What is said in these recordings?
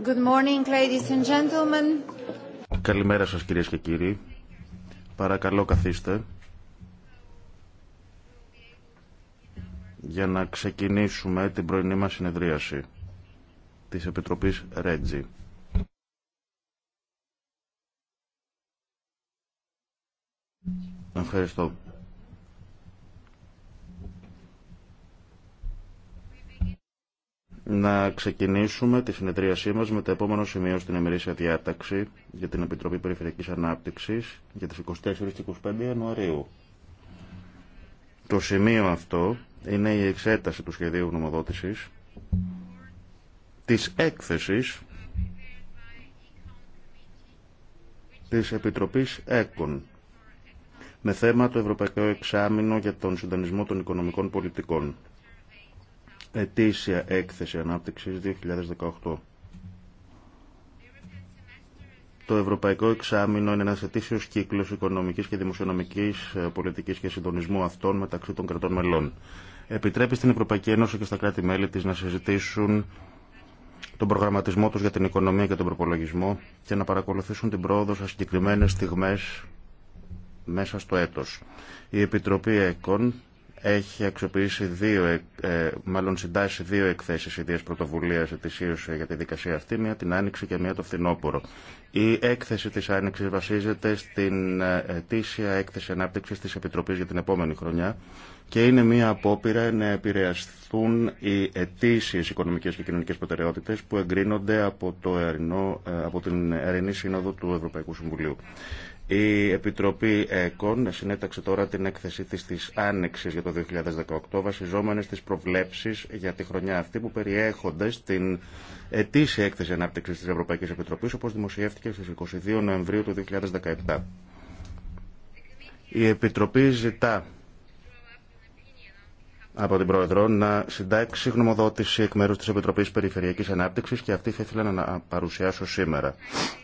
Good morning, and gentlemen. Καλημέρα σας κυρίες και κύριοι. Παρακαλώ καθίστε. Για να ξεκινήσουμε την πρωινή μας συνεδρίαση της Επιτροπής Ρέτζι. Ευχαριστώ. να ξεκινήσουμε τη συνεδρίασή μας με το επόμενο σημείο στην ημερήσια διάταξη για την Επιτροπή Περιφερειακής Ανάπτυξης για τις 24 25 Ιανουαρίου. Το σημείο αυτό είναι η εξέταση του σχεδίου γνωμοδότησης της έκθεσης της Επιτροπής ΕΚΟΝ με θέμα το Ευρωπαϊκό Εξάμεινο για τον Συντανισμό των Οικονομικών Πολιτικών ετήσια έκθεση ανάπτυξης 2018. Το Ευρωπαϊκό Εξάμεινο είναι ένας ετήσιος κύκλος οικονομικής και δημοσιονομικής ε, πολιτικής και συντονισμού αυτών μεταξύ των κρατών μελών. Επιτρέπει στην Ευρωπαϊκή Ένωση και στα κράτη-μέλη της να συζητήσουν τον προγραμματισμό τους για την οικονομία και τον προπολογισμό και να παρακολουθήσουν την πρόοδο σε συγκεκριμένες στιγμές μέσα στο έτος. Η Επιτροπή ΕΚΟΝ έχει αξιοποιήσει δύο, ε, ε, μάλλον συντάσσει δύο εκθέσεις ιδίας πρωτοβουλίας ετησίω ε, για τη δικασία αυτή, μία την Άνοιξη και μία το Φθινόπωρο. Η έκθεση τη άνοιξη βασίζεται στην ετήσια έκθεση ανάπτυξη τη Επιτροπή για την επόμενη χρονιά και είναι μία απόπειρα να επηρεαστούν οι ετήσιε οικονομικέ και κοινωνικέ προτεραιότητε που εγκρίνονται από, το ερεινό, από την Ερεινή Σύνοδο του Ευρωπαϊκού Συμβουλίου. Η Επιτροπή ΕΚΟΝ συνέταξε τώρα την έκθεσή της της Άνοιξης για το 2018 βασιζόμενη στις προβλέψεις για τη χρονιά αυτή που περιέχονται στην ετήσια έκθεση ανάπτυξης της Ευρωπαϊκής Επιτροπής όπως δημοσιεύτηκε στις 22 Νοεμβρίου του 2017. Η Επιτροπή ζητά από την Πρόεδρο να συντάξει γνωμοδότηση εκ μέρου τη Επιτροπή Περιφερειακή Ανάπτυξη και αυτή θα ήθελα να παρουσιάσω σήμερα.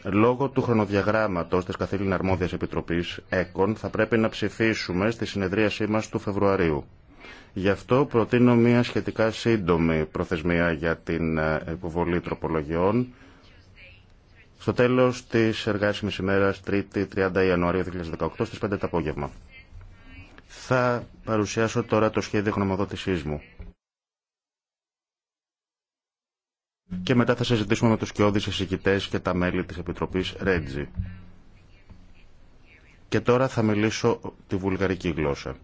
Λόγω του χρονοδιαγράμματο τη καθήλυνα αρμόδια Επιτροπή ΕΚΟΝ θα πρέπει να ψηφίσουμε στη συνεδρίασή μα του Φεβρουαρίου. Γι' αυτό προτείνω μια σχετικά σύντομη προθεσμία για την ε, υποβολή τροπολογιών στο τέλος της εργάσιμης ημέρας 3η 30 Ιανουαρίου 2018 στις 5 το απόγευμα. Θα παρουσιάσω τώρα το σχέδιο γνωμοδότησής μου. Και μετά θα συζητήσουμε με τους κοιόδης εισηγητές και τα μέλη της Επιτροπής Ρέτζι. Και τώρα θα μιλήσω τη βουλγαρική γλώσσα.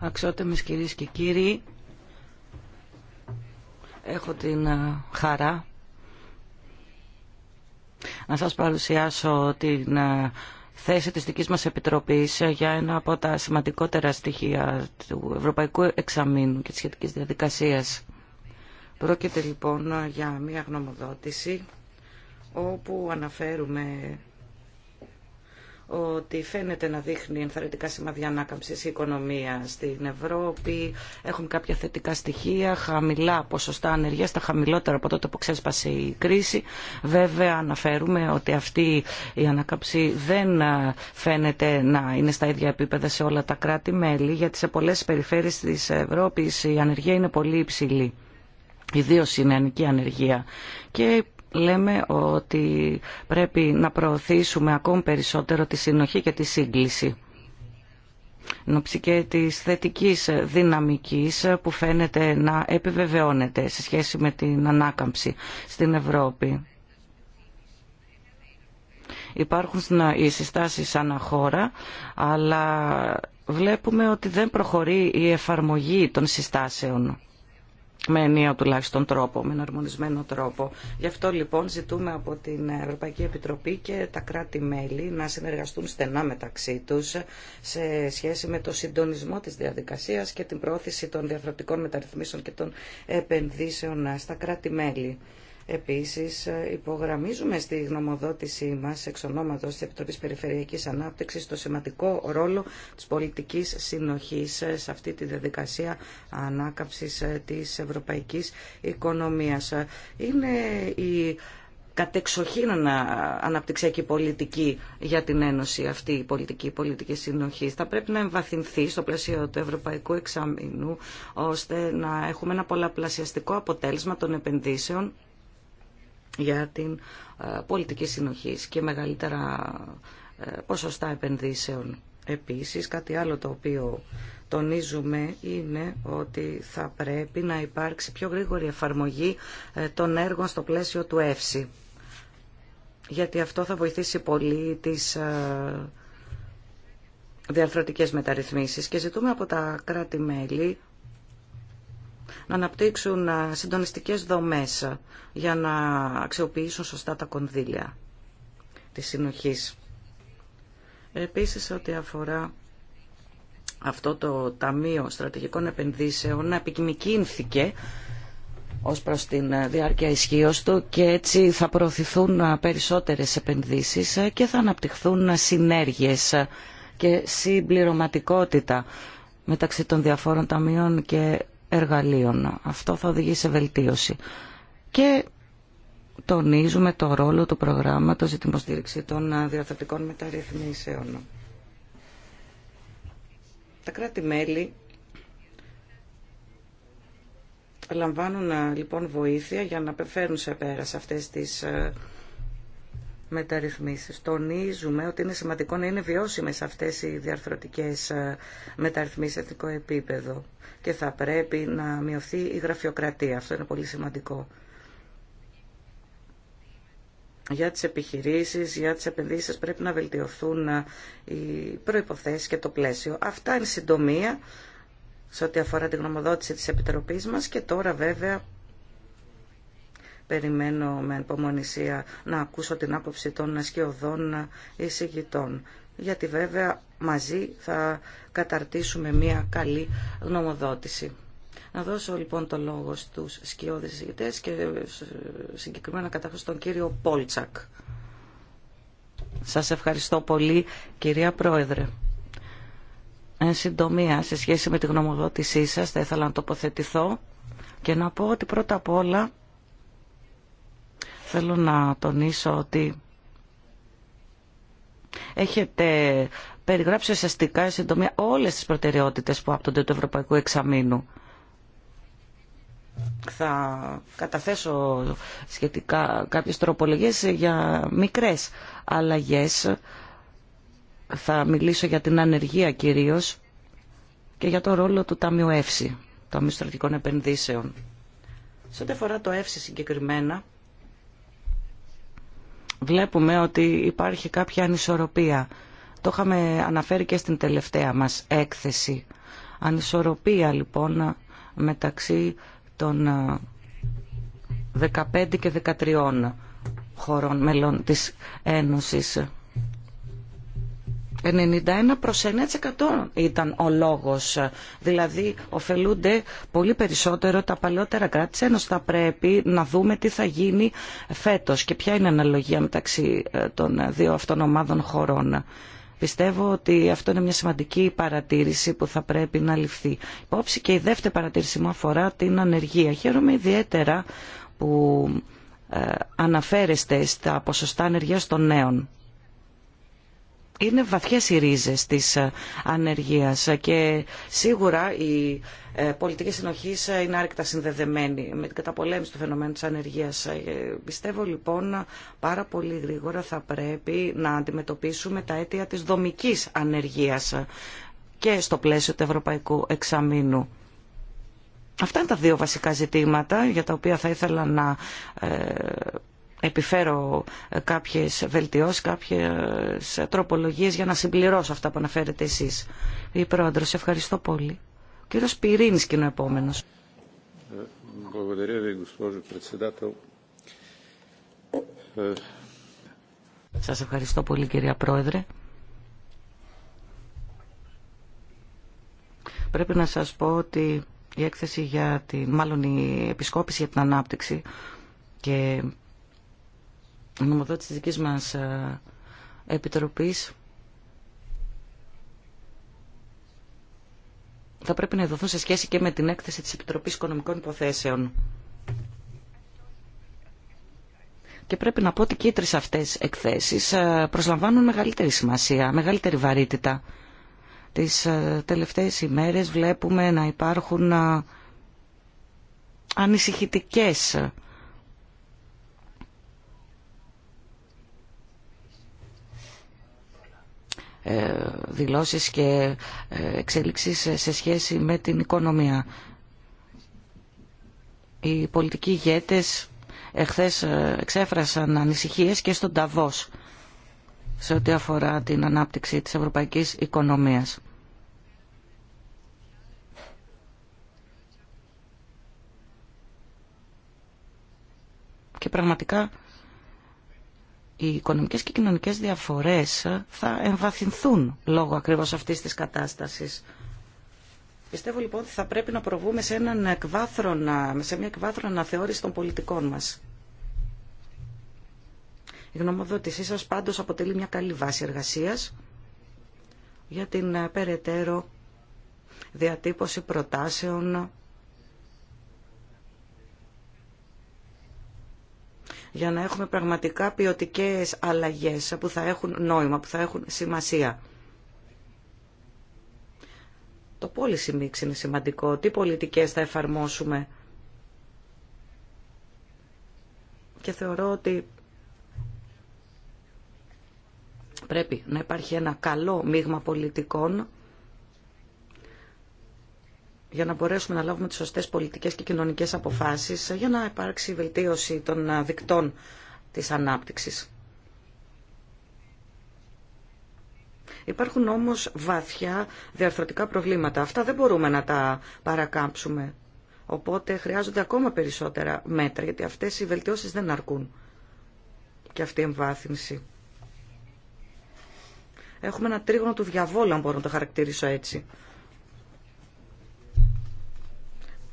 Αξιότιμες κυρίες και κύριοι, έχω την χαρά να σας παρουσιάσω την ε, θέση της δικής μας Επιτροπής ε, για ένα από τα σημαντικότερα στοιχεία του Ευρωπαϊκού Εξαμήνου και της σχετικής διαδικασίας. Πρόκειται λοιπόν ε, για μια γνωμοδότηση όπου αναφέρουμε ότι φαίνεται να δείχνει ενθαρρυντικά σημάδια ανάκαμψη η οικονομία στην Ευρώπη. Έχουν κάποια θετικά στοιχεία, χαμηλά ποσοστά ανεργία, τα χαμηλότερα από τότε που ξέσπασε η κρίση. Βέβαια, αναφέρουμε ότι αυτή η ανάκαμψη δεν ε, φαίνεται να είναι στα ίδια επίπεδα σε όλα τα κράτη-μέλη, γιατί σε πολλέ περιφέρειε τη Ευρώπη η ανεργία είναι πολύ υψηλή ιδίω η νεανική ανεργία. Και λέμε ότι πρέπει να προωθήσουμε ακόμη περισσότερο τη συνοχή και τη σύγκληση και τη θετικής δυναμικής που φαίνεται να επιβεβαιώνεται σε σχέση με την ανάκαμψη στην Ευρώπη. Υπάρχουν οι συστάσεις χώρα, αλλά βλέπουμε ότι δεν προχωρεί η εφαρμογή των συστάσεων με ενίο τουλάχιστον τρόπο, με εναρμονισμένο τρόπο. Γι' αυτό λοιπόν ζητούμε από την Ευρωπαϊκή Επιτροπή και τα κράτη-μέλη να συνεργαστούν στενά μεταξύ τους σε σχέση με το συντονισμό της διαδικασίας και την πρόθεση των διαφορετικών μεταρρυθμίσεων και των επενδύσεων στα κράτη-μέλη. Επίσης, υπογραμμίζουμε στη γνωμοδότησή μας εξ ονόματος της Επιτροπής Περιφερειακής Ανάπτυξης το σημαντικό ρόλο της πολιτικής συνοχής σε αυτή τη διαδικασία ανάκαψης της ευρωπαϊκής οικονομίας. Είναι η κατεξοχήν αναπτυξιακή πολιτική για την Ένωση αυτή η πολιτική, η πολιτική συνοχή. Θα πρέπει να εμβαθυνθεί στο πλαίσιο του Ευρωπαϊκού Εξαμεινού ώστε να έχουμε ένα πολλαπλασιαστικό αποτέλεσμα των επενδύσεων για την ε, πολιτική συνοχή και μεγαλύτερα ε, ποσοστά επενδύσεων. Επίσης, κάτι άλλο το οποίο τονίζουμε είναι ότι θα πρέπει να υπάρξει πιο γρήγορη εφαρμογή ε, των έργων στο πλαίσιο του ΕΦΣΥ. Γιατί αυτό θα βοηθήσει πολύ τις διαρθρωτικές μεταρρυθμίσεις και ζητούμε από τα κράτη-μέλη να αναπτύξουν συντονιστικές δομές για να αξιοποιήσουν σωστά τα κονδύλια της συνοχής. Επίσης, ό,τι αφορά αυτό το Ταμείο Στρατηγικών Επενδύσεων, να επικοινικύνθηκε ως προς την διάρκεια ισχύω του και έτσι θα προωθηθούν περισσότερες επενδύσεις και θα αναπτυχθούν συνέργειες και συμπληρωματικότητα μεταξύ των διαφόρων ταμείων και εργαλείων. Αυτό θα οδηγεί σε βελτίωση. Και τονίζουμε το ρόλο του προγράμματος για την υποστήριξη των διαρθρωτικών μεταρρυθμίσεων. Τα κράτη-μέλη λαμβάνουν ε, λοιπόν βοήθεια για να φέρουν σε πέρα σε αυτές τις ε, μεταρρυθμίσεις. Τονίζουμε ότι είναι σημαντικό να είναι βιώσιμες αυτές οι διαρθρωτικές ε, μεταρρυθμίσεις σε εθνικό επίπεδο και θα πρέπει να μειωθεί η γραφειοκρατία. Αυτό είναι πολύ σημαντικό. Για τις επιχειρήσεις, για τις επενδύσεις πρέπει να βελτιωθούν ε, οι προϋποθέσεις και το πλαίσιο. Αυτά είναι συντομία σε ό,τι αφορά την γνωμοδότηση της Επιτροπής μας και τώρα βέβαια περιμένω με ανυπομονησία να ακούσω την άποψη των ασκιωδών εισηγητών γιατί βέβαια μαζί θα καταρτήσουμε μια καλή γνωμοδότηση. Να δώσω λοιπόν το λόγο στους σκιώδες ζητές και συγκεκριμένα καταρχάς τον κύριο Πόλτσακ. Σας ευχαριστώ πολύ κυρία Πρόεδρε. Εν συντομία, σε σχέση με τη γνωμοδότησή σας, θα ήθελα να τοποθετηθώ και να πω ότι πρώτα απ' όλα θέλω να τονίσω ότι Έχετε περιγράψει ουσιαστικά συντομία όλες τις προτεραιότητες που άπτονται του Ευρωπαϊκού Εξαμήνου. Θα καταθέσω σχετικά κάποιες τροπολογίες για μικρές αλλαγές. Θα μιλήσω για την ανεργία κυρίως και για το ρόλο του Ταμείου ΕΦΣΥ, Ταμείου Στρατηγικών Επενδύσεων. Σε ό,τι αφορά το ΕΦΣΥ συγκεκριμένα, βλέπουμε ότι υπάρχει κάποια ανισορροπία. Το είχαμε αναφέρει και στην τελευταία μας έκθεση. Ανισορροπία λοιπόν μεταξύ των 15 ε, και 13 χωρών μελών της Ένωσης. 91 προς 9% ήταν ο λόγος. Δηλαδή ωφελούνται πολύ περισσότερο τα παλαιότερα κράτη ενώ Θα πρέπει να δούμε τι θα γίνει φέτος και ποια είναι η αναλογία μεταξύ ε, των δύο αυτών ομάδων χωρών. Πιστεύω ότι αυτό είναι μια σημαντική παρατήρηση που θα πρέπει να ληφθεί. Υπόψη και η δεύτερη παρατήρηση μου αφορά την ανεργία. Χαίρομαι ιδιαίτερα που ε, αναφέρεστε στα ποσοστά ανεργίας των νέων είναι βαθιές οι ρίζες της ε, ανεργίας και σίγουρα η ε, πολιτική συνοχή ε, είναι άρρηκτα συνδεδεμένη με την καταπολέμηση του φαινομένου της ανεργίας. Πιστεύω λοιπόν πάρα πολύ γρήγορα θα πρέπει να αντιμετωπίσουμε τα αίτια της δομικής ανεργίας και στο πλαίσιο του Ευρωπαϊκού Εξαμήνου. Αυτά είναι τα δύο βασικά ζητήματα για τα οποία θα ήθελα να επιφέρω ε, κάποιες βελτιώσεις, κάποιες ε, τροπολογίες για να συμπληρώσω αυτά που αναφέρετε εσείς. Η Πρόεδρος, ευχαριστώ πολύ. Ο κύριος Πυρίνης και είναι ο επόμενος. Ε, σας ευχαριστώ πολύ κυρία Πρόεδρε. Πρέπει να σας πω ότι η έκθεση για την, μάλλον η επισκόπηση για την ανάπτυξη και νομοδότης της δικής μας ε, Επιτροπής θα πρέπει να δοθούν σε σχέση και με την έκθεση της Επιτροπής Οικονομικών Υποθέσεων. Και πρέπει να πω ότι και οι τρεις αυτές εκθέσεις ε, προσλαμβάνουν μεγαλύτερη σημασία, μεγαλύτερη βαρύτητα. Τις ε, τελευταίες ημέρες βλέπουμε να υπάρχουν ανησυχητικές Ε, δηλώσεις και ε, εξέλιξεις σε σχέση με την οικονομία. Οι πολιτικοί ηγέτες εχθές ε, εξέφρασαν ανησυχίες και στον Ταβός σε ό,τι αφορά την ανάπτυξη της ευρωπαϊκής οικονομίας. Και πραγματικά οι οικονομικές και κοινωνικές διαφορές θα εμβαθυνθούν λόγω ακριβώς αυτής της κατάστασης. Πιστεύω λοιπόν ότι θα πρέπει να προβούμε σε, έναν εκβάθρονα, σε μια εκβάθρονα αναθεώρηση των πολιτικών μας. Η γνωμοδότησή σας πάντως αποτελεί μια καλή βάση εργασίας για την ε, περαιτέρω διατύπωση προτάσεων για να έχουμε πραγματικά ποιοτικέ αλλαγές που θα έχουν νόημα, που θα έχουν σημασία. Το policy mix είναι σημαντικό. Τι πολιτικές θα εφαρμόσουμε. Και θεωρώ ότι πρέπει να υπάρχει ένα καλό μείγμα πολιτικών για να μπορέσουμε να λάβουμε τις σωστές πολιτικές και κοινωνικές αποφάσεις για να υπάρξει βελτίωση των δικτών της ανάπτυξης. Υπάρχουν όμως βαθιά διαρθρωτικά προβλήματα. Αυτά δεν μπορούμε να τα παρακάμψουμε. Οπότε χρειάζονται ακόμα περισσότερα μέτρα, γιατί αυτές οι βελτιώσεις δεν αρκούν. Και αυτή η εμβάθυνση. Έχουμε ένα τρίγωνο του διαβόλου, αν μπορώ να το χαρακτηρίσω έτσι.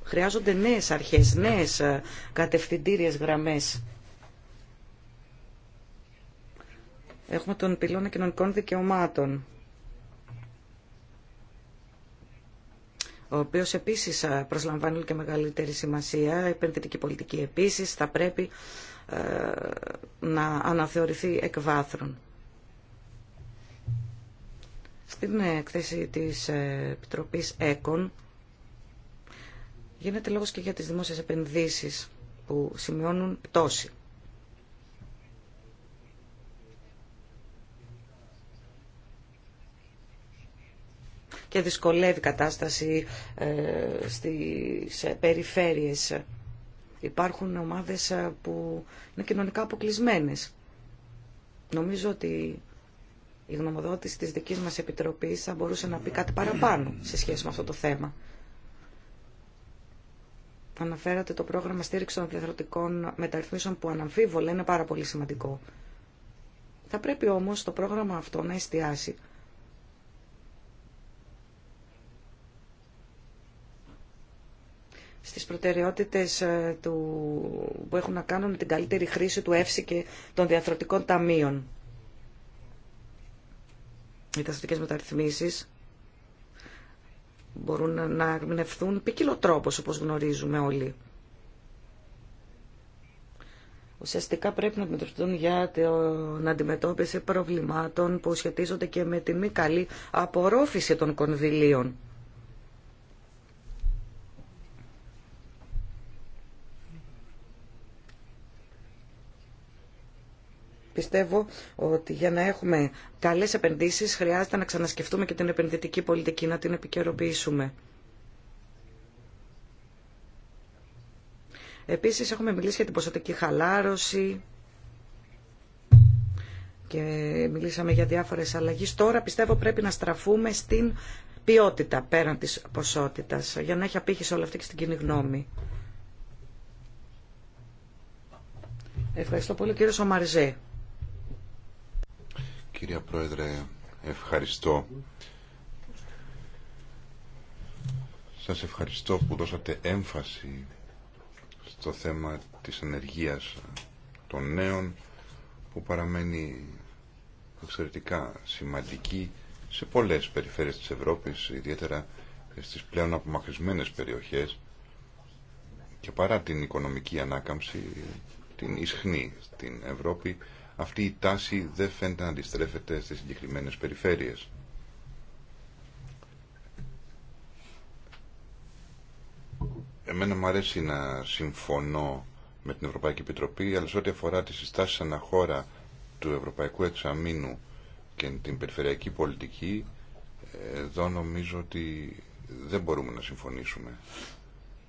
Χρειάζονται νέες αρχές, νέες ε, κατευθυντήριες γραμμές. Έχουμε τον πυλώνα κοινωνικών δικαιωμάτων, ο οποίος επίσης ε, προσλαμβάνει και μεγαλύτερη σημασία. Η επενδυτική πολιτική επίσης θα πρέπει ε, να αναθεωρηθεί εκ βάθρων. Στην εκθέση της Επιτροπής ΕΚΟΝ Γίνεται λόγος και για τις δημόσιες επενδύσεις που σημειώνουν πτώση. Και δυσκολεύει η κατάσταση ε, στις περιφέρειες. Υπάρχουν ομάδες ε, που είναι κοινωνικά αποκλεισμένες. Νομίζω ότι η γνωμοδότηση της δικής μας Επιτροπής θα μπορούσε να πει κάτι παραπάνω σε σχέση με αυτό το θέμα. Αναφέρατε το πρόγραμμα στήριξη των διαθροτικών μεταρρυθμίσεων που αναμφίβολα είναι πάρα πολύ σημαντικό. Θα πρέπει όμως το πρόγραμμα αυτό να εστιάσει στις προτεραιότητες ε, του, που έχουν να κάνουν με την καλύτερη χρήση του ΕΦΣΙ και των διαθροτικών ταμείων. Οι ταστικέ μεταρρυθμίσεις μπορούν να εμπνευθούν ποικίλο τρόπο όπως γνωρίζουμε όλοι. Ουσιαστικά πρέπει να αντιμετωπιστούν για την αντιμετώπιση προβλημάτων που σχετίζονται και με τη μη καλή απορρόφηση των κονδυλίων. Πιστεύω ότι για να έχουμε καλές επενδύσεις χρειάζεται να ξανασκεφτούμε και την επενδυτική πολιτική, να την επικαιροποιήσουμε. Επίσης έχουμε μιλήσει για την ποσοτική χαλάρωση και μιλήσαμε για διάφορες αλλαγές. Τώρα πιστεύω πρέπει να στραφούμε στην ποιότητα πέραν της ποσότητας για να έχει απήχηση όλα αυτή και στην κοινή γνώμη. Ευχαριστώ πολύ κύριο Σομαριζέ. Κύρια Πρόεδρε, ευχαριστώ. Σας ευχαριστώ που δώσατε έμφαση στο θέμα της ενεργείας των νέων που παραμένει εξαιρετικά σημαντική σε πολλές περιφέρειες της Ευρώπης, ιδιαίτερα στις πλέον απομακρυσμένες περιοχές και παρά την οικονομική ανάκαμψη, την ισχνή στην Ευρώπη, αυτή η τάση δεν φαίνεται να αντιστρέφεται στις συγκεκριμένες περιφέρειες. Εμένα μου αρέσει να συμφωνώ με την Ευρωπαϊκή Επιτροπή, αλλά σε ό,τι αφορά τις συστάσεις αναχώρα του Ευρωπαϊκού Εξαμήνου και την περιφερειακή πολιτική, εδώ νομίζω ότι δεν μπορούμε να συμφωνήσουμε.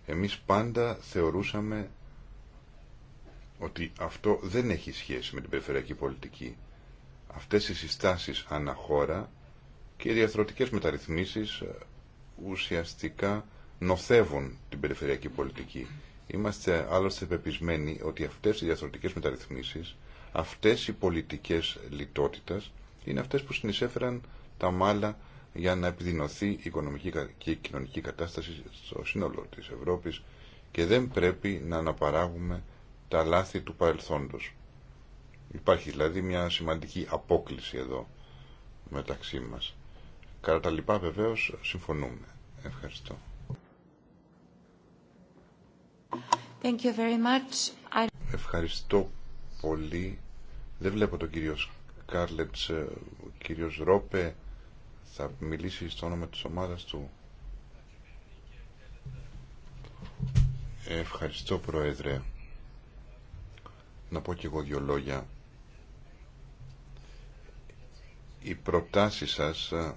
Εμείς πάντα θεωρούσαμε ότι αυτό δεν έχει σχέση με την περιφερειακή πολιτική. Αυτές οι συστάσεις αναχώρα και οι διαθρωτικές μεταρρυθμίσεις ε, ουσιαστικά νοθεύουν την περιφερειακή πολιτική. Είμαστε άλλωστε πεπισμένοι ότι αυτές οι διαθρωτικές μεταρρυθμίσεις, αυτές οι πολιτικές λιτότητας, είναι αυτές που συνεισέφεραν τα μάλα για να επιδεινωθεί η οικονομική και η κοινωνική κατάσταση στο σύνολο της Ευρώπης και δεν πρέπει να αναπαράγουμε τα λάθη του παρελθόντος. Υπάρχει δηλαδή μια σημαντική απόκληση εδώ μεταξύ μας. Κατά τα λοιπά βεβαίως συμφωνούμε. Ευχαριστώ. Ευχαριστώ πολύ. Δεν βλέπω τον κύριο Σκάρλετς, ε, ο κύριος Ρόπε θα μιλήσει στο όνομα της ομάδας του. Ευχαριστώ Πρόεδρε να πω και εγώ δύο λόγια. Οι προτάσεις σας ε,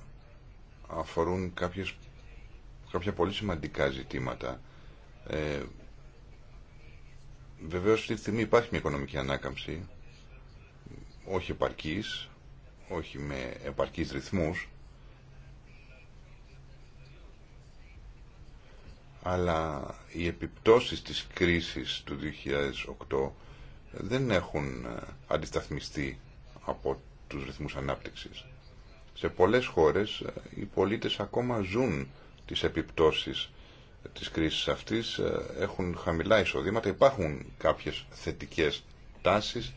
αφορούν κάποιες, κάποια πολύ σημαντικά ζητήματα. Ε, βεβαίως τη στιγμή υπάρχει μια οικονομική ανάκαμψη, όχι επαρκής, όχι με επαρκείς ρυθμούς, αλλά οι επιπτώσεις της κρίσης του 2008 δεν έχουν ε, αντισταθμιστεί από τους ρυθμούς ανάπτυξης. Σε πολλές χώρες ε, οι πολίτες ακόμα ζουν τις επιπτώσεις της κρίσης αυτής, ε, έχουν χαμηλά εισοδήματα, υπάρχουν κάποιες θετικές τάσεις.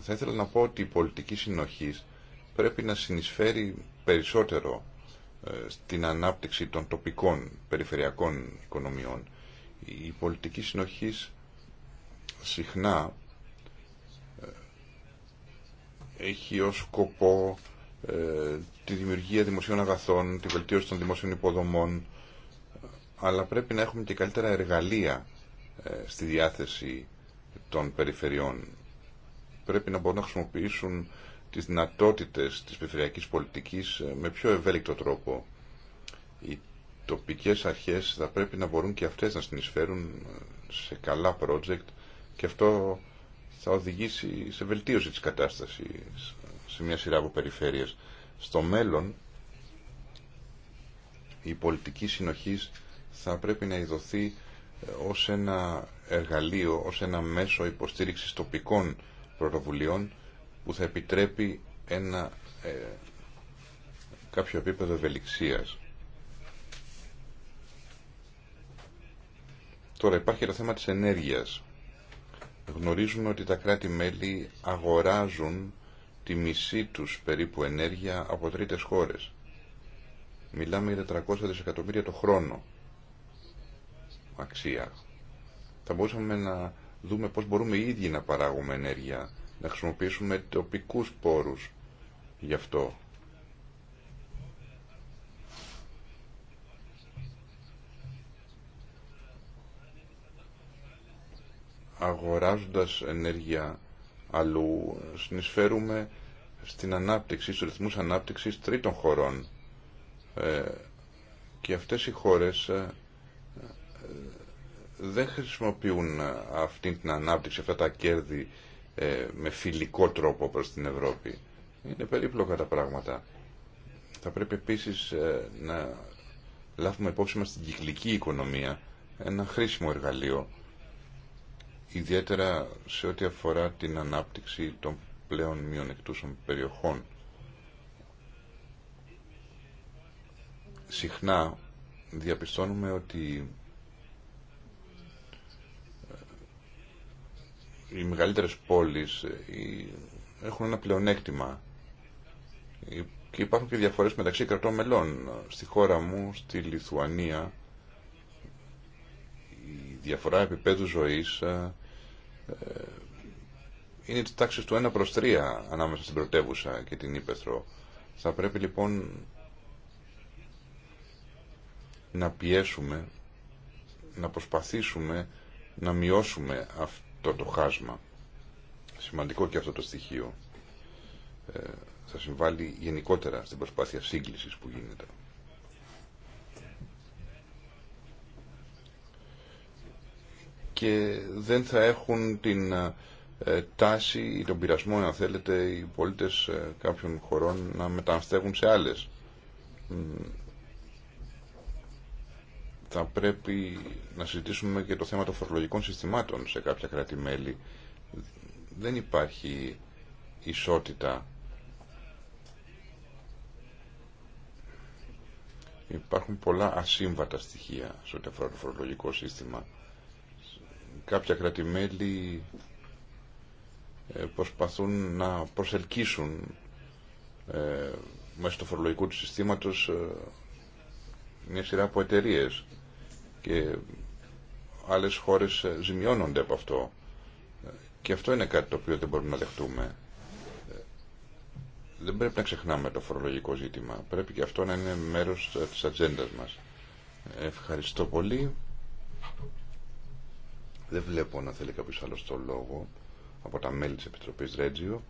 Θα ήθελα να πω ότι η πολιτική συνοχής πρέπει να συνεισφέρει περισσότερο στην ανάπτυξη των τοπικών περιφερειακών οικονομιών. Η πολιτική συνοχής συχνά ε, έχει ως σκοπό ε, τη δημιουργία δημοσίων αγαθών, τη βελτίωση των δημόσιων υποδομών, αλλά πρέπει να έχουμε και καλύτερα εργαλεία ε, στη διάθεση των περιφερειών. Πρέπει να μπορούν να χρησιμοποιήσουν τις δυνατότητες της περιφερειακής πολιτικής με πιο ευέλικτο τρόπο. Οι τοπικές αρχές θα πρέπει να μπορούν και αυτές να συνεισφέρουν σε καλά project και αυτό θα οδηγήσει σε βελτίωση της κατάστασης σε μια σειρά από περιφέρειες. Στο μέλλον η πολιτική συνοχής θα πρέπει να ειδωθεί ε, ως ένα εργαλείο, ως ένα μέσο υποστήριξης τοπικών πρωτοβουλειών που θα επιτρέπει ένα ε, κάποιο επίπεδο ευελιξίας. Τώρα υπάρχει το θέμα της ενέργειας γνωρίζουμε ότι τα κράτη-μέλη αγοράζουν τη μισή τους περίπου ενέργεια από τρίτες χώρες. Μιλάμε για 400 δισεκατομμύρια το χρόνο αξία. Θα μπορούσαμε να δούμε πώς μπορούμε οι ίδιοι να παράγουμε ενέργεια, να χρησιμοποιήσουμε τοπικούς πόρους γι' αυτό. αγοράζοντας ενέργεια αλλού συνεισφέρουμε στην ανάπτυξη, στους ρυθμούς ανάπτυξης τρίτων χωρών ε, και αυτές οι χώρες ε, δεν χρησιμοποιούν αυτή την ανάπτυξη, αυτά τα κέρδη ε, με φιλικό τρόπο προς την Ευρώπη. Είναι περίπλοκα τα πράγματα. Θα πρέπει επίσης να λάβουμε υπόψη μας την κυκλική οικονομία, ένα χρήσιμο εργαλείο ιδιαίτερα σε ό,τι αφορά την ανάπτυξη των πλέον μειονεκτούσων περιοχών. Συχνά διαπιστώνουμε ότι ε, οι μεγαλύτερες πόλεις ε, έχουν ένα πλεονέκτημα ε, και υπάρχουν και διαφορές μεταξύ κρατών μελών. Στη χώρα μου, στη Λιθουανία, η διαφορά επίπεδου ζωής ε, είναι τη τάξη του 1 προς 3 ανάμεσα στην πρωτεύουσα και την Ήπεθρο. Θα πρέπει λοιπόν να πιέσουμε, να προσπαθήσουμε να μειώσουμε αυτό το χάσμα. Σημαντικό και αυτό το στοιχείο. Ε, θα συμβάλλει γενικότερα στην προσπάθεια σύγκλησης που γίνεται. και δεν θα έχουν την ε, τάση ή τον πειρασμό, αν θέλετε, οι πολίτες ε, κάποιων χωρών να μεταναστεύουν σε άλλες. Θα πρέπει να συζητήσουμε και το θέμα των φορολογικών συστημάτων σε κάποια κράτη-μέλη. Δεν υπάρχει ισότητα. Υπάρχουν πολλά ασύμβατα στοιχεία σε ό,τι αφορά φορολογικό σύστημα κάποια κρατημέλη ε, προσπαθούν να προσελκύσουν ε, μέσα στο φορολογικό του συστήματος ε, μια σειρά από εταιρείε και άλλες χώρες ε, ζημιώνονται από αυτό και αυτό είναι κάτι το οποίο δεν μπορούμε να δεχτούμε δεν πρέπει να ξεχνάμε το φορολογικό ζήτημα πρέπει και αυτό να είναι μέρος της ατζέντα μας ευχαριστώ πολύ δεν βλέπω να θέλει κάποιος άλλο το λόγο από τα μέλη της Επιτροπής Ρέτζιο.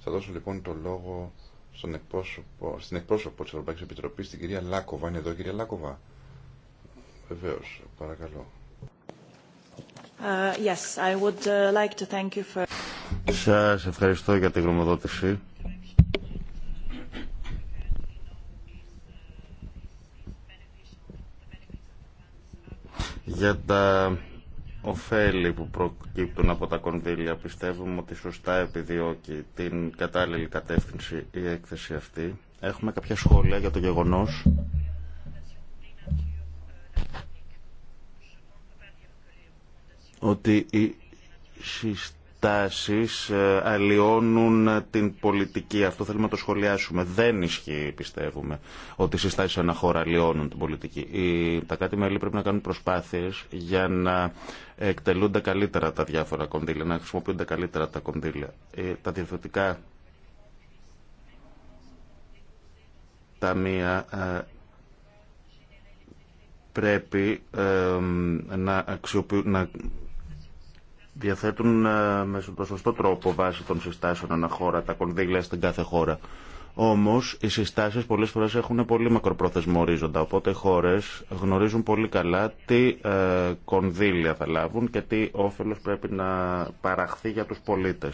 Θα δώσω λοιπόν το λόγο στον εκπρόσωπο, στην εκπρόσωπο τη Ευρωπαϊκή επιτροπή. την κυρία Λάκοβα. Είναι εδώ κυρία Λάκοβα. Βεβαίως, παρακαλώ. Uh, yes, I would uh, like to thank you for... Σας ευχαριστώ για την γνωμοδότηση. Για τα ωφέλη που προκύπτουν από τα κονδύλια. Πιστεύουμε ότι σωστά επιδιώκει την κατάλληλη κατεύθυνση η έκθεση αυτή. Έχουμε κάποια σχόλια για το γεγονός ότι οι συστάσεις ε, αλλοιώνουν την πολιτική. Αυτό θέλουμε να το σχολιάσουμε. Δεν ισχύει, πιστεύουμε, ότι οι συστάσεις αναχώρα αλλοιώνουν την πολιτική. τα κάτι μέλη πρέπει να κάνουν προσπάθειες για να εκτελούνται καλύτερα τα διάφορα κονδύλια, να χρησιμοποιούνται καλύτερα τα κονδύλια. Ε, τα διευθυντικά ταμεία ε, πρέπει να, να διαθέτουν ε, με τον σωστό τρόπο βάσει των συστάσεων αναχώρα τα κονδύλια στην κάθε χώρα. Όμω οι συστάσει πολλέ φορέ έχουν πολύ μακροπρόθεσμο ορίζοντα. Οπότε οι χώρε γνωρίζουν πολύ καλά τι ε, κονδύλια θα λάβουν και τι όφελο πρέπει να παραχθεί για του πολίτε.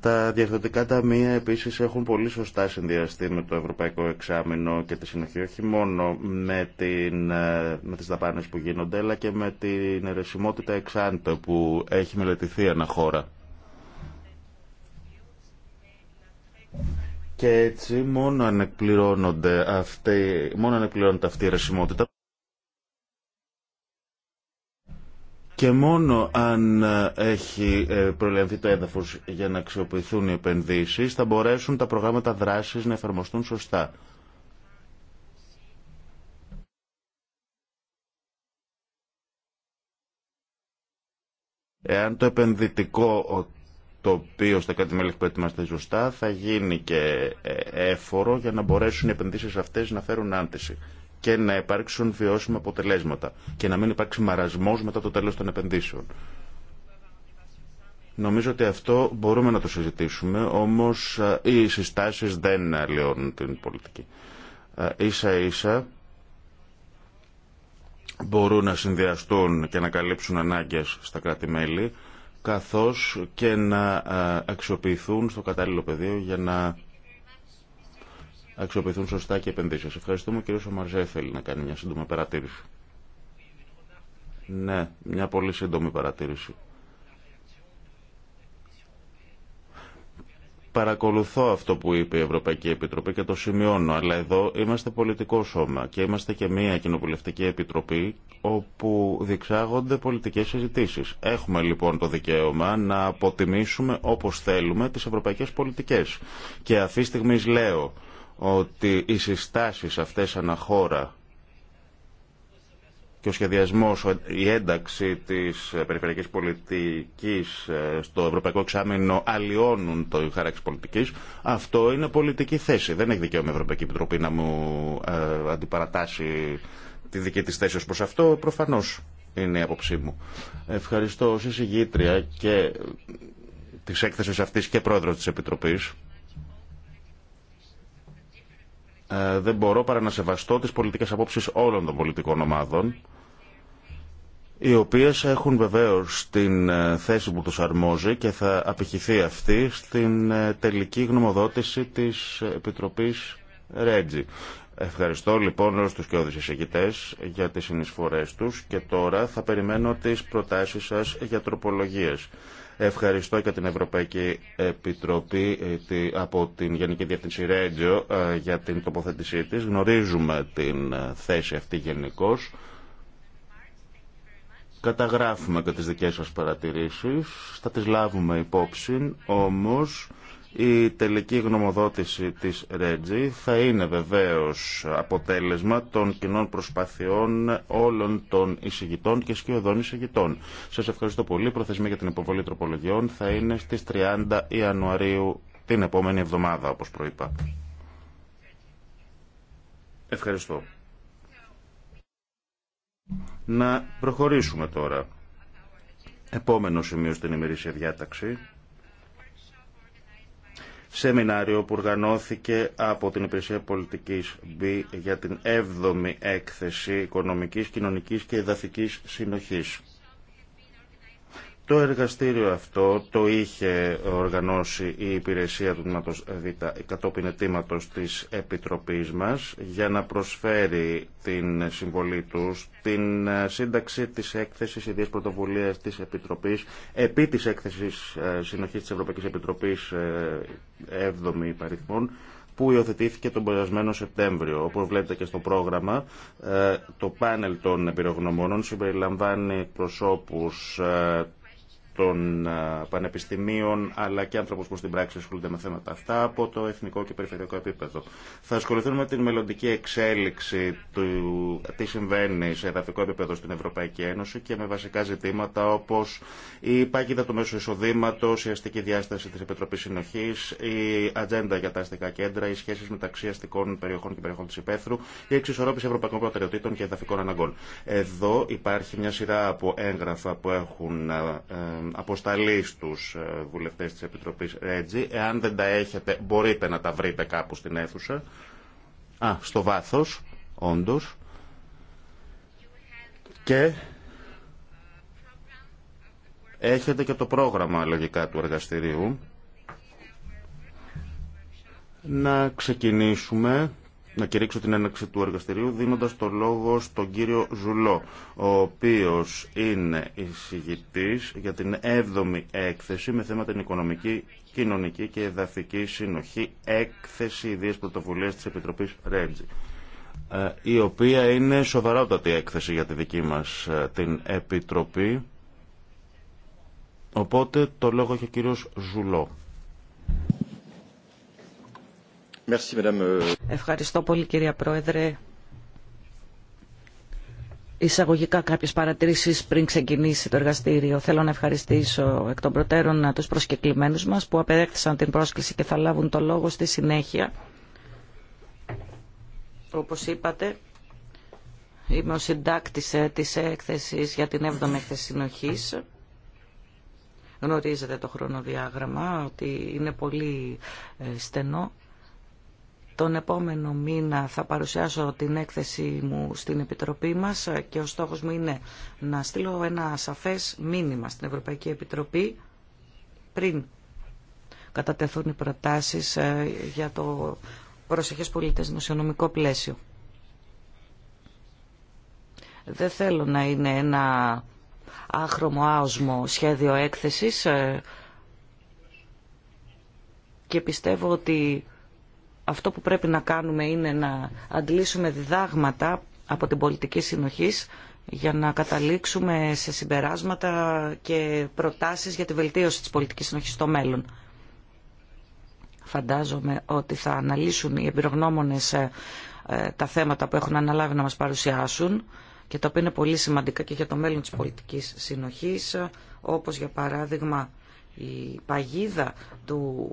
Τα διαδοτικά ταμεία επίση έχουν πολύ σωστά συνδυαστεί με το Ευρωπαϊκό Εξάμεινο και τη συνοχή, όχι μόνο με, την, ε, με τις που γίνονται, αλλά και με την ερεσιμότητα εξάντε που έχει μελετηθεί ένα χώρα. Και έτσι μόνο αν εκπληρώνονται μόνο αυτή η ρεσιμότητα και μόνο αν ε, έχει ε, προλεμβεί το έδαφος για να αξιοποιηθούν οι επενδύσεις θα μπορέσουν τα προγράμματα δράσης να εφαρμοστούν σωστά. Εάν το επενδυτικό το οποίο στα κάτι μέλη που έτοιμαστε σωστά θα γίνει και ε, έφορο για να μπορέσουν οι επενδύσεις αυτές να φέρουν άντηση και να υπάρξουν βιώσιμα αποτελέσματα και να μην υπάρξει μαρασμός μετά το τέλος των επενδύσεων. Νομίζω ότι αυτό μπορούμε να το συζητήσουμε, όμως ε, οι συστάσεις δεν αλλοιώνουν την πολιτική. Ε, ίσα ίσα μπορούν να συνδυαστούν και να καλύψουν ανάγκες στα κράτη-μέλη, καθώς και να αξιοποιηθούν στο κατάλληλο πεδίο για να αξιοποιηθούν σωστά και επενδύσεις. Ευχαριστούμε. Ο κ. Σομαρζέ θέλει να κάνει μια σύντομη παρατήρηση. Ναι, μια πολύ σύντομη παρατήρηση. Παρακολουθώ αυτό που είπε η Ευρωπαϊκή Επιτροπή και το σημειώνω, αλλά εδώ είμαστε πολιτικό σώμα και είμαστε και μια κοινοβουλευτική επιτροπή όπου διεξάγονται πολιτικές συζητήσεις. Έχουμε λοιπόν το δικαίωμα να αποτιμήσουμε όπως θέλουμε τις ευρωπαϊκές πολιτικές. Και αυτή τη στιγμή λέω ότι οι συστάσεις αυτές αναχώρα και ο σχεδιασμός, η ένταξη της ε, περιφερειακής πολιτικής ε, στο Ευρωπαϊκό Εξάμεινο αλλοιώνουν το χάραξη πολιτικής, αυτό είναι πολιτική θέση. Δεν έχει δικαίωμα η Ευρωπαϊκή Επιτροπή να μου ε, αντιπαρατάσει τη δική της θέση ως προς αυτό, προφανώς είναι η άποψή μου. Ευχαριστώ ως εισηγήτρια και της έκθεσης αυτής και πρόεδρος της Επιτροπής ε, δεν μπορώ παρά να σεβαστώ τις πολιτικές απόψεις όλων των πολιτικών ομάδων οι οποίες έχουν βεβαίως την ε, θέση που τους αρμόζει και θα απηχηθεί αυτή στην ε, τελική γνωμοδότηση της Επιτροπής Ρέτζη. Ευχαριστώ λοιπόν όλους τους και εισηγητές για τις συνεισφορές τους και τώρα θα περιμένω τις προτάσεις σας για τροπολογίες. Ευχαριστώ και την Ευρωπαϊκή Επιτροπή ε, από την Γενική Διεύθυνση Ρέντζιο ε, για την τοποθέτησή της. Γνωρίζουμε την ε, θέση αυτή γενικώ. Καταγράφουμε και τις δικές σας παρατηρήσεις, θα τις λάβουμε υπόψη, όμως η τελική γνωμοδότηση της Ρέτζη θα είναι βεβαίως αποτέλεσμα των κοινών προσπαθειών όλων των εισηγητών και σκιωδών εισηγητών. Σας ευχαριστώ πολύ. Προθεσμία για την υποβολή τροπολογιών θα είναι στις 30 Ιανουαρίου την επόμενη εβδομάδα, όπως προείπα. Ευχαριστώ. Να προχωρήσουμε τώρα. Επόμενο σημείο στην ημερήσια διάταξη σεμινάριο που οργανώθηκε από την Υπηρεσία Πολιτικής B για την 7η έκθεση οικονομικής, κοινωνικής και εδαφικής συνοχής. Το εργαστήριο αυτό το είχε οργανώσει η υπηρεσία του τμήματος Β κατόπιν ετήματος της Επιτροπής μας για να προσφέρει την συμβολή του την σύνταξη της έκθεσης ιδίας πρωτοβουλίας της Επιτροπής επί της έκθεσης ε, συνοχής της Ευρωπαϊκής Επιτροπής 7η ε, παριθμών που υιοθετήθηκε τον περασμένο Σεπτέμβριο. Όπω βλέπετε και στο πρόγραμμα, ε, το πάνελ των εμπειρογνωμόνων συμπεριλαμβάνει προσώπου των πανεπιστημίων αλλά και άνθρωπους που στην πράξη ασχολούνται με θέματα αυτά από το εθνικό και περιφερειακό επίπεδο. Θα ασχοληθούμε με την μελλοντική εξέλιξη του τι συμβαίνει σε εδαφικό επίπεδο στην Ευρωπαϊκή Ένωση και με βασικά ζητήματα όπως η πάγιδα του μέσου εισοδήματο, η αστική διάσταση της Επιτροπής Συνοχής, η ατζέντα για τα αστικά κέντρα, οι σχέσεις μεταξύ αστικών περιοχών και περιοχών τη υπαίθρου, η εξισορρόπηση ευρωπαϊκών προτεραιοτήτων και εδαφικών αναγκών. Εδώ υπάρχει μια σειρά από έγγραφα που έχουν ε, αποσταλεί τους ε, βουλευτές της Επιτροπής ΡΕΤΖΙ. Εάν δεν τα έχετε, μπορείτε να τα βρείτε κάπου στην αίθουσα. Α, στο βάθος, όντως. Και έχετε και το πρόγραμμα, λογικά, του εργαστηρίου. Να ξεκινήσουμε να κηρύξω την έναρξη του εργαστηρίου δίνοντας το λόγο στον κύριο Ζουλό, ο οποίος είναι εισηγητής για την 7η έκθεση με θέμα την οικονομική, κοινωνική και εδαφική συνοχή έκθεση ιδίας πρωτοβουλίας της Επιτροπής Ρέντζη ε, η οποία είναι ιδιες πρωτοβουλιας της επιτροπης ρεντζη έκθεση για τη δική μας ε, την Επιτροπή. Οπότε το λόγο έχει ο κύριος Ζουλό. Euh. Ευχαριστώ πολύ κυρία Πρόεδρε. Εισαγωγικά κάποιε παρατηρήσει πριν ξεκινήσει το εργαστήριο. Θέλω να ευχαριστήσω εκ των προτέρων του προσκεκλημένου μα που απεδέχθησαν την πρόσκληση και θα λάβουν το λόγο στη συνέχεια. Όπω είπατε, είμαι ο συντάκτη ε, τη έκθεση για την 7η έκθεση συνοχή. Γνωρίζετε το χρονοδιάγραμμα ότι είναι πολύ ε, στενό τον επόμενο μήνα θα παρουσιάσω την έκθεση μου στην Επιτροπή μας και ο στόχος μου είναι να στείλω ένα σαφές μήνυμα στην Ευρωπαϊκή Επιτροπή πριν κατατεθούν οι προτάσεις ε, για το προσεχές πολίτες δημοσιονομικό πλαίσιο. Δεν θέλω να είναι ένα άχρωμο άοσμο σχέδιο έκθεσης ε, και πιστεύω ότι αυτό που πρέπει να κάνουμε είναι να αντλήσουμε διδάγματα από την πολιτική συνοχής για να καταλήξουμε σε συμπεράσματα και προτάσεις για τη βελτίωση της πολιτικής συνοχής στο μέλλον. Φαντάζομαι ότι θα αναλύσουν οι εμπειρογνώμονες ε, ε, τα θέματα που έχουν αναλάβει να μας παρουσιάσουν και τα οποία είναι πολύ σημαντικά και για το μέλλον της πολιτικής συνοχής, όπως για παράδειγμα η παγίδα του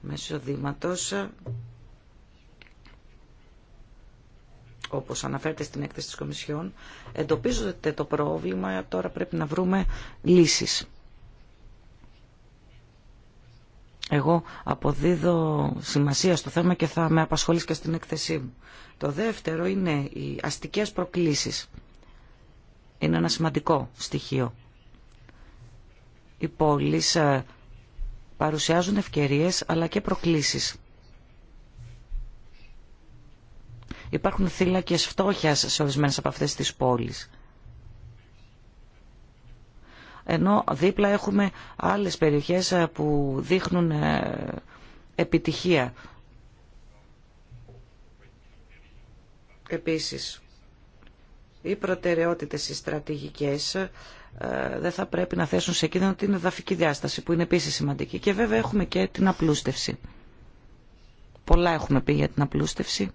μεσοδήματος όπως αναφέρεται στην έκθεση της Κομισιόν. εντοπίζονται το πρόβλημα, τώρα πρέπει να βρούμε λύσεις. Εγώ αποδίδω σημασία στο θέμα και θα με απασχολήσει και στην έκθεσή μου. Το δεύτερο είναι οι αστικές προκλήσεις. Είναι ένα σημαντικό στοιχείο. Οι πόλεις ε, παρουσιάζουν ευκαιρίες αλλά και προκλήσεις. Υπάρχουν θύλακες φτώχειας σε ορισμένε από αυτέ τι πόλεις. Ενώ δίπλα έχουμε άλλες περιοχές ε, που δείχνουν ε, επιτυχία. Επίσης, οι προτεραιότητες, οι στρατηγικές ε, δεν θα πρέπει να θέσουν σε κίνδυνο την εδαφική διάσταση που είναι επίσης σημαντική. Και βέβαια έχουμε και την απλούστευση. Πολλά έχουμε πει για την απλούστευση.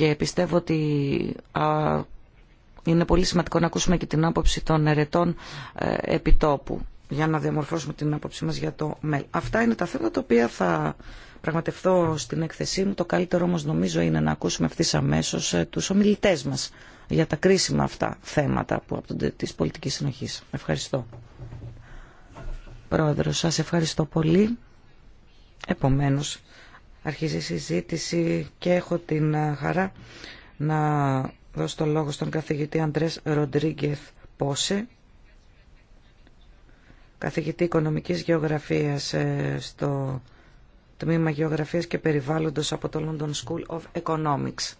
και πιστεύω ότι είναι πολύ σημαντικό να ακούσουμε και την άποψη των ερετών ε, επιτόπου για να διαμορφώσουμε την άποψή μας για το μέλλον. Αυτά είναι τα θέματα τα οποία θα πραγματευτώ στην έκθεσή μου. Το καλύτερο όμως νομίζω είναι να ακούσουμε ευθύ αμέσω ε, τους ομιλητές μας για τα κρίσιμα αυτά θέματα που από της πολιτικής συνοχής. Ευχαριστώ. Πρόεδρο, σας ευχαριστώ πολύ. Επομένως, αρχίζει η συζήτηση και έχω την ε, χαρά να δώσω το λόγο στον καθηγητή Αντρές Ροντρίγκεθ Πόσε, καθηγητή οικονομικής γεωγραφίας ε, στο Τμήμα Γεωγραφίας και Περιβάλλοντος από το London School of Economics.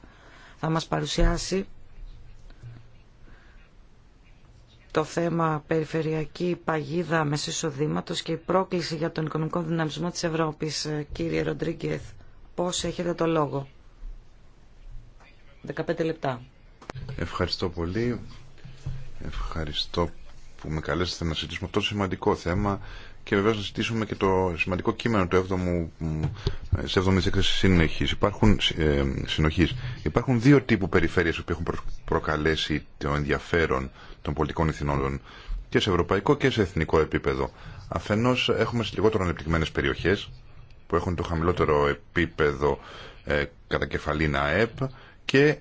Θα μας παρουσιάσει το θέμα περιφερειακή παγίδα μεσισοδήματο και η πρόκληση για τον οικονομικό δυναμισμό της Ευρώπης. Ε, κύριε Ροντρίγκεθ, πώς έχετε το λόγο. 15 λεπτά. Ευχαριστώ πολύ. Ευχαριστώ που με καλέσατε να συζητήσουμε αυτό το σημαντικό θέμα και βεβαίω να συζητήσουμε και το σημαντικό κείμενο του 7ου, της 7 Υπάρχουν, ε, Υπάρχουν δύο τύπου περιφέρειες που έχουν προκαλέσει το ενδιαφέρον των πολιτικών ηθινών και σε ευρωπαϊκό και σε εθνικό επίπεδο. Αφενό, έχουμε στι λιγότερο ανεπτυγμένε περιοχέ που έχουν το χαμηλότερο επίπεδο ε, κατά κεφαλήνα ΑΕΠ και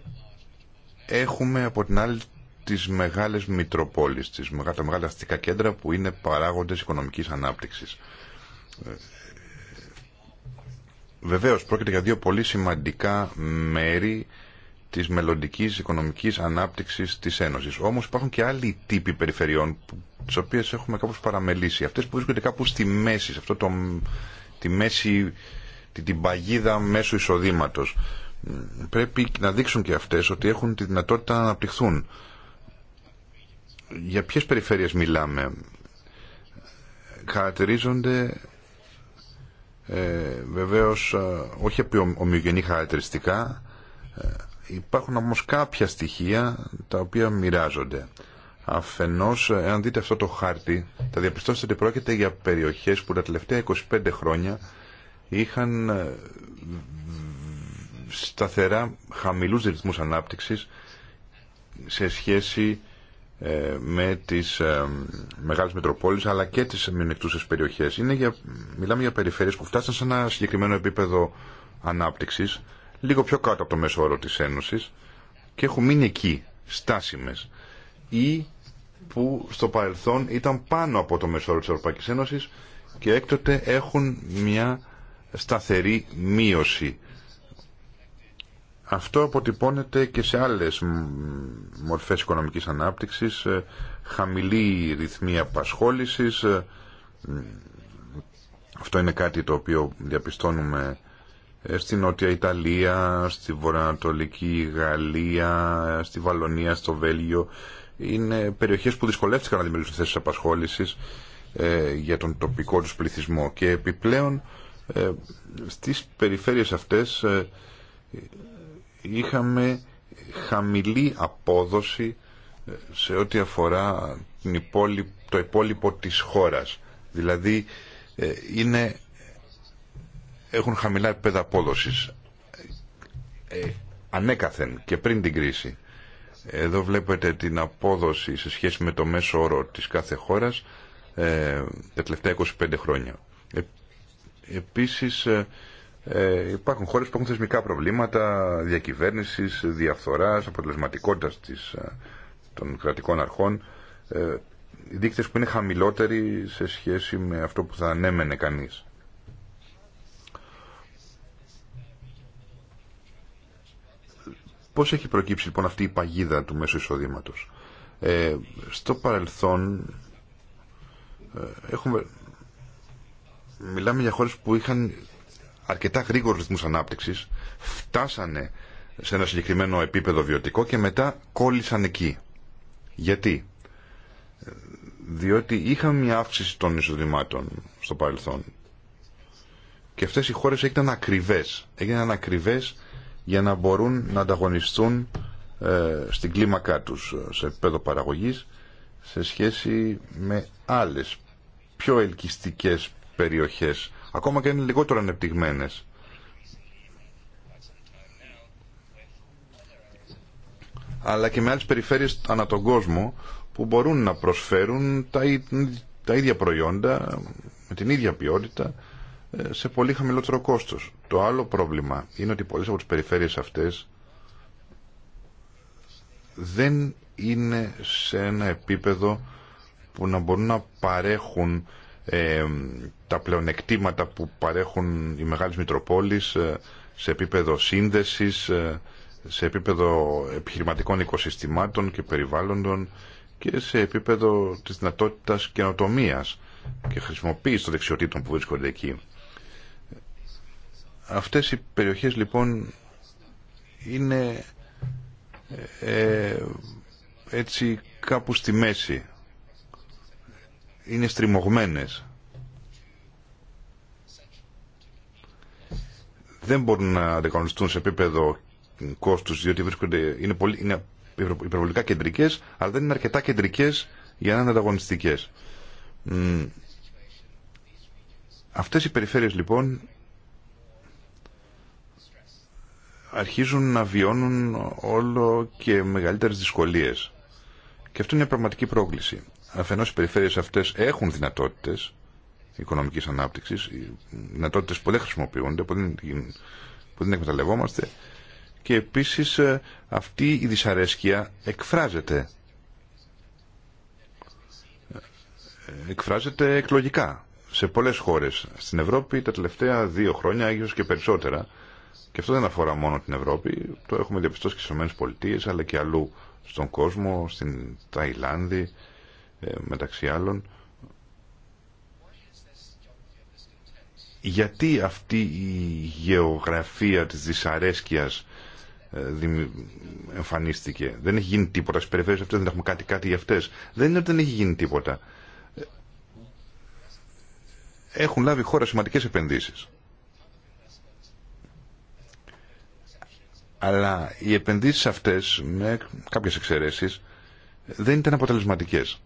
έχουμε από την άλλη τις μεγάλες μητροπόλεις, τα μεγάλα αστικά κέντρα που είναι παράγοντες οικονομικής ανάπτυξης. Ε, βεβαίως πρόκειται για δύο πολύ σημαντικά μέρη της μελλοντικής οικονομικής ανάπτυξης της Ένωσης. Όμως υπάρχουν και άλλοι τύποι περιφερειών, τις οποίες έχουμε κάπως παραμελήσει. Αυτές που βρίσκονται κάπου στη μέση, σε αυτό το, τη μέση, την παγίδα μέσου εισοδήματο. Πρέπει να δείξουν και αυτές ότι έχουν τη δυνατότητα να αναπτυχθούν. Για ποιες περιφέρειες μιλάμε. Χαρακτηρίζονται ε, βεβαίως ε, όχι από ομοιογενή χαρακτηριστικά, ε, Υπάρχουν όμως κάποια στοιχεία τα οποία μοιράζονται. Αφενός, εάν δείτε αυτό το χάρτη, θα διαπιστώσετε ότι πρόκειται για περιοχές που τα τελευταία 25 χρόνια είχαν ε, σταθερά χαμηλούς ρυθμούς ανάπτυξης σε σχέση ε, με τις ε, μεγάλες μετροπόλεις αλλά και τις μειονεκτούσες περιοχές. Είναι για, μιλάμε για περιφέρειες που φτάσαν σε ένα συγκεκριμένο επίπεδο ανάπτυξης λίγο πιο κάτω από το μέσο όρο της Ένωσης και έχουν μείνει εκεί, στάσιμες, ή που στο παρελθόν ήταν πάνω από το μέσο όρο της Ευρωπαϊκής Ένωσης και έκτοτε έχουν μια σταθερή μείωση. Αυτό αποτυπώνεται και σε άλλες μορφές οικονομικής ανάπτυξης, ε, χαμηλή ρυθμή απασχόλησης. Ε, αυτό είναι κάτι το οποίο διαπιστώνουμε στη Νότια Ιταλία, στη Βορειοανατολική Γαλλία, στη Βαλονία, στο Βέλγιο. Είναι περιοχές που δυσκολεύτηκαν να δημιουργήσουν θέσεις απασχόλησης ε, για τον τοπικό τους πληθυσμό. Και επιπλέον ε, στις περιφέρειες αυτές ε, είχαμε χαμηλή απόδοση ε, σε ό,τι αφορά την το υπόλοιπο της χώρας. Δηλαδή ε, είναι έχουν χαμηλά επίπεδα απόδοση. Ε, ανέκαθεν και πριν την κρίση. Εδώ βλέπετε την απόδοση σε σχέση με το μέσο όρο της κάθε χώρας ε, τα τελευταία 25 χρόνια. Ε, επίσης ε, ε, υπάρχουν χώρες που έχουν θεσμικά προβλήματα διακυβέρνησης, διαφθοράς, αποτελεσματικότητας της, ε, των κρατικών αρχών. Ε, δείκτες που είναι χαμηλότεροι σε σχέση με αυτό που θα ανέμενε κανείς. Πώς έχει προκύψει λοιπόν αυτή η παγίδα του μέσου εισοδήματο. Ε, στο παρελθόν ε, έχουμε, μιλάμε για χώρες που είχαν αρκετά γρήγορους ρυθμούς ανάπτυξης, φτάσανε σε ένα συγκεκριμένο επίπεδο βιωτικό και μετά κόλλησαν εκεί. Γιατί? Ε, διότι είχαμε μια αύξηση των εισοδημάτων στο παρελθόν και αυτές οι χώρες έγιναν ακριβές. Έγιναν ακριβές για να μπορούν να ανταγωνιστούν ε, στην κλίμακά τους ε, σε επίπεδο παραγωγής σε σχέση με άλλες πιο ελκυστικές περιοχές ακόμα και είναι λιγότερο ανεπτυγμένες αλλά και με άλλες περιφέρειες ανά τον κόσμο που μπορούν να προσφέρουν τα, τα ίδια προϊόντα με την ίδια ποιότητα σε πολύ χαμηλότερο κόστος. Το άλλο πρόβλημα είναι ότι πολλές από τις περιφέρειες αυτές δεν είναι σε ένα επίπεδο που να μπορούν να παρέχουν ε, τα πλεονεκτήματα που παρέχουν οι μεγάλες μητροπόλεις ε, σε επίπεδο σύνδεσης, ε, σε επίπεδο επιχειρηματικών οικοσυστημάτων και περιβάλλοντων και σε επίπεδο της δυνατότητας καινοτομίας και χρησιμοποίηση των δεξιοτήτων που βρίσκονται εκεί. Αυτές οι περιοχές λοιπόν είναι ε, έτσι κάπου στη μέση. Είναι στριμωγμένες. Δεν μπορούν να αντικανονιστούν σε επίπεδο κόστους διότι βρίσκονται, είναι, πολύ, είναι υπερβολικά κεντρικές αλλά δεν είναι αρκετά κεντρικές για να είναι ανταγωνιστικές. Αυτές οι περιφέρειες λοιπόν αρχίζουν να βιώνουν όλο και μεγαλύτερες δυσκολίες. Και αυτό είναι μια πραγματική πρόκληση. Αφενός οι περιφέρειες αυτές έχουν δυνατότητες οικονομικής ανάπτυξης, δυνατότητες που δεν χρησιμοποιούνται, που δεν, που εκμεταλλευόμαστε και επίσης ε, αυτή η δυσαρέσκεια εκφράζεται. Ε, εκφράζεται εκλογικά σε πολλές χώρες. Στην Ευρώπη τα τελευταία δύο χρόνια, ίσως και περισσότερα, και αυτό δεν αφορά μόνο την Ευρώπη, το έχουμε διαπιστώσει και στις ΗΠΑ αλλά και αλλού στον κόσμο, στην Ταϊλάνδη ε, μεταξύ άλλων. Γιατί αυτή η γεωγραφία της δυσαρέσκειας ε, εμφανίστηκε. Δεν έχει γίνει τίποτα. Στις περιφέρειες αυτές δεν έχουμε κάτι κάτι για αυτές. Δεν είναι ότι δεν έχει γίνει τίποτα. Ε, έχουν λάβει χώρα σημαντικές επενδύσεις. αλλά οι επενδύσεις αυτές, με κάποιες εξαιρέσεις, δεν ήταν αποτελεσματικές.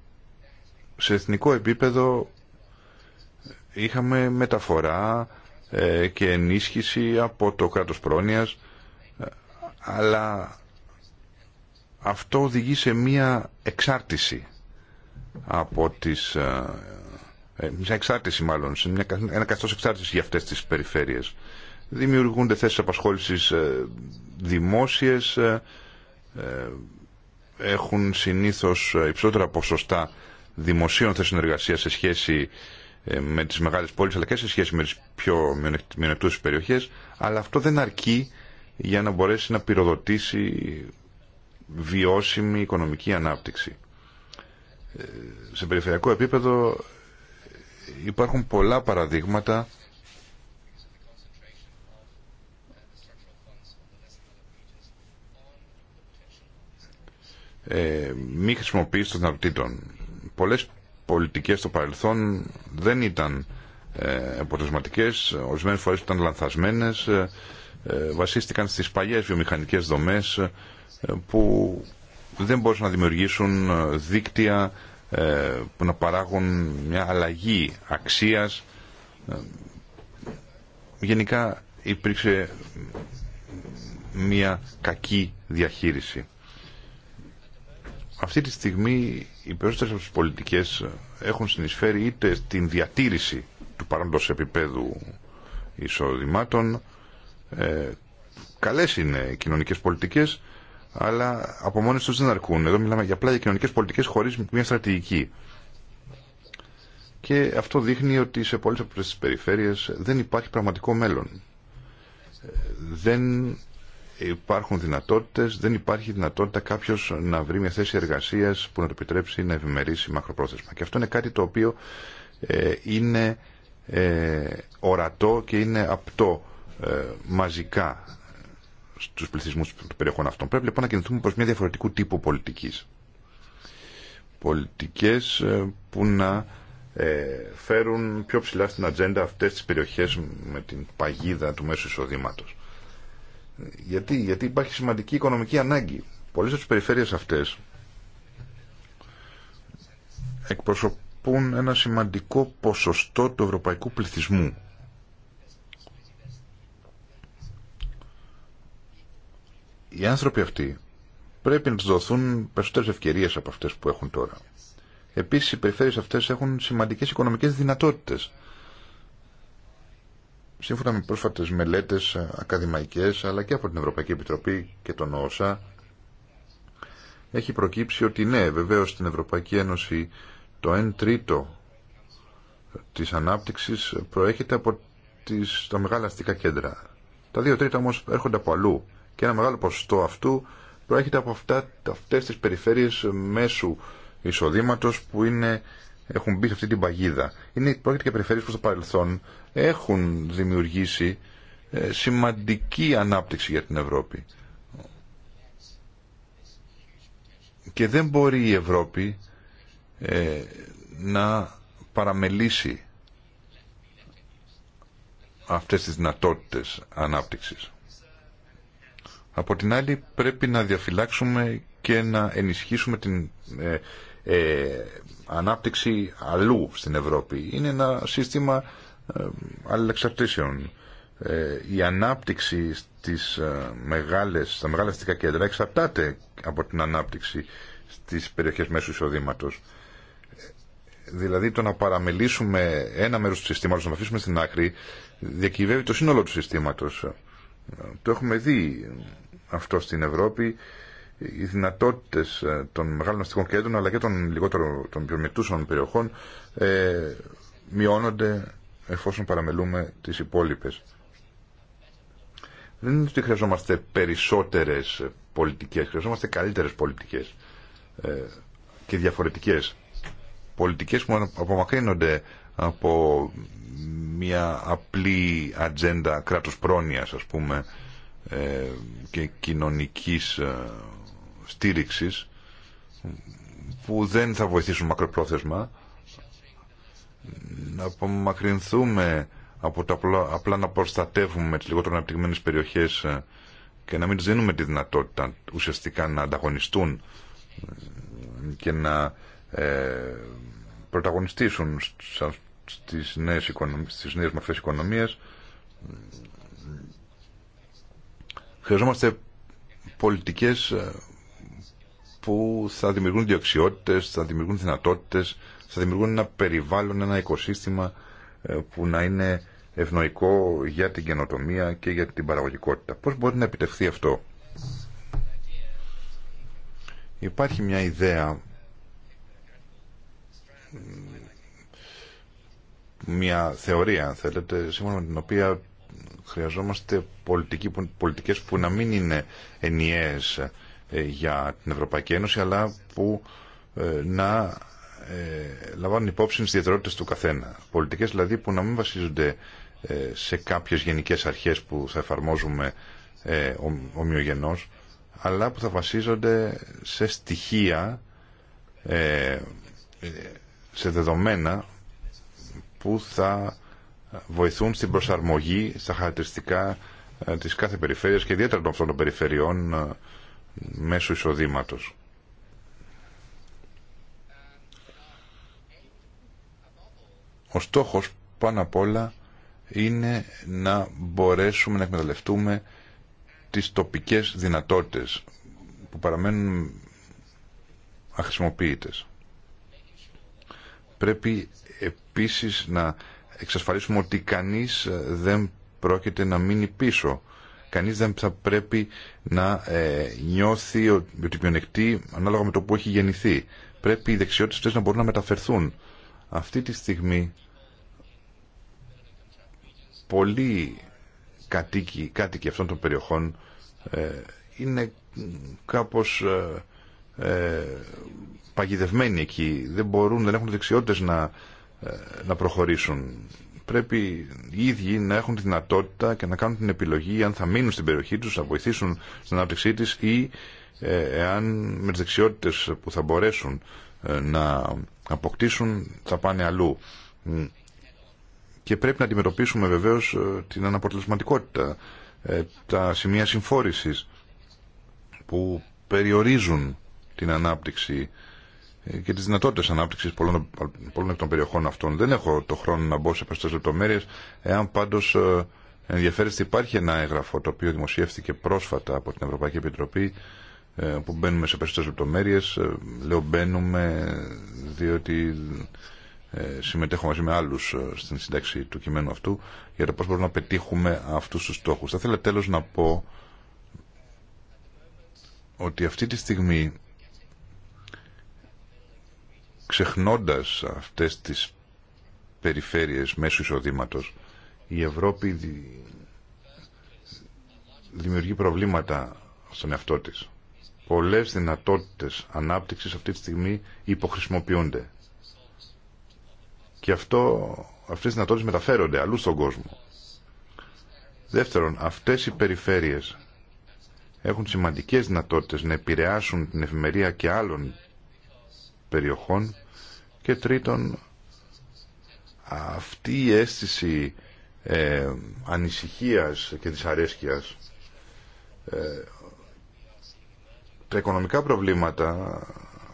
Σε εθνικό επίπεδο είχαμε μεταφορά ε, και ενίσχυση από το κράτος πρόνοιας, αλλά αυτό οδηγεί σε μία εξάρτηση από τις... μια ε, ε, εξάρτηση μάλλον, σε μια, ένα καθώς εξάρτηση για αυτές τις μια εξαρτηση μαλλον σε μια ενα εξαρτηση για αυτες τις περιφερειες δημιουργούνται θέσεις απασχόλησης ε, δημόσιες, ε, ε, έχουν συνήθως υψότερα ποσοστά δημοσίων θέσεων εργασίας σε σχέση με τις μεγάλες πόλεις αλλά και σε σχέση με τις πιο μειονεκτούσες περιοχές αλλά αυτό δεν αρκεί για να μπορέσει να πυροδοτήσει βιώσιμη οικονομική ανάπτυξη. Σε περιφερειακό επίπεδο υπάρχουν πολλά παραδείγματα ε, μη χρησιμοποίηση των δυνατοτήτων. Πολλές πολιτικές στο παρελθόν δεν ήταν ε, αποτελεσματικές, ορισμένες φορές ήταν λανθασμένες, ε, ε, βασίστηκαν στις παλιέ βιομηχανικές δομές ε, που δεν μπορούσαν να δημιουργήσουν δίκτυα που να παράγουν μια αλλαγή αξίας. γενικά υπήρξε μια κακή διαχείριση. Αυτή τη στιγμή οι περισσότερε από τι πολιτικές έχουν συνεισφέρει είτε στην διατήρηση του παρόντος επίπεδου εισοδημάτων. Ε, καλές είναι οι κοινωνικές πολιτικές, αλλά από μόνες τους δεν αρκούν. Εδώ μιλάμε για απλά για κοινωνικές πολιτικές χωρίς μια στρατηγική. Και αυτό δείχνει ότι σε πολλέ από τις περιφέρειες δεν υπάρχει πραγματικό μέλλον. Ε, δεν υπάρχουν δυνατότητες, δεν υπάρχει δυνατότητα κάποιο να βρει μια θέση εργασία που να το επιτρέψει να ευημερήσει μακροπρόθεσμα. Και αυτό είναι κάτι το οποίο ε, είναι ε, ορατό και είναι απτό ε, μαζικά στους πληθυσμού των περιοχών αυτών. Πρέπει λοιπόν να κινηθούμε προ μια διαφορετικού τύπου πολιτικής. Πολιτικές ε, που να φέρουν πιο ψηλά στην ατζέντα αυτέ τι περιοχέ με την παγίδα του μέσου εισοδήματο. Γιατί, γιατί υπάρχει σημαντική οικονομική ανάγκη. Πολλές από τις περιφέρειες αυτές εκπροσωπούν ένα σημαντικό ποσοστό του ευρωπαϊκού πληθυσμού. Οι άνθρωποι αυτοί πρέπει να του δοθούν περισσότερες ευκαιρίες από αυτές που έχουν τώρα. Επίσης οι περιφέρειες αυτές έχουν σημαντικές οικονομικέ δυνατότητε σύμφωνα με πρόσφατες μελέτες ε, ακαδημαϊκές αλλά και από την Ευρωπαϊκή Επιτροπή και τον ΩΣΑ έχει προκύψει ότι ναι βεβαίως στην Ευρωπαϊκή Ένωση το 1 τρίτο της ανάπτυξης προέρχεται από τις, τα μεγάλα αστικά κέντρα. Τα 2 τρίτα όμως έρχονται από αλλού και ένα μεγάλο ποσοστό αυτού προέρχεται από αυτά, αυτές τις περιφέρειες μέσου εισοδήματος που είναι έχουν μπει σε αυτή την παγίδα. Είναι, πρόκειται και περιφέρειες που στο παρελθόν έχουν δημιουργήσει ε, σημαντική ανάπτυξη για την Ευρώπη. Και δεν μπορεί η Ευρώπη ε, να παραμελήσει αυτές τις δυνατότητες ανάπτυξης. Από την άλλη πρέπει να διαφυλάξουμε και να ενισχύσουμε την ε, ε, ανάπτυξη αλλού στην Ευρώπη. Είναι ένα σύστημα ε, αλληλεξαρτήσεων. Ε, η ανάπτυξη στις, ε, μεγάλες, στα μεγάλα αστικά κέντρα εξαρτάται από την ανάπτυξη στις περιοχές μέσου εισοδήματο. Δηλαδή το να παραμελήσουμε ένα μέρος του συστήματος, να το αφήσουμε στην άκρη, διακυβεύει το σύνολο του συστήματος. Το έχουμε δει αυτό στην Ευρώπη οι δυνατότητε ε, των μεγάλων αστικών κέντρων αλλά και των λιγότερων των πιο περιοχών ε, μειώνονται εφόσον παραμελούμε τις υπόλοιπε. Δεν είναι ότι χρειαζόμαστε περισσότερες πολιτικές, χρειαζόμαστε καλύτερες πολιτικές ε, και διαφορετικές. Πολιτικές που απομακρύνονται από μια απλή ατζέντα κράτου πρόνοια, α πούμε ε, και κοινωνικής ε, στήριξης που δεν θα βοηθήσουν μακροπρόθεσμα να απομακρυνθούμε από τα απλά, απλά να προστατεύουμε τις λιγότερο αναπτυγμένες περιοχές ε, και να μην τους δίνουμε τη δυνατότητα ουσιαστικά να ανταγωνιστούν και να ε, πρωταγωνιστήσουν στις νέες, οικονομ... στις νέες μορφές Χρειαζόμαστε πολιτικές ε, που θα δημιουργούν διοξιότητες, θα δημιουργούν δυνατότητες, θα δημιουργούν ένα περιβάλλον, ένα οικοσύστημα ε, που να είναι ευνοϊκό για την καινοτομία και για την παραγωγικότητα. Πώς μπορεί να επιτευχθεί αυτό. Υπάρχει μια ιδέα, μια θεωρία αν θέλετε, σύμφωνα με την οποία χρειαζόμαστε πολιτική, πολιτικές που να μην είναι ενιαίες ε, για την Ευρωπαϊκή Ένωση αλλά που ε, να ε, λαμβάνουν υπόψη τις ιδιαιτερότητες του καθένα. Πολιτικές δηλαδή που να μην βασίζονται σε κάποιες γενικές αρχές που θα εφαρμόζουμε ομοιογενώς αλλά που θα βασίζονται σε στοιχεία σε δεδομένα που θα βοηθούν στην προσαρμογή στα χαρακτηριστικά ε, της κάθε περιφέρειας και ιδιαίτερα των αυτών των περιφερειών ε, μέσω εισοδήματο. Ο στόχος πάνω απ' όλα είναι να μπορέσουμε να εκμεταλλευτούμε τις τοπικές δυνατότητες που παραμένουν αχρησιμοποιητές. Πρέπει επίσης να εξασφαλίσουμε ότι κανείς ε, δεν πρόκειται να μείνει πίσω. Κανείς δεν θα πρέπει να ε, νιώθει ότι μειονεκτεί ανάλογα με το που έχει γεννηθεί. Πρέπει οι δεξιότητες να μπορούν να μεταφερθούν. Αυτή τη στιγμή πολλοί κατοίκοι, κάτοικοι αυτών των περιοχών ε, είναι κάπως παγιδευμένοι εκεί. Δεν μπορούν, δεν έχουν δεξιότητες να ε, να προχωρήσουν. Πρέπει οι ίδιοι να έχουν τη δυνατότητα και να κάνουν την επιλογή αν θα μείνουν στην περιοχή τους, θα βοηθήσουν στην ανάπτυξή της ή ε, εάν με τις δεξιότητες που θα μπορέσουν ε, να αποκτήσουν θα πάνε αλλού. Και πρέπει να αντιμετωπίσουμε βεβαίως την αναποτελεσματικότητα, τα σημεία συμφόρησης που περιορίζουν την ανάπτυξη ε, και τι δυνατότητε ανάπτυξη πολλών, πολλών εκ των περιοχών αυτών. Δεν έχω το χρόνο να μπω σε περισσότερε λεπτομέρειε, εάν πάντως ε, ενδιαφέρεστε υπάρχει ένα έγγραφο το οποίο δημοσιεύτηκε πρόσφατα από την Ευρωπαϊκή Επιτροπή ε, που μπαίνουμε σε περισσότερε λεπτομέρειε. Λέω μπαίνουμε διότι συμμετέχω μαζί με άλλου στην σύνταξη του κειμένου αυτού για το πώ μπορούμε να πετύχουμε αυτού του στόχου. Θα ήθελα τέλο να πω ότι αυτή τη στιγμή ξεχνώντας αυτές τις περιφέρειες μέσω εισοδήματο, η Ευρώπη δημιουργεί προβλήματα στον εαυτό της. Πολλές δυνατότητες ανάπτυξης αυτή τη στιγμή υποχρησιμοποιούνται. Και αυτό, αυτές οι δυνατότητες μεταφέρονται αλλού στον κόσμο. Δεύτερον, αυτές οι περιφέρειες έχουν σημαντικές δυνατότητες να επηρεάσουν την εφημερία και άλλων περιοχών και τρίτον, αυτή η αίσθηση ε, ανησυχίας και δυσαρέσκειας ε, τα οικονομικά προβλήματα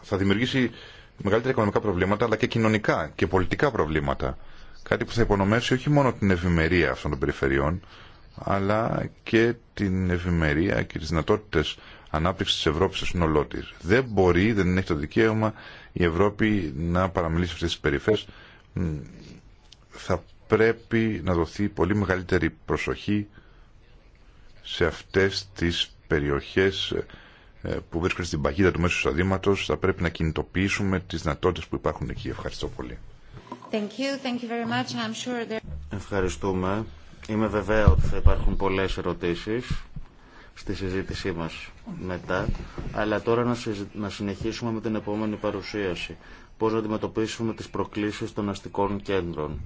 θα δημιουργήσει μεγαλύτερα οικονομικά προβλήματα αλλά και κοινωνικά και πολιτικά προβλήματα. Κάτι που θα υπονομεύσει όχι μόνο την ευημερία αυτών των περιφερειών αλλά και την ευημερία και τις δυνατότητες ανάπτυξης της Ευρώπης στο σύνολό τη. Δεν μπορεί, δεν έχει το δικαίωμα η Ευρώπη να παραμιλήσει αυτές τις περιφέρειες θα πρέπει να δοθεί πολύ μεγαλύτερη προσοχή σε αυτές τις περιοχές ε, που βρίσκονται στην παγίδα του μέσου εισοδήματος. Θα πρέπει να κινητοποιήσουμε τις δυνατότητες που υπάρχουν εκεί. Ευχαριστώ πολύ. Thank you. Thank you very much. I'm sure there... Ευχαριστούμε. Είμαι βεβαία ότι θα υπάρχουν πολλές ερωτήσεις στη συζήτησή μας μετά, αλλά τώρα να, συνεχίσουμε με την επόμενη παρουσίαση. Πώς να αντιμετωπίσουμε τις προκλήσεις των αστικών κέντρων.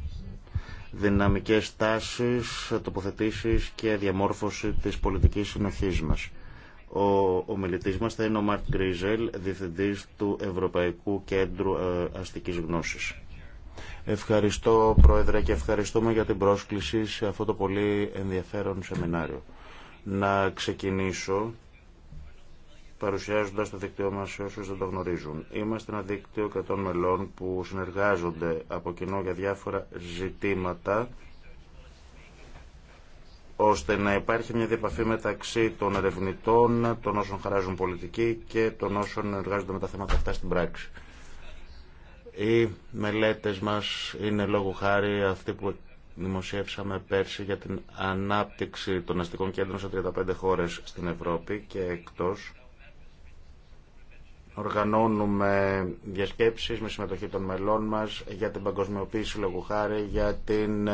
Δυναμικές τάσεις, τοποθετήσεις και διαμόρφωση της πολιτικής συνοχής μας. Ο ομιλητής μας θα είναι ο Μαρτ Γκρίζελ, διευθυντής του Ευρωπαϊκού Κέντρου ε, Αστικής Γνώσης. Ευχαριστώ Πρόεδρε και ευχαριστούμε για την πρόσκληση σε αυτό το πολύ ενδιαφέρον σεμινάριο να ξεκινήσω παρουσιάζοντας το δίκτυό μας σε όσους δεν το γνωρίζουν. Είμαστε ένα δίκτυο κρατών μελών που συνεργάζονται από κοινό για διάφορα ζητήματα ώστε να υπάρχει μια διεπαφή μεταξύ των ερευνητών, των όσων χαράζουν πολιτική και των όσων εργάζονται με τα θέματα αυτά στην πράξη. Οι μελέτες μας είναι λόγω χάρη αυτοί που δημοσιεύσαμε πέρσι για την ανάπτυξη των αστικών κέντρων σε 35 χώρες στην Ευρώπη και εκτός. Οργανώνουμε διασκέψεις με συμμετοχή των μελών μας για την παγκοσμιοποίηση λόγου χάρη, για την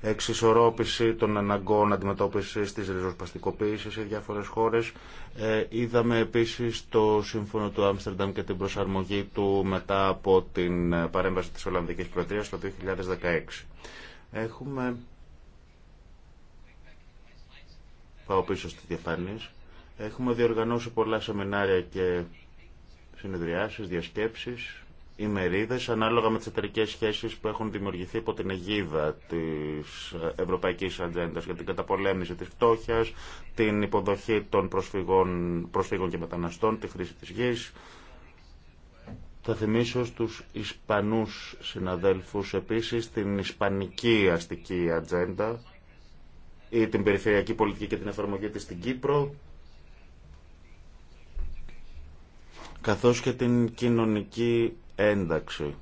εξισορρόπηση των αναγκών αντιμετώπισης της ριζοσπαστικοποίησης σε διάφορες χώρες. Ε, είδαμε επίσης το σύμφωνο του Άμστερνταμ και την προσαρμογή του μετά από την παρέμβαση της Ολλανδικής Προεδρίας το 2016. Έχουμε... Πάω πίσω στη διαφάνεια Έχουμε διοργανώσει πολλά σεμινάρια και συνεδριάσεις, διασκέψεις, ημερίδες ανάλογα με τις εταιρικέ σχέσεις που έχουν δημιουργηθεί από την αιγίδα της Ευρωπαϊκής Ατζέντα για την καταπολέμηση της φτώχειας, την υποδοχή των προσφύγων, προσφύγων και μεταναστών, τη χρήση της γης, θα θυμίσω στους Ισπανούς συναδέλφους επίσης την Ισπανική αστική ατζέντα ή την περιφερειακή πολιτική και την εφαρμογή της στην Κύπρο καθώς και την κοινωνική ένταξη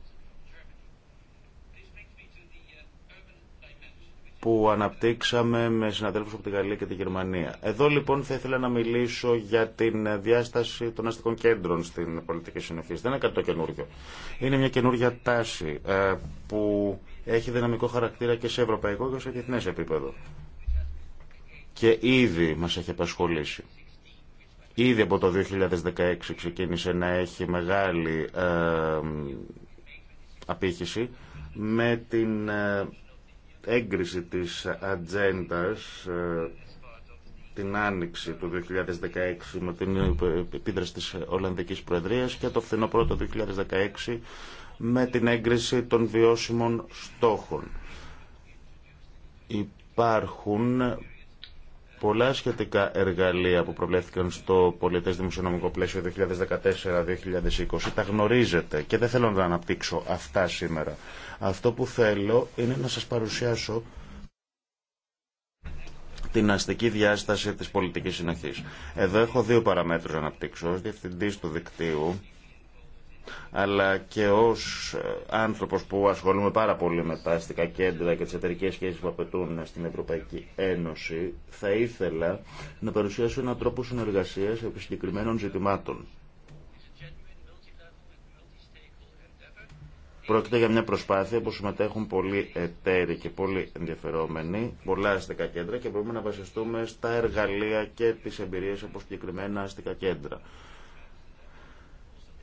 που αναπτύξαμε με συναδέλφους από τη Γαλλία και τη Γερμανία. Εδώ λοιπόν θα ήθελα να μιλήσω για την διάσταση των αστικών κέντρων στην πολιτική συνοχή. Δεν είναι κάτι το καινούργιο. Είναι μια καινούργια τάση ε, που έχει δυναμικό χαρακτήρα και σε ευρωπαϊκό και σε διεθνέ επίπεδο. Και ήδη μας έχει απασχολήσει. Ήδη από το 2016 ξεκίνησε να έχει μεγάλη ε, απήχηση με την ε, έγκριση της ατζέντα ε, την άνοιξη του 2016 με την επίδραση της Ολλανδικής Προεδρίας και το φθινόπωρο του 2016 με την έγκριση των βιώσιμων στόχων. Υπάρχουν πολλά σχετικά εργαλεία που προβλέφθηκαν στο πολιτε δημοσιονομικο δημοσιονομικό πλαίσιο 2014-2020 τα γνωρίζετε και δεν θέλω να αναπτύξω αυτά σήμερα. Αυτό που θέλω είναι να σας παρουσιάσω την αστική διάσταση της πολιτικής συνοχής. Εδώ έχω δύο παραμέτρους να αναπτύξω. Ως διευθυντής του δικτύου αλλά και ω ε, άνθρωπο που ασχολούμαι πάρα πολύ με τα αστικά κέντρα και τι εταιρικέ σχέσει που απαιτούν στην Ευρωπαϊκή Ένωση, θα ήθελα να παρουσιάσω έναν τρόπο συνεργασία επί συγκεκριμένων ζητημάτων. Πρόκειται για μια προσπάθεια που συμμετέχουν πολλοί εταίροι και πολλοί ενδιαφερόμενοι, πολλά αστικά κέντρα και μπορούμε να βασιστούμε στα εργαλεία και τις εμπειρίες από συγκεκριμένα αστικά κέντρα.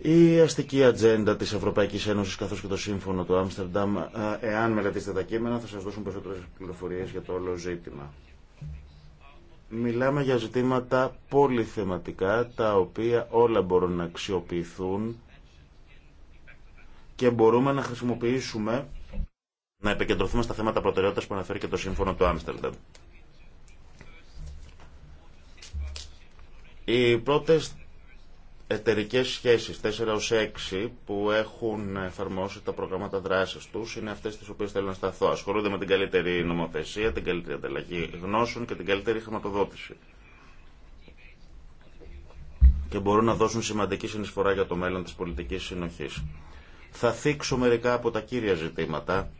Η αστική ατζέντα της Ευρωπαϊκής Ένωσης καθώς και το σύμφωνο του Άμστερνταμ, ε, εάν μελετήσετε τα κείμενα, θα σας δώσουν περισσότερες πληροφορίες για το όλο ζήτημα. Μιλάμε για ζητήματα πολυθεματικά, τα οποία όλα μπορούν να αξιοποιηθούν και μπορούμε να χρησιμοποιήσουμε, να επικεντρωθούμε στα θέματα προτεραιότητας που αναφέρει και το σύμφωνο του Άμστερνταμ. Οι πρώτες εταιρικές σχέσεις 4 ως 6 που έχουν εφαρμόσει τα προγράμματα δράσης τους είναι αυτές τις οποίες θέλω να σταθώ. Ασχολούνται με την καλύτερη νομοθεσία, την καλύτερη ανταλλαγή γνώσεων και την καλύτερη χρηματοδότηση. Και μπορούν να δώσουν σημαντική συνεισφορά για το μέλλον της πολιτικής συνοχής. Θα θίξω μερικά από τα κύρια ζητήματα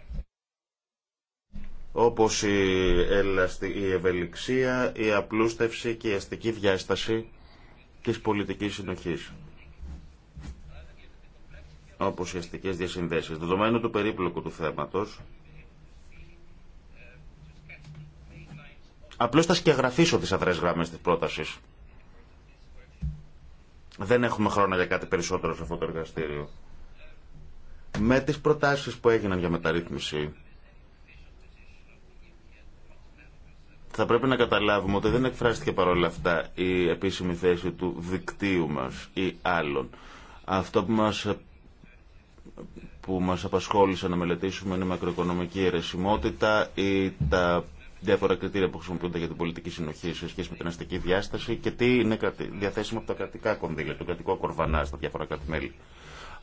όπως η ευελιξία, η απλούστευση και η αστική διάσταση της πολιτικής συνοχής οι ουσιαστικέ διασυνδέσεις. Δεδομένου του περίπλοκου του θέματος, απλώς θα σκεγγραφίσω τις αδρές γράμμες της πρότασης. Δεν έχουμε χρόνο για κάτι περισσότερο σε αυτό το εργαστήριο. Με τις προτάσεις που έγιναν για μεταρρύθμιση θα πρέπει να καταλάβουμε ότι δεν εκφράστηκε παρόλα αυτά η επίσημη θέση του δικτύου μας ή άλλων. Αυτό που μας, που μας απασχόλησε να μελετήσουμε είναι η μακροοικονομική αιρεσιμότητα ή τα διάφορα κριτήρια που χρησιμοποιούνται για την πολιτική συνοχή σε σχέση με την αστική διάσταση και τι είναι διαθέσιμο από τα κρατικά κονδύλια, το κρατικό κορβανά στα διάφορα κρατημέλη.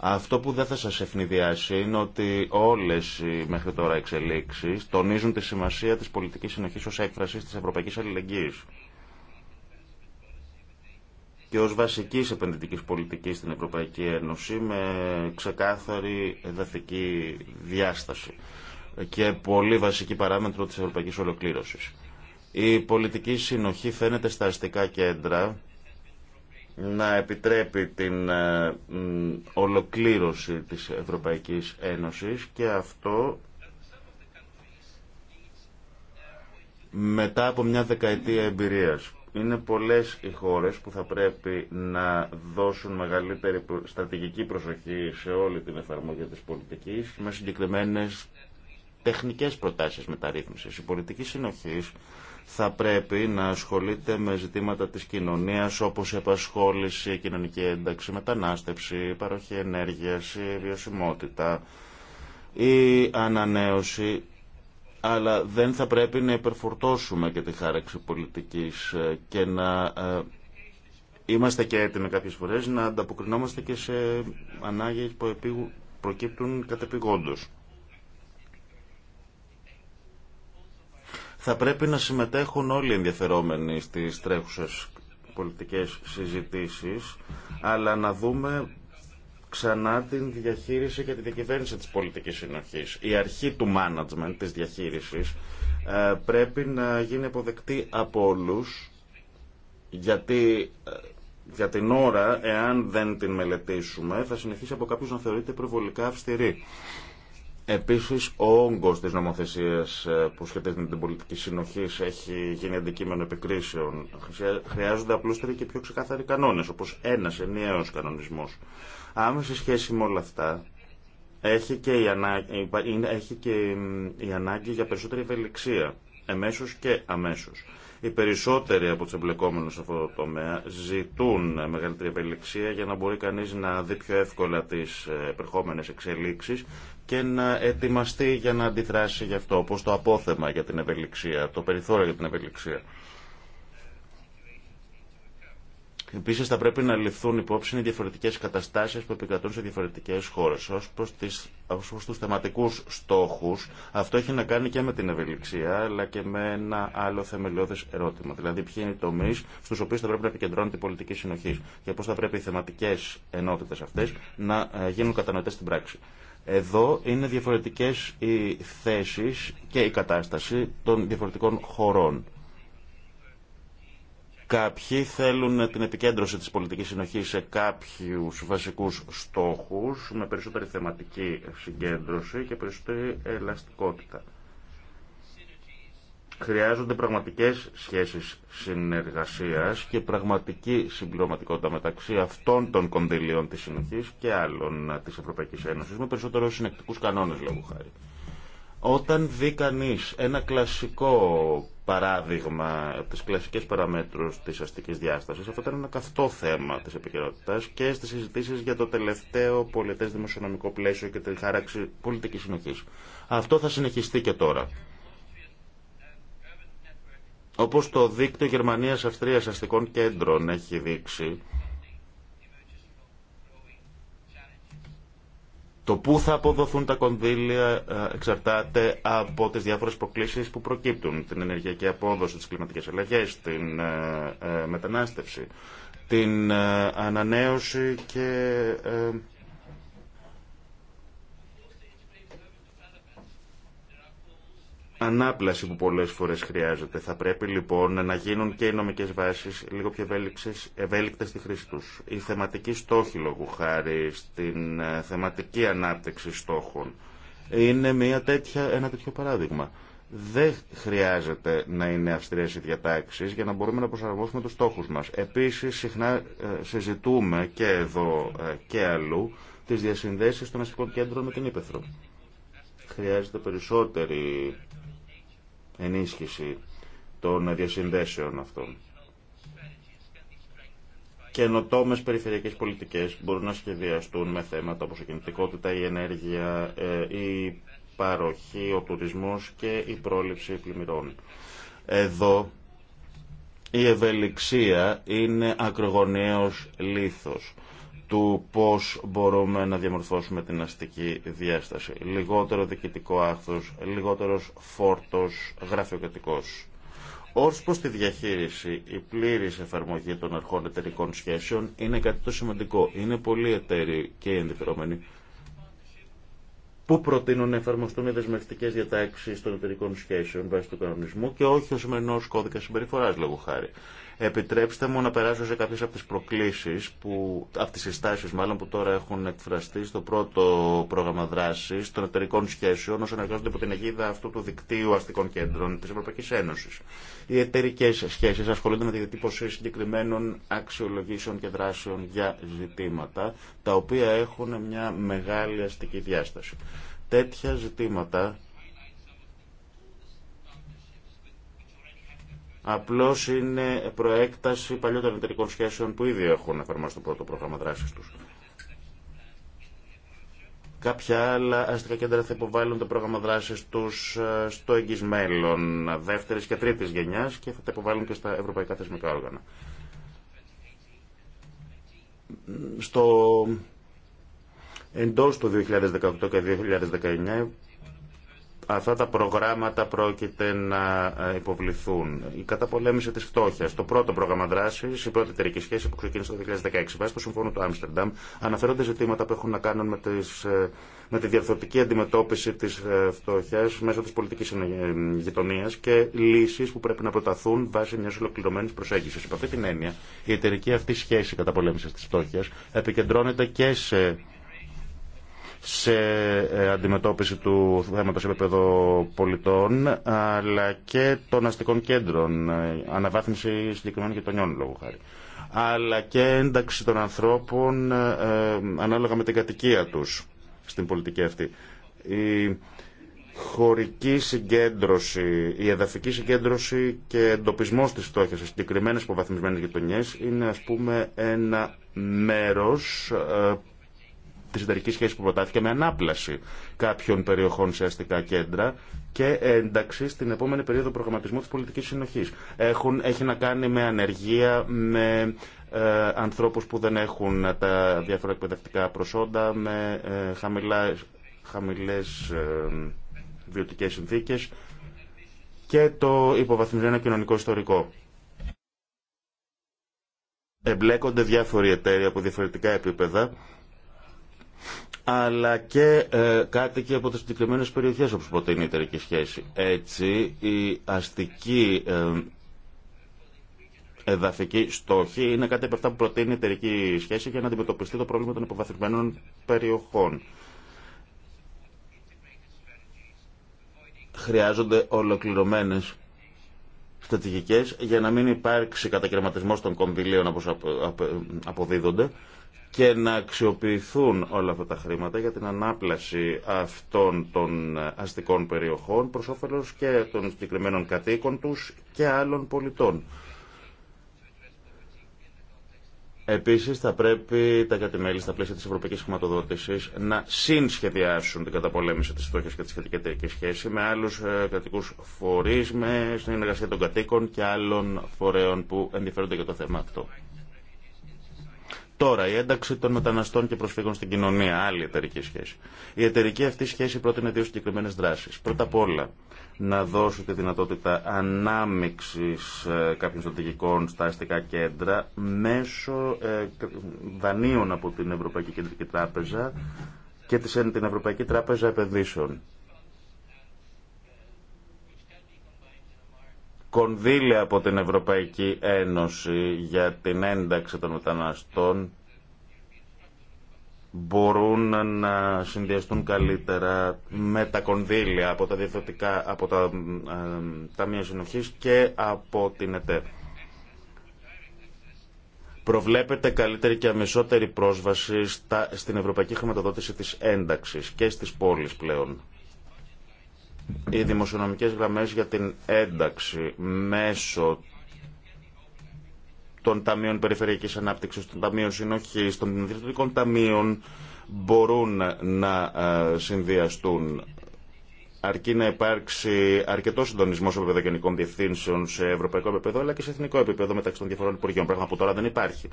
Αυτό που δεν θα σα ευνηδιάσει είναι ότι όλες οι μέχρι τώρα εξελίξεις τονίζουν τη σημασία της πολιτικής συνοχή ω έκφραση της ευρωπαϊκής αλληλεγγύη και ως βασικής επενδυτικής πολιτικής στην Ευρωπαϊκή Ένωση με ξεκάθαρη εδαφική διάσταση και πολύ βασική παράμετρο της ευρωπαϊκής ολοκλήρωσης. Η πολιτική συνοχή φαίνεται στα αστικά κέντρα να επιτρέπει την ε, ολοκλήρωση της Ευρωπαϊκής Ένωσης και αυτό μετά από μια δεκαετία εμπειρίας. Είναι πολλές οι χώρες που θα πρέπει να δώσουν μεγαλύτερη στρατηγική προσοχή σε όλη την εφαρμογή της πολιτικής με συγκεκριμένες τεχνικές προτάσεις μεταρρύθμισης. Η πολιτική συνοχής θα πρέπει να ασχολείται με ζητήματα της κοινωνίας όπως η επασχόληση, η κοινωνική ένταξη, η μετανάστευση, η παροχή ενέργειας, η βιωσιμότητα, η ανανέωση, αλλά δεν θα πρέπει να υπερφορτώσουμε και τη χάραξη πολιτικής ε, και να ε, είμαστε και έτοιμοι κάποιες φορές να ανταποκρινόμαστε και σε ανάγκες που προκύπτουν κατεπηγόντως. Θα πρέπει να συμμετέχουν όλοι οι ενδιαφερόμενοι στις τρέχουσες πολιτικές συζητήσεις, αλλά να δούμε ξανά την διαχείριση και τη διακυβέρνηση της πολιτικής συνοχής. Η αρχή του management, της διαχείρισης, ε, πρέπει να γίνει αποδεκτή από όλους, γιατί ε, για την ώρα, εάν δεν την μελετήσουμε, θα συνεχίσει από κάποιους να θεωρείται προβολικά αυστηρή. Επίση, ο όγκο της νομοθεσίας ε, που σχετίζεται με την πολιτική συνοχή έχει γίνει αντικείμενο επικρίσεων. Χρειάζονται απλούστεροι και πιο ξεκάθαροι κανόνες, όπως ένας ενιαίο κανονισμό. Άμεση σχέση με όλα αυτά έχει και η, έχει και η ανάγκη για περισσότερη ευελιξία, εμέσω και αμέσω. Οι περισσότεροι από του εμπλεκόμενου σε αυτό το τομέα ζητούν μεγαλύτερη ευελιξία για να μπορεί κανεί να δει πιο εύκολα τι ε, επερχόμενε εξελίξει και να ετοιμαστεί για να αντιδράσει γι' αυτό, όπω το απόθεμα για την ευελιξία, το περιθώριο για την ευελιξία. Επίση, θα πρέπει να ληφθούν υπόψη οι διαφορετικέ καταστάσει που επικρατούν σε διαφορετικέ χώρε. Ω προ του θεματικού στόχου, αυτό έχει να κάνει και με την ευελιξία, αλλά και με ένα άλλο θεμελιώδε ερώτημα. Δηλαδή, ποιοι είναι οι τομεί στου οποίου θα πρέπει να επικεντρώνεται η πολιτική συνοχή και πώ θα πρέπει οι θεματικέ ενότητε αυτέ να ε, γίνουν κατανοητέ στην πράξη. Εδώ είναι διαφορετικές οι θέσεις και η κατάσταση των διαφορετικών χωρών. Κάποιοι θέλουν την επικέντρωση της πολιτικής συνοχής σε κάποιους βασικούς στόχους με περισσότερη θεματική συγκέντρωση και περισσότερη ελαστικότητα. Χρειάζονται πραγματικές σχέσεις συνεργασίας και πραγματική συμπληρωματικότητα μεταξύ αυτών των κονδυλίων της συνοχής και άλλων της Ευρωπαϊκής Ένωσης με περισσότερο συνεκτικούς κανόνες λόγου χάρη. Όταν δει κανεί ένα κλασικό παράδειγμα από τις κλασικές παραμέτρους της αστικής διάσταση, αυτό ήταν ένα καυτό θέμα της επικαιρότητα και στις συζητήσει για το τελευταίο πολιτέ δημοσιονομικό πλαίσιο και τη χάραξη πολιτικής συνοχή. Αυτό θα συνεχιστεί και τώρα. Όπως το δίκτυο Γερμανίας-Αυστρίας αστικών κέντρων έχει δείξει, Το πού θα αποδοθούν τα κονδύλια ε, εξαρτάται από τις διάφορες προκλήσεις που προκύπτουν. Την ενεργειακή απόδοση, τις κλιματικές αλλαγές, την ε, ε, μετανάστευση, την ανανέωση και ανάπλαση που πολλές φορές χρειάζεται. Θα πρέπει λοιπόν να γίνουν και οι νομικές βάσεις λίγο πιο ευέλικτε στη χρήση του. Η θεματική στόχη λόγου χάρη στην ε, θεματική ανάπτυξη στόχων είναι μια τέτοια, ένα τέτοιο παράδειγμα. Δεν χρειάζεται να είναι αυστηρέ οι διατάξει για να μπορούμε να προσαρμόσουμε του στόχου μα. Επίση, συχνά ε, συζητούμε και εδώ ε, και αλλού τι διασυνδέσει των αστικών κέντρων με την Ήπεθρο. Χρειάζεται περισσότερη ενίσχυση των διασυνδέσεων αυτών. Καινοτόμε περιφερειακές πολιτικές μπορούν να σχεδιαστούν με θέματα όπως η κινητικότητα, η ενέργεια, ε, η παροχή, ο τουρισμός και η πρόληψη πλημμυρών. Εδώ η ευελιξία είναι ακρογωνιαίος λήθος του πώς μπορούμε να διαμορφώσουμε την αστική διάσταση. Λιγότερο διοικητικό άρθρος, λιγότερος φόρτος γραφειοκρατικός. Ως προς τη διαχείριση, η πλήρης εφαρμογή των αρχών εταιρικών σχέσεων είναι κάτι το σημαντικό. Είναι πολλοί εταίροι και ενδιαφερόμενοι που προτείνουν να εφαρμοστούν οι δεσμευτικέ διατάξει των εταιρικών σχέσεων βάσει του κανονισμού και όχι ο σημερινό κώδικα συμπεριφορά, λόγω χάρη. Επιτρέψτε μου να περάσω σε κάποιες από τις προκλήσεις, που, από τις συστάσεις μάλλον που τώρα έχουν εκφραστεί στο πρώτο πρόγραμμα δράσης των εταιρικών σχέσεων όσων εργάζονται υπό την αιγίδα αυτού του δικτύου αστικών κέντρων της Ευρωπαϊκής Ένωσης. Οι εταιρικέ σχέσει, ασχολούνται με τη διατύπωση συγκεκριμένων αξιολογήσεων και δράσεων για ζητήματα, τα οποία έχουν μια μεγάλη αστική διάσταση. Τέτοια ζητήματα Απλώς είναι προέκταση παλιότερων εταιρικών σχέσεων που ήδη έχουν εφαρμόσει το πρώτο πρόγραμμα δράσης τους. Κάποια άλλα αστικά κέντρα θα υποβάλουν το πρόγραμμα δράση του ε, στο εγγύ μέλλον δεύτερη και τρίτη γενιά και θα τα υποβάλουν και στα ευρωπαϊκά θεσμικά όργανα. Στο εντό του 2018 και 2019 Αυτά τα προγράμματα πρόκειται να ε, υποβληθούν. Η καταπολέμηση τη φτώχεια, το πρώτο πρόγραμμα δράση, η πρώτη εταιρική σχέση που ξεκίνησε το 2016 βάσει του Συμφώνου του Άμστερνταμ, αναφέρονται ζητήματα που έχουν να κάνουν με, τις, ε, με τη διαρθρωτική αντιμετώπιση τη ε, φτώχεια μέσω τη πολιτική γειτονία και λύσει που πρέπει να προταθούν βάσει μια ολοκληρωμένη προσέγγιση. Υπό αυτή την έννοια, η εταιρική αυτή σχέση καταπολέμηση τη φτώχεια επικεντρώνεται και σε σε ε, αντιμετώπιση του θέματος επίπεδο πολιτών αλλά και των αστικών κέντρων, ε, αναβάθμιση συγκεκριμένων γειτονιών λόγω χάρη αλλά και ένταξη των ανθρώπων ε, ανάλογα με την κατοικία τους στην πολιτική αυτή. Η χωρική συγκέντρωση, η εδαφική συγκέντρωση και εντοπισμός της φτώχειας σε συγκεκριμένες υποβαθμισμένες γειτονιές είναι ας πούμε ένα μέρος τη εταιρική σχέση που προτάθηκε με ανάπλαση κάποιων περιοχών σε αστικά κέντρα και ένταξη στην επόμενη περίοδο προγραμματισμού τη συνοχής έχουν Έχει να κάνει με ανεργία, με ε, ανθρώπους που δεν έχουν τα διάφορα εκπαιδευτικά προσόντα, με ε, χαμηλά, χαμηλές ε, βιωτικές συνθήκες και το υποβαθμισμένο κοινωνικό ιστορικό. Εμπλέκονται διάφοροι εταίροι από διαφορετικά επίπεδα αλλά και ε, κάτοικοι από τις συγκεκριμένε περιοχές όπως προτείνει η εταιρική σχέση. Έτσι, η αστική ε, εδαφική στόχη είναι κάτι από αυτά που προτείνει η εταιρική σχέση για να αντιμετωπιστεί το πρόβλημα των υποβαθμισμένων περιοχών. Χρειάζονται ολοκληρωμένες στρατηγικές για να μην υπάρξει κατακαιρματισμός των κονδυλίων όπως αποδίδονται και να αξιοποιηθούν όλα αυτά τα χρήματα για την ανάπλαση αυτών των αστικών περιοχών προς όφελος και των συγκεκριμένων κατοίκων τους και άλλων πολιτών. Επίση, θα πρέπει τα κατημέλη στα πλαίσια τη ευρωπαϊκή χρηματοδότηση να συνσχεδιάσουν την καταπολέμηση τη φτώχεια και τη σχετική εταιρική σχέση με άλλου ε, κρατικού φορεί, με συνεργασία των κατοίκων και άλλων φορέων που ενδιαφέρονται για το θέμα αυτό. Τώρα, η ένταξη των μεταναστών και προσφύγων στην κοινωνία, άλλη εταιρική σχέση. Η εταιρική αυτή σχέση πρότεινε δύο συγκεκριμένε δράσει. Πρώτα απ' όλα, να δώσει τη δυνατότητα ανάμειξη ε, κάποιων στρατηγικών στα αστικά κέντρα μέσω ε, δανείων από την Ευρωπαϊκή Κεντρική Τράπεζα και ε, την Ευρωπαϊκή Τράπεζα Επενδύσεων. κονδύλια από την Ευρωπαϊκή Ένωση για την ένταξη των μεταναστών μπορούν να συνδυαστούν καλύτερα με τα κονδύλια από τα διευθυντικά, από τα ε, ταμεία συνοχής και από την ΕΤΕ. Προβλέπεται καλύτερη και αμεσότερη πρόσβαση στα, στην ευρωπαϊκή χρηματοδότηση της ένταξης και στις πόλεις πλέον οι δημοσιονομικές γραμμές για την ένταξη μέσω των Ταμείων Περιφερειακής Ανάπτυξης, των Ταμείων Συνοχής, των Διευθυντικών Ταμείων μπορούν να ε, συνδυαστούν αρκεί να υπάρξει αρκετό συντονισμό σε επίπεδο γενικών διευθύνσεων σε ευρωπαϊκό επίπεδο αλλά και σε εθνικό επίπεδο μεταξύ των διαφορών υπουργείων, πράγμα που τώρα δεν υπάρχει.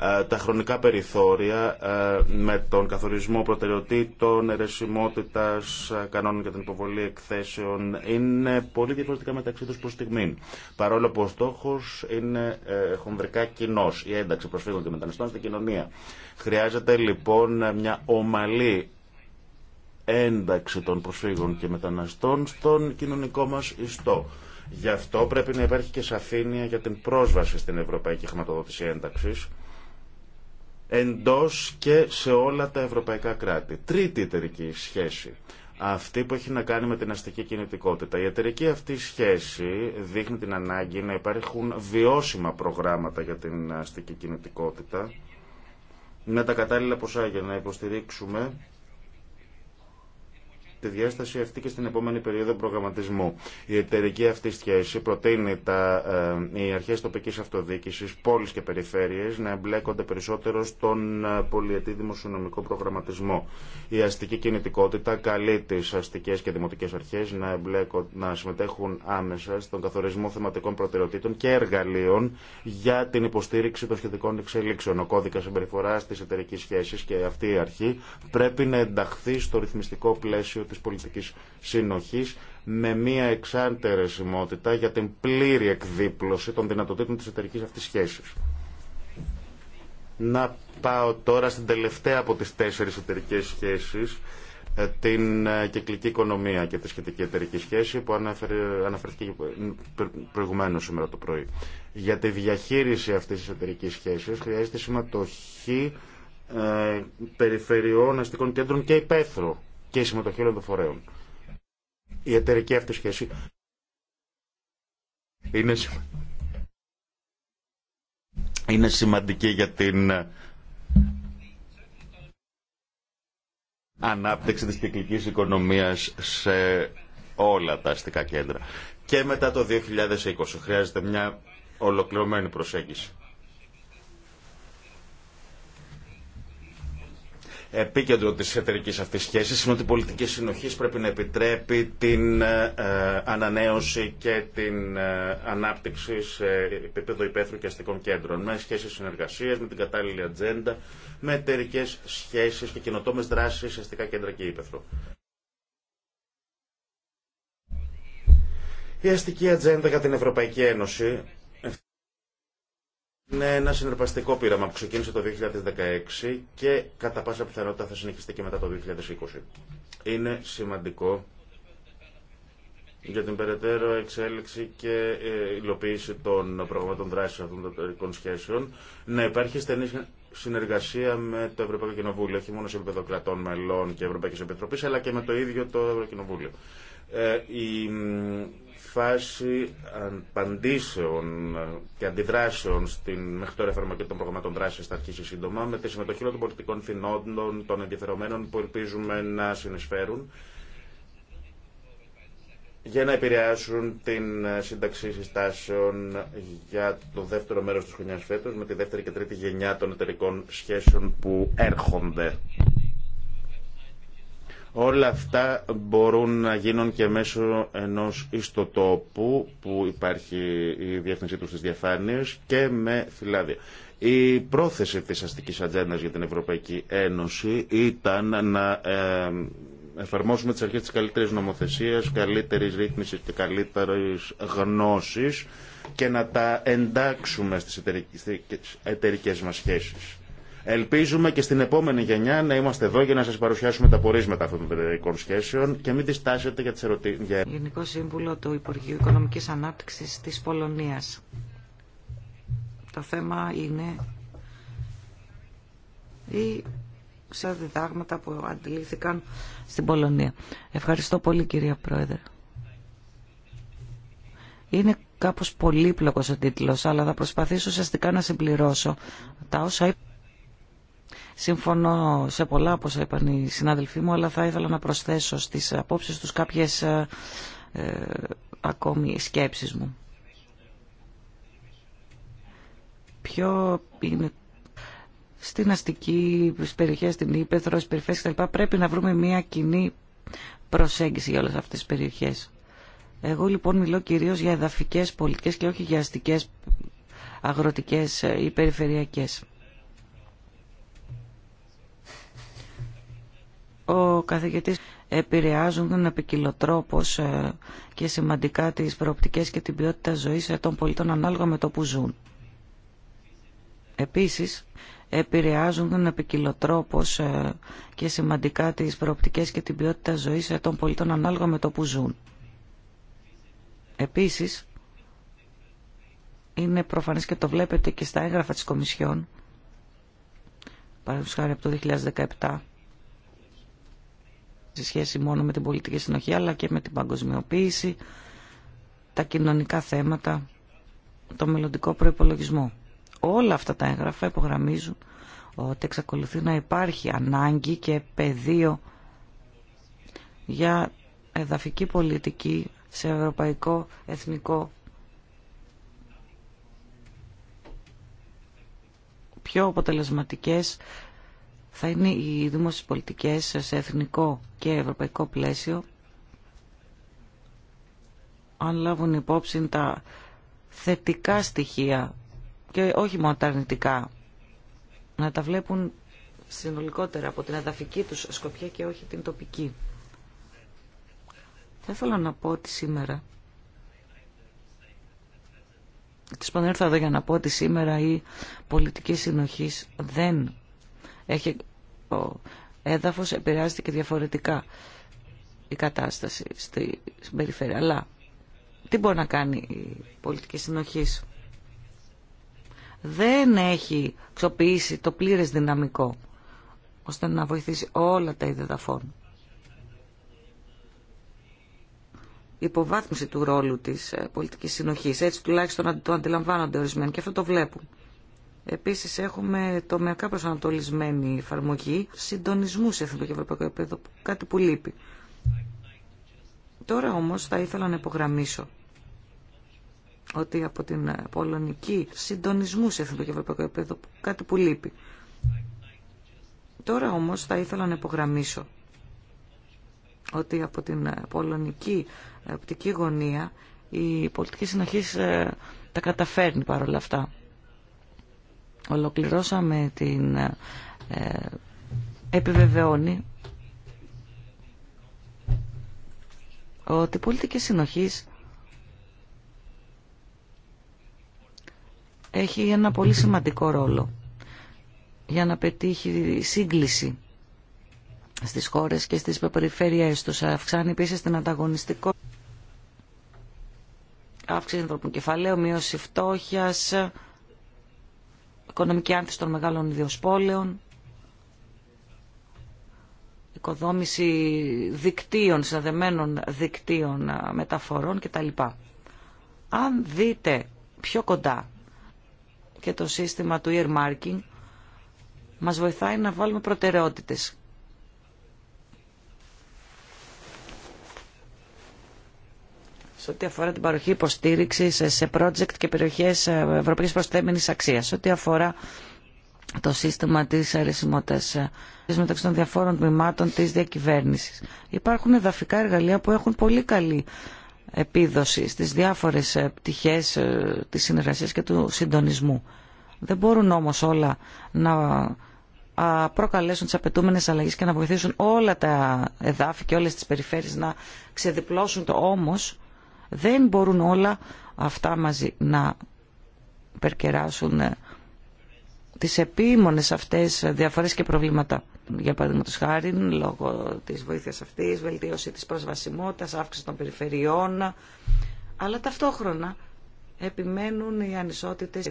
Ε, τα χρονικά περιθώρια ε, με τον καθορισμό προτεραιοτήτων, αιρεσιμότητα ε, κανόνων για την υποβολή εκθέσεων είναι πολύ διαφορετικά μεταξύ του προ στιγμή. Παρόλο που ο στόχο είναι χονδρικά κοινό, η ένταξη προσφύγων και μεταναστών στην κοινωνία. Χρειάζεται λοιπόν μια ομαλή ένταξη των προσφύγων και μεταναστών στον κοινωνικό μας ιστό. Γι' αυτό πρέπει να υπάρχει και σαφήνεια για την πρόσβαση στην Ευρωπαϊκή Χρηματοδότηση Ένταξης εντός και σε όλα τα ευρωπαϊκά κράτη. Τρίτη εταιρική σχέση. Αυτή που έχει να κάνει με την αστική κινητικότητα. Η εταιρική αυτή σχέση δείχνει την ανάγκη να υπάρχουν βιώσιμα προγράμματα για την αστική κινητικότητα με τα κατάλληλα ποσά για να υποστηρίξουμε τη διάσταση αυτή και στην επόμενη περίοδο προγραμματισμού. Η εταιρική αυτή σχέση προτείνει τα, ε, οι αρχέ τοπική αυτοδιοίκησης, πόλει και περιφέρειες να εμπλέκονται περισσότερο στον ε, πολιετή δημοσιονομικό προγραμματισμό. Η αστική κινητικότητα καλεί τι αστικέ και δημοτικέ αρχέ να, να συμμετέχουν άμεσα στον καθορισμό θεματικών προτεραιοτήτων και εργαλείων για την υποστήριξη των σχετικών εξελίξεων. Ο κώδικα συμπεριφορά τη εταιρική σχέση και αυτή η αρχή πρέπει να ενταχθεί στο ρυθμιστικό πλαίσιο της πολιτικής συνοχής με μια εξάντερη για την πλήρη εκδίπλωση των δυνατοτήτων της εταιρικής αυτής σχέσης. Να πάω τώρα στην τελευταία από τις τέσσερις εταιρικέ σχέσεις, ε, την ε, κυκλική οικονομία και τη σχετική εταιρική σχέση που αναφερθήκε προηγουμένως σήμερα το πρωί. Για τη διαχείριση αυτής της εταιρική σχέσης χρειάζεται συμμετοχή ε, περιφερειών, αστικών κέντρων και υπαίθρου και η συμμετοχή των φορέων. Η εταιρική αυτή σχέση είναι, είναι σημαντική για την ανάπτυξη της κυκλικής οικονομίας σε όλα τα αστικά κέντρα. Και μετά το 2020 χρειάζεται μια ολοκληρωμένη προσέγγιση. επίκεντρο της εταιρικής αυτής σχέσης είναι ότι η πολιτική συνοχή πρέπει να επιτρέπει την ε, ε, ανανέωση και την ε, ανάπτυξη σε επίπεδο υπαίθρου και αστικών κέντρων με σχέσεις συνεργασίας, με την κατάλληλη ατζέντα, με εταιρικέ σχέσεις και κοινοτόμες δράσεις σε αστικά κέντρα και υπαίθρου. Η αστική ατζέντα για την Ευρωπαϊκή Ένωση είναι ένα συνεργαστικό πείραμα που ξεκίνησε το 2016 και κατά πάσα πιθανότητα θα συνεχιστεί και μετά το 2020. Είναι σημαντικό για την περαιτέρω εξέλιξη και ε, υλοποίηση των προγραμμάτων δράσης αυτών των εταιρικών σχέσεων να υπάρχει στενή συνεργασία με το Ευρωπαϊκό Κοινοβούλιο, όχι μόνο σε επίπεδο κρατών μελών και Ευρωπαϊκή Επιτροπή, αλλά και με το ίδιο το Ευρωκοινοβούλιο. Ε, η φάση απαντήσεων και αντιδράσεων στην μέχρι τώρα εφαρμογή των προγραμμάτων δράση θα αρχίσει σύντομα με τη συμμετοχή των πολιτικών θυνόντων, των ενδιαφερομένων που ελπίζουμε να συνεισφέρουν για να επηρεάσουν την σύνταξη συστάσεων για το δεύτερο μέρος της χρονιάς φέτος με τη δεύτερη και τρίτη γενιά των εταιρικών σχέσεων που έρχονται. Όλα αυτά μπορούν να γίνουν και μέσω ενός ιστοτόπου που υπάρχει η διεύθυνσή του στις διαφάνειες και με φυλάδια. Η πρόθεση της αστικής ατζέντα για την Ευρωπαϊκή Ένωση ήταν να ε, εφαρμόσουμε τις αρχές της καλύτερης νομοθεσίας, καλύτερης ρύθμισης και καλύτερης γνώσης και να τα εντάξουμε στις εταιρικές μας σχέσεις. Ελπίζουμε και στην επόμενη γενιά να είμαστε εδώ για να σα παρουσιάσουμε τα πορίσματα αυτών των περιοδικών σχέσεων και μην διστάσετε για τι ερωτήσει. Γενικό Σύμβουλο του Υπουργείου Οικονομική Ανάπτυξη τη Πολωνία. Το θέμα είναι ή σε διδάγματα που αντιλήθηκαν στην Πολωνία. Ευχαριστώ πολύ κυρία Πρόεδρε. Είναι κάπως πολύπλοκος ο τίτλος, αλλά θα προσπαθήσω ουσιαστικά να συμπληρώσω τα όσα Συμφωνώ σε πολλά όπως είπαν οι συνάδελφοί μου, αλλά θα ήθελα να προσθέσω στις απόψεις τους κάποιες ε, ε, ακόμη σκέψεις μου. Ποιο είναι στην αστική, στις περιοχές, στην Ήπεθρο, στις τα κτλ. Πρέπει να βρούμε μια κοινή προσέγγιση για όλες αυτές τις περιοχές. Εγώ λοιπόν μιλώ κυρίως για εδαφικές πολιτικές και όχι για αστικές, αγροτικές ε, ή περιφερειακές. ο καθηγητής επηρεάζουν επικοινωτρόπως ε, και σημαντικά τις προοπτικές και την ποιότητα ζωής των πολιτών ανάλογα με το που ζουν. Επίσης, επηρεάζουν επικοινωτρόπως ε, και σημαντικά τις προοπτικές και την ποιότητα ζωής των πολιτών ανάλογα με το που ζουν. Επίσης, είναι προφανές και το βλέπετε και στα έγγραφα της Κομισιόν, παραδείγματος χάρη από το 2017, σε σχέση μόνο με την πολιτική συνοχή αλλά και με την παγκοσμιοποίηση, τα κοινωνικά θέματα, το μελλοντικό προϋπολογισμό. Όλα αυτά τα έγγραφα υπογραμμίζουν ότι εξακολουθεί να υπάρχει ανάγκη και πεδίο για εδαφική πολιτική σε ευρωπαϊκό, εθνικό πιο αποτελεσματικές θα είναι οι δημοσίε πολιτικέ σε εθνικό και ευρωπαϊκό πλαίσιο αν λάβουν υπόψη τα θετικά στοιχεία και όχι μόνο τα αρνητικά να τα βλέπουν συνολικότερα από την αδαφική τους σκοπιά και όχι την τοπική. Θα ήθελα να πω ότι σήμερα Τις πανέρθα εδώ για να πω ότι σήμερα η πολιτική συνοχής δεν έχει, ο έδαφος επηρεάζεται και διαφορετικά η κατάσταση στη περιφέρεια. Αλλά τι μπορεί να κάνει η πολιτική συνοχή. Δεν έχει ξοποιήσει το πλήρες δυναμικό ώστε να βοηθήσει όλα τα είδη δαφών. Η υποβάθμιση του ρόλου της ε, πολιτικής συνοχής, έτσι τουλάχιστον το αντιλαμβάνονται ορισμένοι και αυτό το βλέπουν. Επίσης έχουμε το προσανατολισμένη εφαρμογή συντονισμού σε εθνικό και ευρωπαϊκό επίπεδο, κάτι που λείπει. Τώρα όμως θα ήθελα να υπογραμμίσω ότι από την πολωνική συντονισμού σε εθνικό και ευρωπαϊκό επίπεδο, κάτι που λείπει. Τώρα όμως θα ήθελα να υπογραμμίσω ότι από την πολωνική οπτική γωνία η πολιτική συνοχή ε, τα καταφέρνει παρόλα αυτά ολοκληρώσαμε την ε, επιβεβαιώνει ότι πολιτική συνοχής έχει ένα πολύ σημαντικό ρόλο για να πετύχει σύγκληση στις χώρες και στις περιφέρειές τους. Αυξάνει επίσης την ανταγωνιστικό αύξηση κεφαλαίου, μείωση φτώχειας, οικονομική άνθηση των μεγάλων ιδιοσπόλεων, οικοδόμηση δικτύων, συνδεδεμένων δικτύων μεταφορών κτλ. Αν δείτε πιο κοντά και το σύστημα του earmarking, μας βοηθάει να βάλουμε προτεραιότητες σε ό,τι αφορά την παροχή υποστήριξη σε project και περιοχέ ε, Ευρωπαϊκή Προστέμενη αξίας, σε ό,τι αφορά το σύστημα τη αρισιμότητα ε, μεταξύ των διαφόρων τμήματων τη διακυβέρνηση. Υπάρχουν εδαφικά εργαλεία που έχουν πολύ καλή επίδοση στις διάφορες ε, πτυχές της συνεργασίας και του συντονισμού. Δεν μπορούν όμως όλα να προκαλέσουν τις απαιτούμενες αλλαγές και να βοηθήσουν όλα τα εδάφη και όλες τις περιφέρειες να ξεδιπλώσουν το όμως δεν μπορούν όλα αυτά μαζί να περκεράσουν ε, τις επίμονες αυτές διαφορές και προβλήματα. Για παράδειγμα τους χάρη, λόγω της βοήθειας αυτής, βελτίωση της προσβασιμότητας, αύξηση των περιφερειών, αλλά ταυτόχρονα επιμένουν οι ανισότητες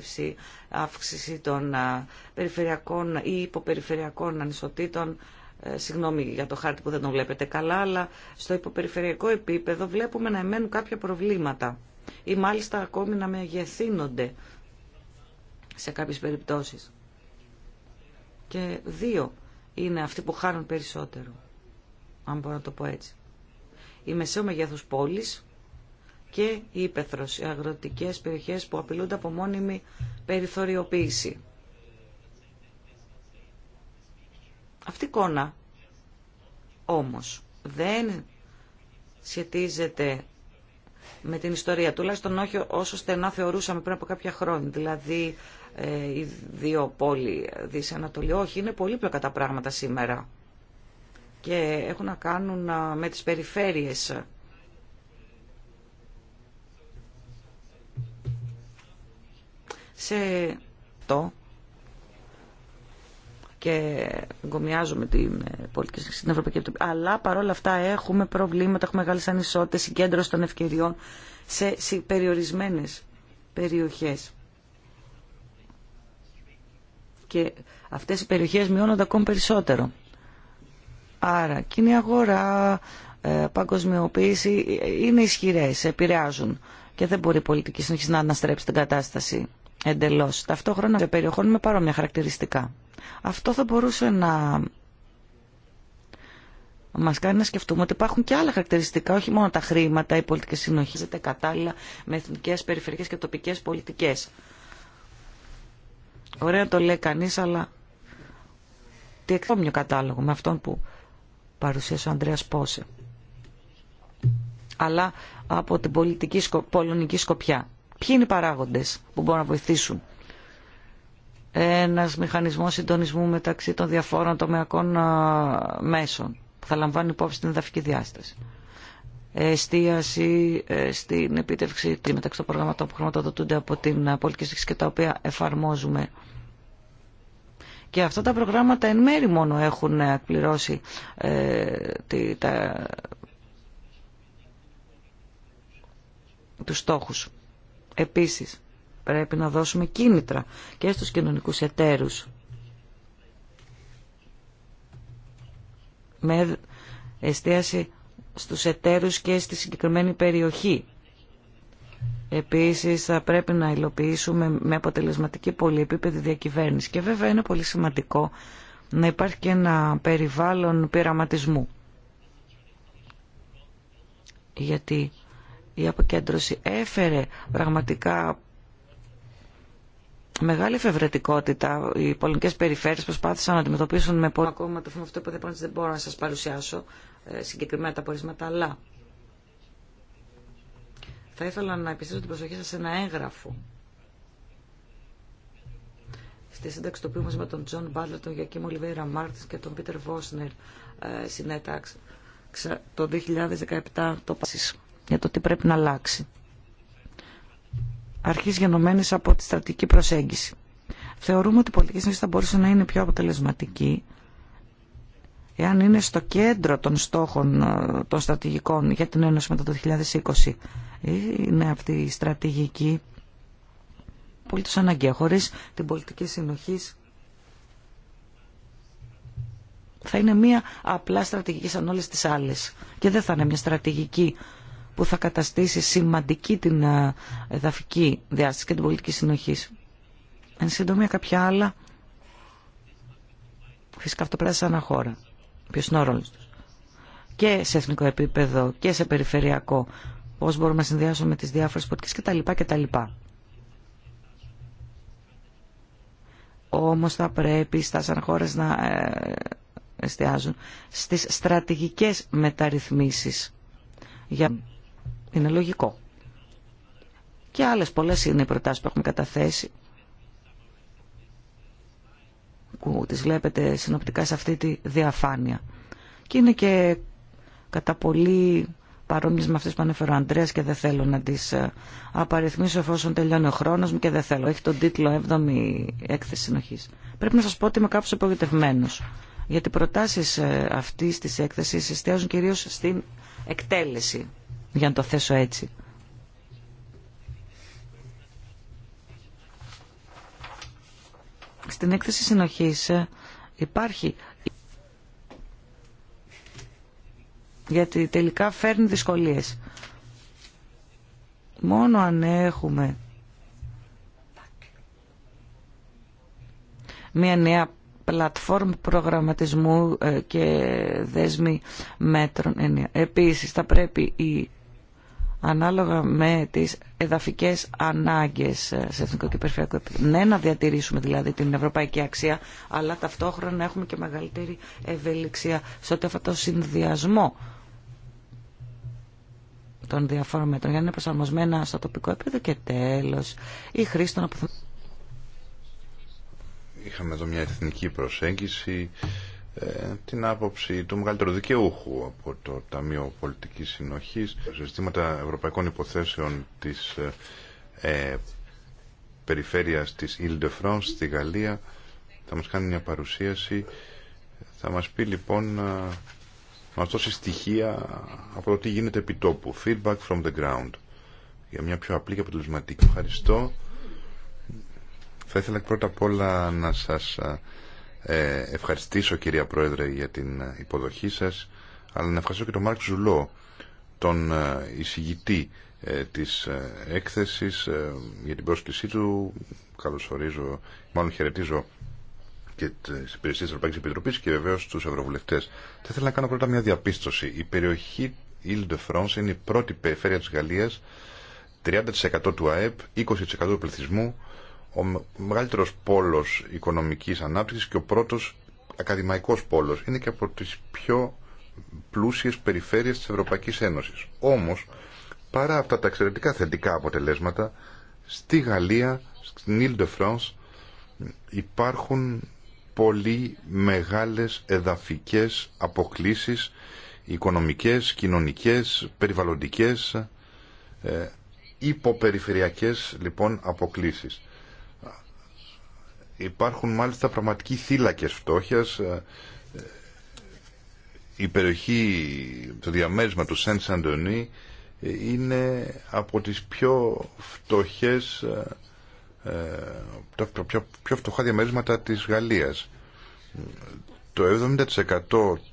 αύξηση των ε, περιφερειακών ή υποπεριφερειακών ανισοτήτων ε, συγγνώμη για το χάρτη που δεν τον βλέπετε καλά, αλλά στο υποπεριφερειακό επίπεδο βλέπουμε να εμένουν κάποια προβλήματα ή μάλιστα ακόμη να μεγεθύνονται σε κάποιες περιπτώσεις. Και δύο είναι αυτοί που χάνουν περισσότερο, αν μπορώ να το πω έτσι. Η μεσαίο μεγέθους πόλης και η ύπεθρος, οι αγροτικές περιοχές που απειλούνται από μόνιμη περιθωριοποίηση. Αυτή η εικόνα όμως δεν σχετίζεται με την ιστορία, τουλάχιστον όχι όσο στενά θεωρούσαμε πριν από κάποια χρόνια. Δηλαδή, ε, οι δύο πόλοι Δύση Ανατολή, όχι, είναι πολύπλοκα τα πράγματα σήμερα και έχουν να κάνουν ε, με τις περιφέρειες. Σε το και εγκομιάζουμε την ε, πολιτική στην Ευρωπαϊκή Επιτροπή. Αλλά παρόλα αυτά έχουμε προβλήματα, έχουμε μεγάλες ανισότητες, συγκέντρωση των ευκαιριών σε περιορισμένε περιοχέ. Και αυτές οι περιοχές μειώνονται ακόμη περισσότερο. Άρα, κοινή αγορά, ε, παγκοσμιοποίηση ε, είναι ισχυρές, επηρεάζουν και δεν μπορεί η πολιτική συνεχίσει να αναστρέψει την κατάσταση εντελώς. Ταυτόχρονα σε περιοχών με παρόμοια χαρακτηριστικά. Αυτό θα μπορούσε να μα κάνει να σκεφτούμε ότι υπάρχουν και άλλα χαρακτηριστικά, όχι μόνο τα χρήματα, οι πολιτικέ συνοχίζεται κατάλληλα με εθνικέ, περιφερειακέ και τοπικέ πολιτικέ. Ωραία το λέει κανεί, αλλά τι εκτόμιο κατάλογο με αυτόν που παρουσίασε ο Ανδρέα Πόσε. Αλλά από την πολιτική πολωνική σκοπιά ποιοι είναι οι παράγοντες που μπορούν να βοηθήσουν. ένα μηχανισμό συντονισμού μεταξύ των διαφόρων τομεακών μέσων που θα λαμβάνει υπόψη την εδαφική διάσταση. Εστίαση ε, στην επίτευξη μεταξύ των προγραμματών που χρηματοδοτούνται από την πολιτική και τα οποία εφαρμόζουμε. Και αυτά τα προγράμματα εν μέρη μόνο έχουν εκπληρώσει ε, τα, τους στόχους. Επίσης, πρέπει να δώσουμε κίνητρα και στους κοινωνικούς εταίρους με εστίαση στους εταίρους και στη συγκεκριμένη περιοχή. Επίσης θα πρέπει να υλοποιήσουμε με αποτελεσματική πολυεπίπεδη διακυβέρνηση και βέβαια είναι πολύ σημαντικό να υπάρχει και ένα περιβάλλον πειραματισμού. Γιατί η αποκέντρωση έφερε πραγματικά μεγάλη εφευρετικότητα. Οι πολιτικέ περιφέρειες προσπάθησαν να αντιμετωπίσουν με πολλά ακόμα το θέμα αυτό που δεν μπορώ να σας παρουσιάσω ε, συγκεκριμένα τα πορίσματα, αλλά θα ήθελα να επιστήσω την προσοχή σας σε ένα έγγραφο στη σύνταξη του οποίου με τον Τζον Μπάτλερ, τον Γιακίμ Ολιβέηρα Μάρτιν και τον Πίτερ Βόσνερ ε, συνέταξε το 2017 το Πασίσμα για το τι πρέπει να αλλάξει. Αρχής γενομένης από τη στρατηγική προσέγγιση. Θεωρούμε ότι η πολιτική συνοχή θα μπορούσε να είναι πιο αποτελεσματική εάν είναι στο κέντρο των στόχων ε, των στρατηγικών για την Ένωση μετά το 2020. Είναι αυτή η στρατηγική πολύ τους αναγκαία. Χωρίς την πολιτική συνοχή θα είναι μία απλά στρατηγική σαν όλες τις άλλες και δεν θα είναι μια στρατηγική που θα καταστήσει σημαντική την ε, εδαφική διάσταση και την πολιτική συνοχή. Εν συντομία κάποια άλλα, φυσικά αυτό πρέπει να χώρα. Ποιος είναι ο τους. Και σε εθνικό επίπεδο και σε περιφερειακό. Πώς μπορούμε να συνδυάσουμε τις διάφορες πολιτικές κτλ. κτλ. Όμως θα πρέπει στα σαν να ε, εστιάζουν στις στρατηγικές μεταρρυθμίσεις για είναι λογικό. Και άλλες πολλές είναι οι προτάσεις που έχουμε καταθέσει που τις βλέπετε συνοπτικά σε αυτή τη διαφάνεια. Και είναι και κατά πολύ παρόμοιες με αυτές που ανέφερε ο Αντρέας και δεν θέλω να τις ε, απαριθμίσω εφόσον τελειώνει ο χρόνος μου και δεν θέλω. Έχει τον τίτλο 7η έκθεση συνοχής. Πρέπει να σας πω ότι είμαι κάπως απογοητευμένος. Γιατί οι προτάσεις ε, αυτής της έκθεσης εστιάζουν κυρίως στην εκτέλεση για να το θέσω έτσι. Στην έκθεση συνοχής ε, υπάρχει γιατί τελικά φέρνει δυσκολίες. Μόνο αν έχουμε μια νέα πλατφόρμα προγραμματισμού ε, και δέσμη μέτρων. Επίσης θα πρέπει η ανάλογα με τις εδαφικές ανάγκες σε εθνικό και περιφερειακό επίπεδο. Ναι, να διατηρήσουμε δηλαδή την ευρωπαϊκή αξία, αλλά ταυτόχρονα να έχουμε και μεγαλύτερη ευελιξία σε ό,τι αυτό το συνδυασμό των διαφόρων μέτρων για να είναι προσαρμοσμένα στο τοπικό επίπεδο και τέλος η χρήση των αποθέσεων. Είχαμε εδώ μια εθνική προσέγγιση ε, την άποψη του μεγαλύτερου δικαιούχου από το Ταμείο Πολιτικής Συνοχής σε ζητήματα ευρωπαϊκών υποθέσεων της ε, ε περιφέρειας της Ile de France στη Γαλλία θα μας κάνει μια παρουσίαση θα μας πει λοιπόν να μας δώσει στοιχεία από το τι γίνεται επί τόπου feedback from the ground για μια πιο απλή και αποτελεσματική ευχαριστώ θα ήθελα πρώτα απ' όλα να σας ε, ευχαριστήσω κυρία Πρόεδρε για την ε, υποδοχή σας αλλά να ευχαριστώ και τον Μάρκ Ζουλό τον ε, εισηγητή της έκθεσης για την πρόσκλησή του καλωσορίζω, μάλλον χαιρετίζω και τις υπηρεσίες της Ευρωπαϊκής Επιτροπής και βεβαίως τους Ευρωβουλευτέ. Θα ήθελα να κάνω πρώτα μια διαπίστωση. Η περιοχή Ile de France είναι η πρώτη περιφέρεια της Γαλλίας 30% του ΑΕΠ, 20% του πληθυσμού, ο μεγαλύτερος πόλος οικονομικής ανάπτυξης και ο πρώτος ακαδημαϊκός πόλος. Είναι και από τις πιο πλούσιες περιφέρειες της Ευρωπαϊκής Ένωσης. Όμως, παρά αυτά τα εξαιρετικά θετικά αποτελέσματα, στη Γαλλία, στην Ile de France, υπάρχουν πολύ μεγάλες εδαφικές αποκλίσεις οικονομικές, κοινωνικές, περιβαλλοντικές, ε, υποπεριφερειακές λοιπόν αποκλίσεις. Υπάρχουν μάλιστα πραγματικοί θύλακες φτώχειας. Ε, η περιοχή, το διαμέρισμα του Σεν Σαντονί ε, είναι από τις πιο φτωχές ε, τα πιο, πιο φτωχά διαμέρισματα της Γαλλίας. Το 70%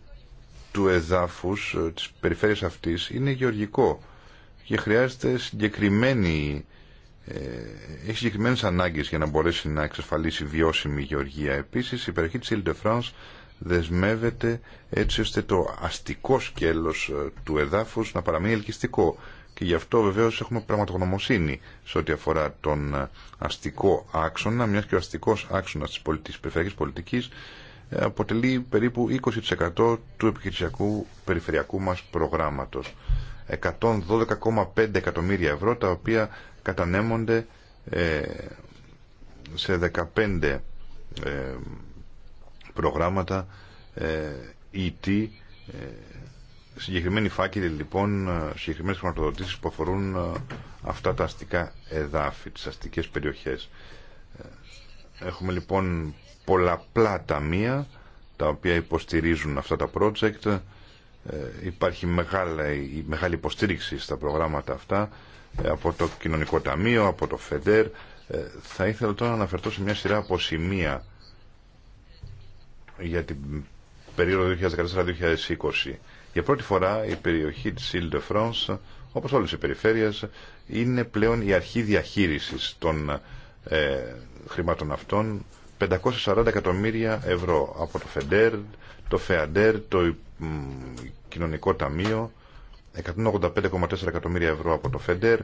του εδάφους της περιφέρειας αυτής είναι γεωργικό και χρειάζεται συγκεκριμένη ε, έχει συγκεκριμένε ανάγκε για να μπορέσει να εξασφαλίσει βιώσιμη γεωργία. Επίση, η περιοχή τη Ile de France δεσμεύεται έτσι ώστε το αστικό σκέλος ε, του εδάφου να παραμείνει ελκυστικό. Και γι' αυτό βεβαίω έχουμε πραγματογνωμοσύνη σε ό,τι αφορά τον ε, αστικό άξονα, μια και ο αστικό άξονα τη περιφερειακή πολιτική αποτελεί περίπου 20% του επιχειρησιακού περιφερειακού μας προγράμματος. 112,5 εκατομμύρια ευρώ τα οποία κατανέμονται ε, σε 15 ε, προγράμματα ε, ET συγκεκριμένοι φάκελοι λοιπόν συγκεκριμένες χρηματοδοτήσεις που αφορούν αυτά τα αστικά εδάφη τις αστικές περιοχές έχουμε λοιπόν πολλαπλά ταμεία τα οποία υποστηρίζουν αυτά τα project υπάρχει μεγάλη, μεγάλη υποστήριξη στα προγράμματα αυτά ε, από το Κοινωνικό Ταμείο, από το ΦΕΝΤΕΡ. Ε, θα ήθελα τώρα να αναφερθώ σε μια σειρά από για την περίοδο 2014-2020. Για πρώτη φορά η περιοχή της Ile de France, όπως όλες οι περιφέρειες, είναι πλέον η αρχή διαχείρισης των ε, χρημάτων αυτών. 540 εκατομμύρια ευρώ από το ΦΕΝΤΕΡ, το ΦΕΑΝΤΕΡ, το Κοινωνικό Ταμείο 185,4 εκατομμύρια ευρώ από το ΦΕΝΤΕΡ,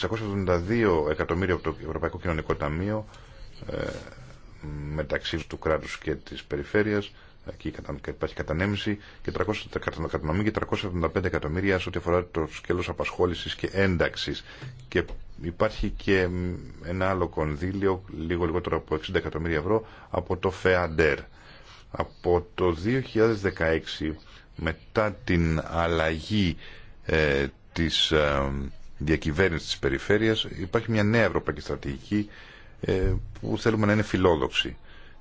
672 εκατομμύρια από το Ευρωπαϊκό Κοινωνικό Ταμείο, ε, μεταξύ του κράτους και της περιφέρειας, εκεί υπάρχει κατανέμιση και και 375 εκατομμύρια σε ό,τι αφορά το σκέλος απασχόλησης και ένταξης. Και υπάρχει και ένα άλλο κονδύλιο, λίγο λιγότερο από 60 εκατομμύρια ευρώ, από το ΦΕΑΝΤΕΡ. Από το 2016 μετά την αλλαγή ε, της ε, διακυβέρνησης της περιφέρειας υπάρχει μια νέα ευρωπαϊκή στρατηγική ε, που θέλουμε να είναι φιλόδοξη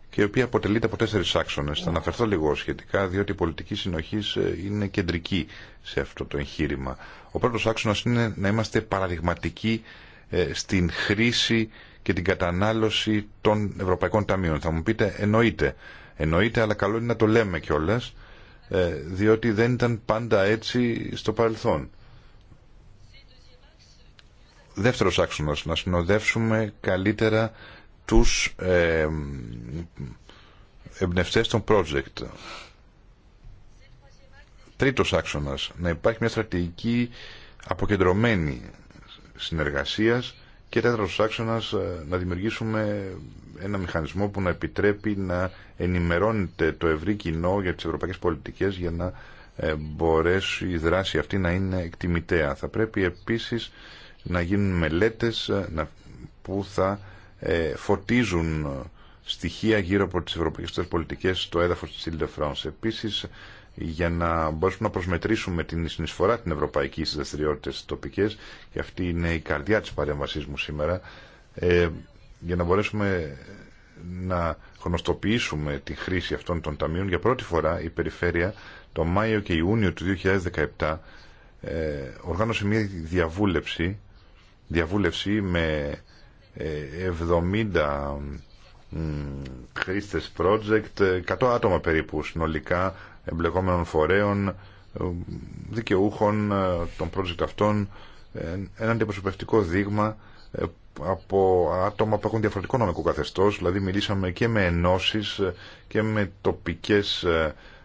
και η οποία αποτελείται από τέσσερις άξονες. Θα αναφερθώ λίγο σχετικά διότι η πολιτική συνοχή ε, είναι κεντρική σε αυτό το εγχείρημα. Ο πρώτος άξονας είναι να είμαστε παραδειγματικοί ε, στην χρήση και την κατανάλωση των ευρωπαϊκών ταμείων. Θα μου πείτε εννοείται. Εννοείται αλλά καλό είναι να το λέμε κιόλας ε, διότι δεν ήταν πάντα έτσι στο παρελθόν. Δεύτερος άξονας, να συνοδεύσουμε καλύτερα τους ε, εμπνευστές των project. Τρίτος άξονας, να υπάρχει μια στρατηγική αποκεντρωμένη συνεργασίας και τέταρτο άξονα ε, να δημιουργήσουμε ένα μηχανισμό που να επιτρέπει να ενημερώνεται το ευρύ κοινό για τι ευρωπαϊκέ πολιτικέ για να ε, μπορέσει η δράση αυτή να είναι εκτιμητέα. Θα πρέπει επίση να γίνουν μελέτε ε, που θα φωτίζουν στοιχεία γύρω από τι ευρωπαϊκέ πολιτικέ στο έδαφο τη Ile de France για να μπορέσουμε να προσμετρήσουμε την συνεισφορά την ευρωπαϊκή στις δραστηριότητε τοπικές και αυτή είναι η καρδιά της παρέμβασής μου σήμερα ε, για να μπορέσουμε να γνωστοποιήσουμε τη χρήση αυτών των ταμείων για πρώτη φορά η περιφέρεια το Μάιο και Ιούνιο του 2017 ε, οργάνωσε μια διαβούλευση διαβούλευση με 70 ε, χρήστες project, 100 ε, άτομα περίπου συνολικά εμπλεκόμενων φορέων, ε, δικαιούχων ε, των project αυτών, ε, ένα αντιπροσωπευτικό δείγμα από άτομα που έχουν διαφορετικό νομικό καθεστώς, δηλαδή μιλήσαμε και με ενώσεις και με τοπικές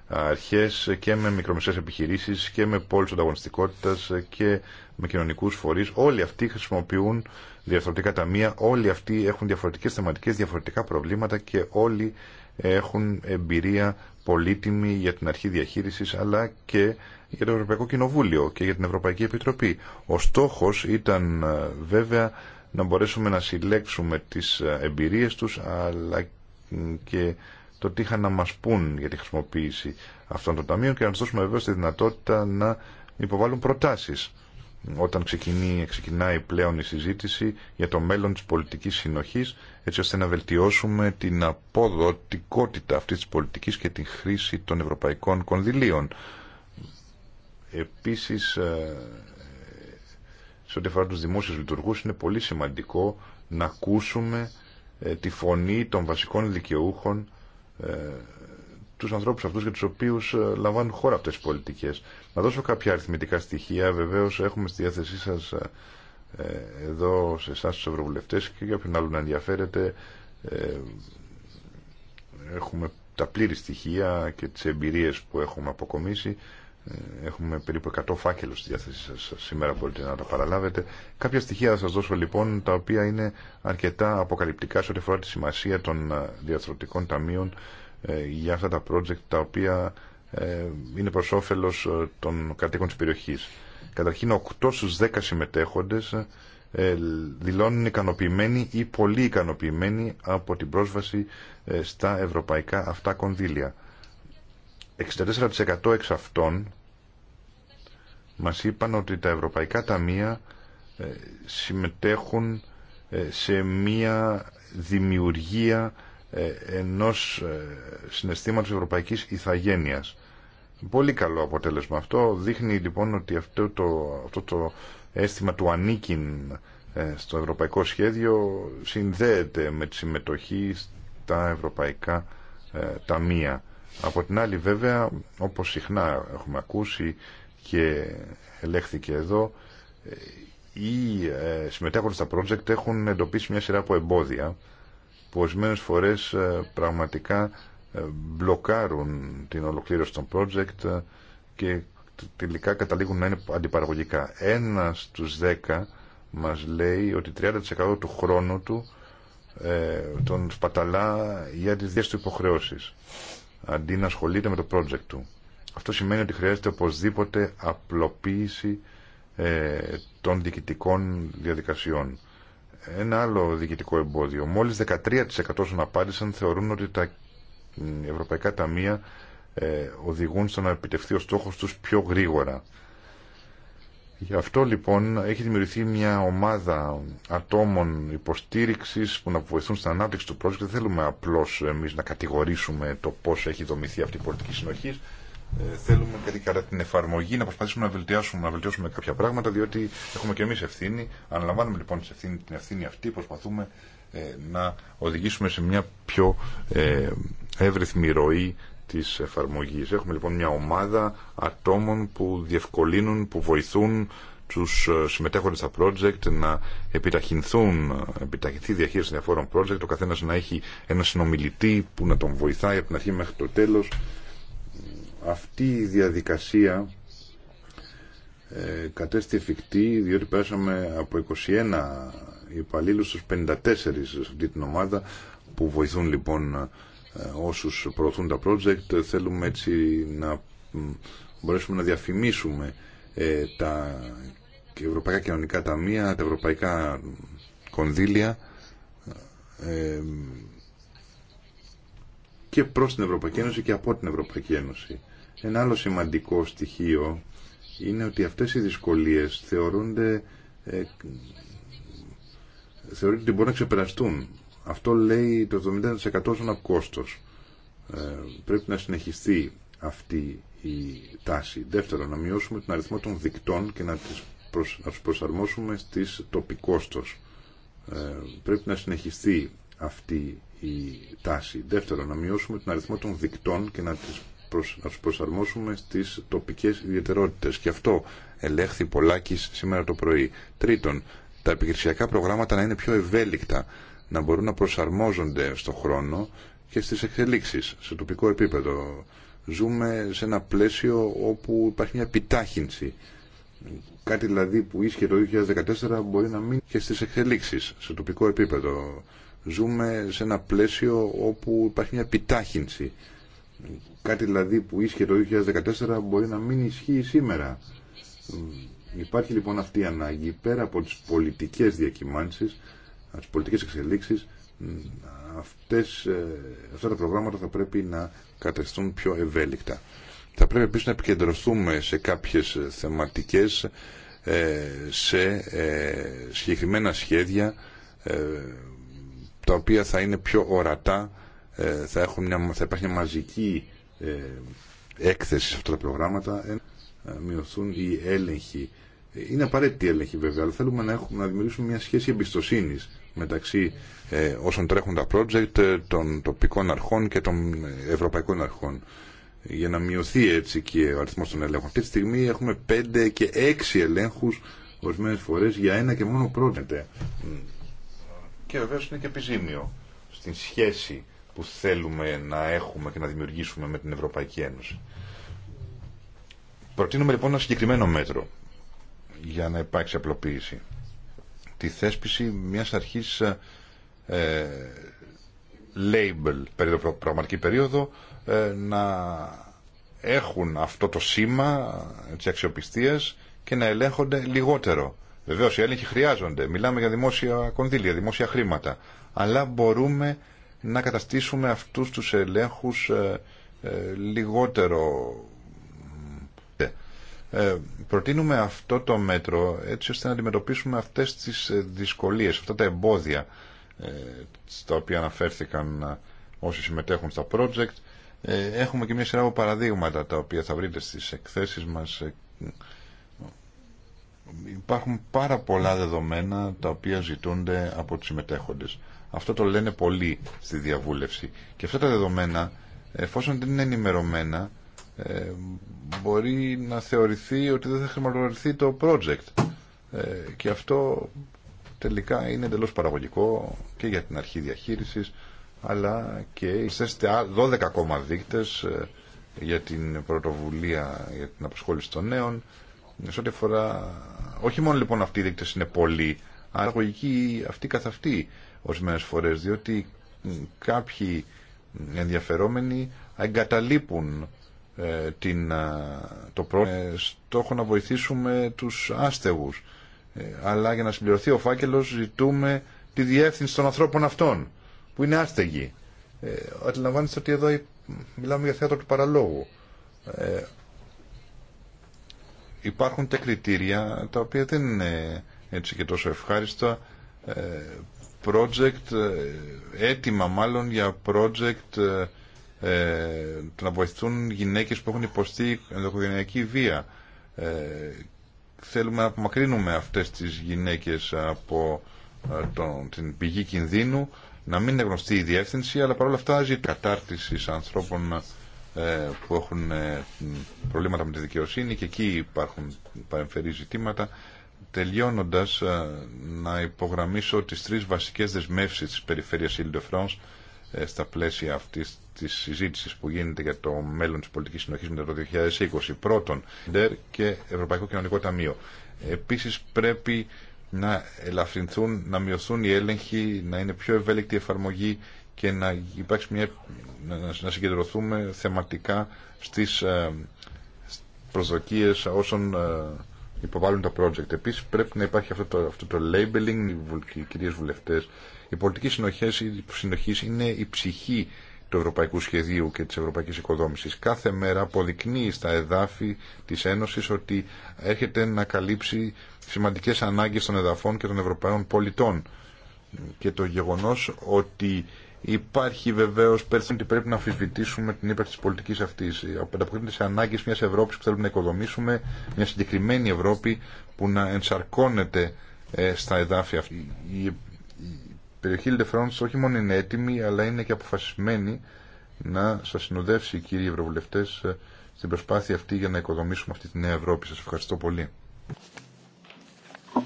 αρχές και με μικρομεσαίες επιχειρήσεις και με πόλεις ανταγωνιστικότητας και με κοινωνικούς φορείς. Όλοι αυτοί χρησιμοποιούν διαφορετικά ταμεία, όλοι αυτοί έχουν διαφορετικές θεματικές, διαφορετικά προβλήματα και όλοι έχουν εμπειρία πολύτιμη για την αρχή διαχείρισης αλλά και για το Ευρωπαϊκό Κοινοβούλιο και για την Ευρωπαϊκή Επιτροπή. Ο στόχος ήταν ε, βέβαια να μπορέσουμε να συλλέξουμε τις ε, εμπειρίες τους αλλά και το τι είχαν να μας πούν για τη χρησιμοποίηση αυτών των ταμείων και να τους δώσουμε βέβαια τη δυνατότητα να υποβάλουν προτάσεις όταν ξεκινεί, ξεκινάει πλέον η συζήτηση για το μέλλον της πολιτικής συνοχής έτσι ώστε να βελτιώσουμε την αποδοτικότητα αυτής της πολιτικής και την χρήση των ευρωπαϊκών κονδυλίων. Επίσης, ε, σε ό,τι αφορά τους δημόσιους λειτουργούς, είναι πολύ σημαντικό να ακούσουμε ε, τη φωνή των βασικών δικαιούχων ε, τους ανθρώπους αυτούς για τους οποίους ε, λαμβάνουν χώρα αυτές τις πολιτικές. Να δώσω κάποια αριθμητικά στοιχεία. Βεβαίως έχουμε στη διάθεσή σας ε, ε, εδώ σε εσά τους ευρωβουλευτές και για όποιον άλλο να ενδιαφέρεται έχουμε τα πλήρη στοιχεία και τις εμπειρίες που έχουμε αποκομίσει έχουμε περίπου 100 φάκελους στη διάθεσή σας σήμερα μπορείτε να τα παραλάβετε κάποια στοιχεία θα σας δώσω λοιπόν τα οποία είναι αρκετά αποκαλυπτικά σε ό,τι αφορά τη σημασία των διαθροτικών ταμείων ε, για αυτά τα project τα οποία ε, είναι προς όφελος ε, των κατοίκων της περιοχής. Καταρχήν 8 στους 10 συμμετέχοντες δηλώνουν ικανοποιημένοι ή πολύ ικανοποιημένοι από την πρόσβαση στα ευρωπαϊκά αυτά κονδύλια. 64% εξ αυτών μας είπαν ότι τα ευρωπαϊκά ταμεία συμμετέχουν σε μία δημιουργία ε, ενός ε, συναισθήματος ευρωπαϊκής ηθαγένειας. Πολύ καλό αποτέλεσμα αυτό. Δείχνει λοιπόν ότι αυτό το, αυτό το αίσθημα του ανήκειν ε, στο ευρωπαϊκό σχέδιο συνδέεται με τη συμμετοχή στα ευρωπαϊκά ταμεία. Από την άλλη βέβαια, όπως συχνά έχουμε ακούσει και ελέγχθηκε εδώ, οι συμμετέχοντες στα project έχουν εντοπίσει μια σειρά από εμπόδια που ορισμένες φορές ε, πραγματικά ε, μπλοκάρουν την ολοκλήρωση των project ε, και τελικά καταλήγουν να είναι αντιπαραγωγικά. Ένα στου δέκα μας λέει ότι 30% του χρόνου του τον σπαταλά για τι δύο του υποχρεώσεις αντί να ασχολείται με το project του. Αυτό σημαίνει ότι χρειάζεται οπωσδήποτε απλοποίηση των διοικητικών διαδικασιών ένα άλλο διοικητικό εμπόδιο. Μόλις 13% των απάντησαν θεωρούν ότι τα ευρωπαϊκά ταμεία ε, οδηγούν στο να επιτευχθεί ο στόχος τους πιο γρήγορα. Γι' αυτό λοιπόν έχει δημιουργηθεί μια ομάδα ατόμων υποστήριξης που να βοηθούν στην ανάπτυξη του project. Δεν θέλουμε απλώς εμείς να κατηγορήσουμε το πώς έχει δομηθεί αυτή η πολιτική συνοχή. Ε, θέλουμε κατά την εφαρμογή να προσπαθήσουμε να βελτιώσουμε, να βελτιώσουμε κάποια πράγματα, διότι έχουμε και εμεί ευθύνη. Αναλαμβάνουμε λοιπόν ευθύνη, την ευθύνη αυτή, προσπαθούμε ε, να οδηγήσουμε σε μια πιο ε, εύρυθμη ροή τη εφαρμογή. Έχουμε λοιπόν μια ομάδα ατόμων που διευκολύνουν, που βοηθούν του ε, συμμετέχοντες στα project να επιταχυνθούν, επιταχυνθεί η διαχείριση διαφόρων project, ο καθένα να έχει ένα συνομιλητή που να τον βοηθάει από την αρχή μέχρι το τέλο αυτή η διαδικασία ε, κατέστη εφικτή διότι πέρασαμε από 21 υπαλλήλους στους 54 σε αυτή την ομάδα που βοηθούν λοιπόν ε, όσους προωθούν τα project. Θέλουμε έτσι να μπορέσουμε να διαφημίσουμε ε, τα ευρωπαϊκά κοινωνικά ταμεία, τα ευρωπαϊκά κονδύλια ε, και προς την Ευρωπαϊκή Ένωση και από την Ευρωπαϊκή Ένωση. Και ένα άλλο σημαντικό στοιχείο είναι ότι αυτές οι δυσκολίες θεωρούνται, ε, θεωρείται ότι μπορούν να ξεπεραστούν. Αυτό λέει το 70% από κόστος. Ε, πρέπει να συνεχιστεί αυτή η τάση. Δεύτερο, να μειώσουμε τον αριθμό των δικτών και να, τις προσ, να προσαρμόσουμε στις τοπικόστος. Ε, πρέπει να συνεχιστεί αυτή η τάση. Δεύτερον, να μειώσουμε τον αριθμό των δικτών και να τις να τους προσαρμόσουμε στις τοπικές ιδιαιτερότητες. Και αυτό ελέγχθη πολλάκι σήμερα το πρωί. Τρίτον, τα επιχειρησιακά προγράμματα να είναι πιο ευέλικτα, να μπορούν να προσαρμόζονται στο χρόνο και στις εξελίξεις, σε τοπικό επίπεδο. Ζούμε σε ένα πλαίσιο όπου υπάρχει μια επιτάχυνση. Κάτι δηλαδή που ίσχυε το 2014 μπορεί να μείνει και στις εξελίξεις, σε τοπικό επίπεδο. Ζούμε σε ένα πλαίσιο όπου υπάρχει μια επιτάχυνση. Κάτι δηλαδή που ίσχυε το 2014 μπορεί να μην ισχύει σήμερα. Υπάρχει λοιπόν αυτή η ανάγκη πέρα από τις πολιτικές διακυμάνσεις, τις πολιτικές εξελίξεις, αυτές, ε, αυτά τα προγράμματα θα πρέπει να καταστούν πιο ευέλικτα. Θα πρέπει επίσης να επικεντρωθούμε σε κάποιες θεματικές, ε, σε ε, συγκεκριμένα σχέδια, τα οποία θα είναι πιο ορατά ε, θα, μια, θα υπάρχει μια μαζική ε, έκθεση σε αυτά τα προγράμματα, ε, μειωθούν οι έλεγχοι. Είναι απαραίτητη η έλεγχη βέβαια, αλλά θέλουμε να, έχουμε, να δημιουργήσουμε μια σχέση εμπιστοσύνη μεταξύ όσων τρέχουν τα project, των τοπικών αρχών και των ευρωπαϊκών αρχών για να μειωθεί έτσι και ο αριθμός των ελέγχων. Αυτή τη στιγμή έχουμε 5 και 6 ελέγχους ορισμένες φορές για ένα και μόνο project. Και βέβαια είναι και επιζήμιο στην σχέση που θέλουμε να έχουμε και να δημιουργήσουμε με την Ευρωπαϊκή Ένωση. Προτείνουμε λοιπόν ένα συγκεκριμένο μέτρο για να υπάρξει απλοποίηση. Τη θέσπιση μιας αρχής ε, label, περίοδο, πραγματική περίοδο, ε, να έχουν αυτό το σήμα της αξιοπιστίας και να ελέγχονται λιγότερο. Βεβαίω οι έλεγχοι χρειάζονται. Μιλάμε για δημόσια κονδύλια, δημόσια χρήματα. Αλλά μπορούμε να καταστήσουμε αυτούς τους ελέγχους ε, ε, λιγότερο ε, προτείνουμε αυτό το μέτρο έτσι ώστε να αντιμετωπίσουμε αυτές τις δυσκολίες, αυτά τα εμπόδια στα οποία αναφέρθηκαν όσοι συμμετέχουν στα project. Έχουμε και μια σειρά από παραδείγματα τα οποία θα βρείτε στις εκθέσεις μας. Υπάρχουν πάρα πολλά δεδομένα τα οποία ζητούνται από τους συμμετέχοντες. Αυτό το λένε πολλοί στη διαβούλευση. Και αυτά τα δεδομένα, εφόσον δεν είναι ενημερωμένα, ε, μπορεί να θεωρηθεί ότι δεν θα χρηματοδοτηθεί το project. Ε, και αυτό τελικά είναι εντελώ παραγωγικό και για την αρχή διαχείρισης, αλλά και 12 ακόμα δείκτες ε, για την πρωτοβουλία για την απασχόληση των νέων. Σε ό,τι αφορά, όχι μόνο λοιπόν αυτοί οι δείκτες είναι πολλοί, αλλά αυτή καθ' αυτοί ορισμένες φορέ, διότι κάποιοι ενδιαφερόμενοι εγκαταλείπουν ε, την, το πρόβλημα ε, στόχο να βοηθήσουμε τους άστεγους. Ε, αλλά για να συμπληρωθεί ο φάκελος ζητούμε τη διεύθυνση των ανθρώπων αυτών που είναι άστεγοι. Ε, αντιλαμβάνεστε ότι εδώ μιλάμε για θέατρο του παραλόγου. υπάρχουν τα κριτήρια τα οποία δεν είναι έτσι και τόσο ευχάριστα project, ε, έτοιμα μάλλον για project ε, ε, να βοηθούν γυναίκες που έχουν υποστεί ενδοχογενειακή βία. Ε, θέλουμε να απομακρύνουμε αυτές τις γυναίκες από τον, την πηγή κινδύνου, να μην είναι γνωστή η διεύθυνση, αλλά παρόλα αυτά ζει κατάρτιση ανθρώπων που έχουν προβλήματα με τη δικαιοσύνη και εκεί υπάρχουν παρεμφερεί ζητήματα. Τελειώνοντας, ε, να υπογραμμίσω τις τρεις βασικές δεσμεύσεις της περιφέρειας Ile de France ε, στα πλαίσια αυτής της συζήτησης που γίνεται για το μέλλον της πολιτικής συνοχής μετά το 2020. Πρώτον, ΔΕΡ και Ευρωπαϊκό Κοινωνικό Ταμείο. Επίσης πρέπει να ελαφρυνθούν, να μειωθούν οι έλεγχοι, να είναι πιο ευέλικτη η εφαρμογή και να, μια, να συγκεντρωθούμε θεματικά στις ε, προσδοκίες όσων υποβάλλουν τα project. Επίση πρέπει να υπάρχει αυτό το, αυτό το labeling, οι κυρίε βουλευτέ. Η πολιτική συνοχή είναι η ψυχή του ευρωπαϊκού σχεδίου και τη ευρωπαϊκή οικοδόμηση. Κάθε μέρα αποδεικνύει στα εδάφη τη Ένωση ότι έρχεται να καλύψει σημαντικέ ανάγκε των εδαφών και των Ευρωπαίων πολιτών. Και το γεγονό ότι Υπάρχει βεβαίω πέρσι ότι πρέπει να αμφισβητήσουμε την ύπαρξη της πολιτικής αυτής. Ανταποκρίνεται σε ανάγκε μιας Ευρώπης που θέλουμε να οικοδομήσουμε, μια συγκεκριμένη Ευρώπη που να ενσαρκώνεται ε, στα εδάφια αυτή. Η, περιοχή Λιντεφρόντ όχι μόνο είναι έτοιμη, αλλά είναι και αποφασισμένη να σα συνοδεύσει, κύριοι Ευρωβουλευτέ, ε, στην προσπάθεια αυτή για να οικοδομήσουμε αυτή τη νέα Ευρώπη. Σα ευχαριστώ πολύ. Uh,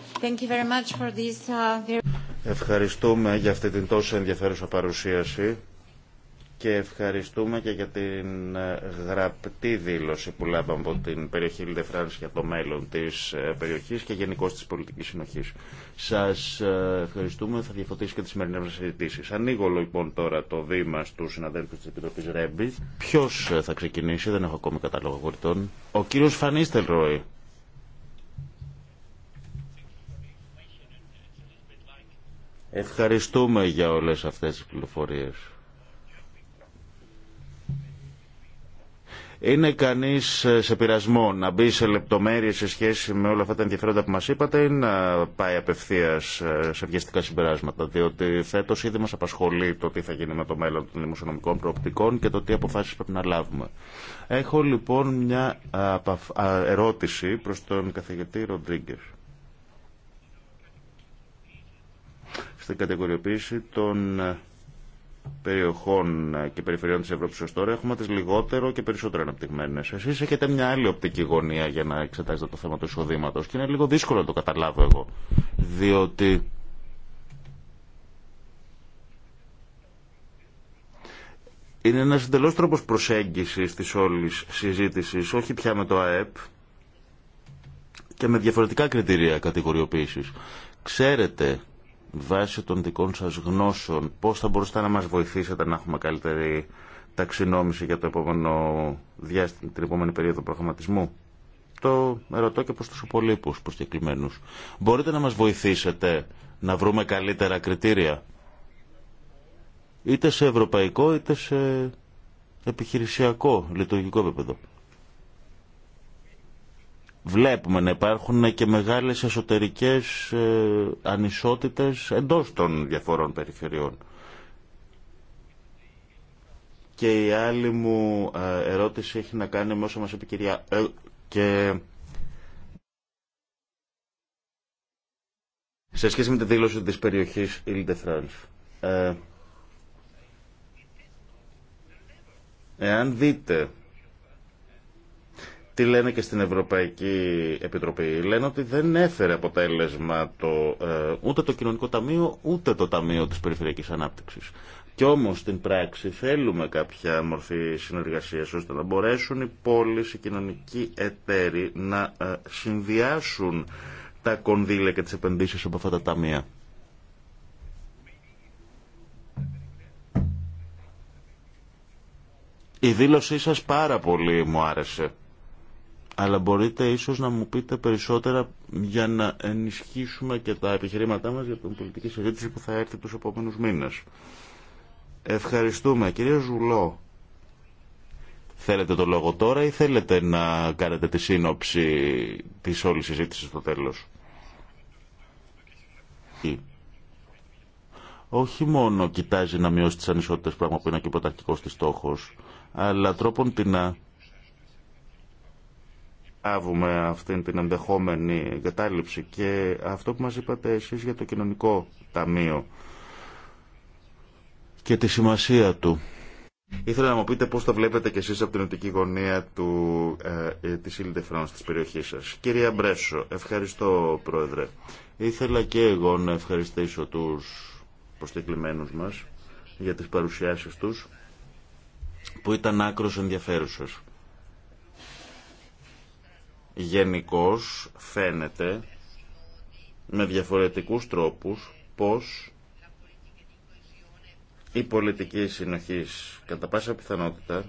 ευχαριστούμε για αυτή την τόσο ενδιαφέρουσα παρουσίαση και ευχαριστούμε και για την ε, γραπτή δήλωση που λάβαμε από την περιοχή Φράνς για το μέλλον της ε, περιοχής και γενικώ της πολιτικής συνοχής. Σας ε, ευχαριστούμε, θα διαφωτίσει και τις σημερινές μας συζητήσεις. Ανοίγω λοιπόν τώρα το βήμα στους συναδέλφους της Επιτροπής Ρέμπη. Ποιος θα ξεκινήσει, δεν έχω ακόμη κατάλογο γορτών. Ο κύριος Φανίστελ Ρόι. Ευχαριστούμε για όλες αυτές τις πληροφορίες. Είναι κανείς σε πειρασμό να μπει σε λεπτομέρειες σε σχέση με όλα αυτά τα ενδιαφέροντα που μας είπατε ή να πάει απευθείας σε βιαστικά συμπεράσματα, διότι φέτος ήδη μας απασχολεί το τι θα γίνει με το μέλλον των δημοσιονομικών προοπτικών και το τι αποφάσεις πρέπει να λάβουμε. Έχω λοιπόν μια ερώτηση προς τον καθηγητή Ροντρίγκερ. στην κατηγοριοποίηση των ε, περιοχών ε, και περιφερειών της Ευρώπης ως τώρα έχουμε τις λιγότερο και περισσότερο αναπτυγμένες. Εσείς έχετε μια άλλη οπτική γωνία για να εξετάσετε το θέμα του εισοδήματος και είναι λίγο δύσκολο να το καταλάβω εγώ, διότι είναι ένας εντελώς τρόπος προσέγγισης της όλης συζήτησης, όχι πια με το ΑΕΠ και με διαφορετικά κριτήρια κατηγοριοποίησης. Ξέρετε βάσει των δικών σας γνώσεων, πώς θα μπορούσατε να μας βοηθήσετε να έχουμε καλύτερη ταξινόμηση για το επόμενο διάστημα, την επόμενη περίοδο προγραμματισμού. Το ερωτώ και προς τους υπολείπους προσκεκλημένους. Μπορείτε να μας βοηθήσετε να βρούμε καλύτερα κριτήρια, είτε σε ευρωπαϊκό είτε σε επιχειρησιακό λειτουργικό επίπεδο βλέπουμε να υπάρχουν και μεγάλες εσωτερικές ε, ανισότητες εντός των διαφορών περιφερειών. Και η άλλη μου ε, ερώτηση έχει να κάνει με όσα μας είπε κυρία ε, και σε σχέση με τη δήλωση της περιοχής Ile ε, εάν δείτε τι λένε και στην Ευρωπαϊκή Επιτροπή. Λένε ότι δεν έφερε αποτέλεσμα το, ε, ούτε το Κοινωνικό Ταμείο ούτε το Ταμείο της Περιφερειακής Ανάπτυξης. Κι όμως στην πράξη θέλουμε κάποια μορφή συνεργασίας ώστε να μπορέσουν οι πόλεις, οι κοινωνικοί εταίροι να ε, συνδυάσουν τα κονδύλια και τις επενδύσεις από αυτά τα ταμεία. Η δήλωσή σας πάρα πολύ μου άρεσε αλλά μπορείτε ίσως να μου πείτε περισσότερα για να ενισχύσουμε και τα επιχειρήματά μας για την πολιτική συζήτηση που θα έρθει τους επόμενους μήνες. Ευχαριστούμε. Κύριε Ζουλό, θέλετε το λόγο τώρα ή θέλετε να κάνετε τη σύνοψη της όλης συζήτηση στο τέλος. Όχι μόνο κοιτάζει να μειώσει τις ανισότητες, πράγμα που είναι και πρωταρχικός της στόχος, αλλά τρόπον την καταλάβουμε αυτή την ενδεχόμενη εγκατάλειψη και αυτό που μας είπατε εσείς για το κοινωνικό ταμείο και τη σημασία του. Ήθελα να μου πείτε πώς το βλέπετε κι εσείς από την οπτική γωνία του, ε, ε, της Ile της περιοχής σας. Κυρία Μπρέσο, ευχαριστώ Πρόεδρε. Ήθελα και εγώ να ευχαριστήσω τους προσκεκλημένους μας για τις παρουσιάσεις τους που ήταν άκρος ενδιαφέρουσες. Γενικώ φαίνεται με διαφορετικούς τρόπους πως η πολιτική συνοχής κατά πάσα πιθανότητα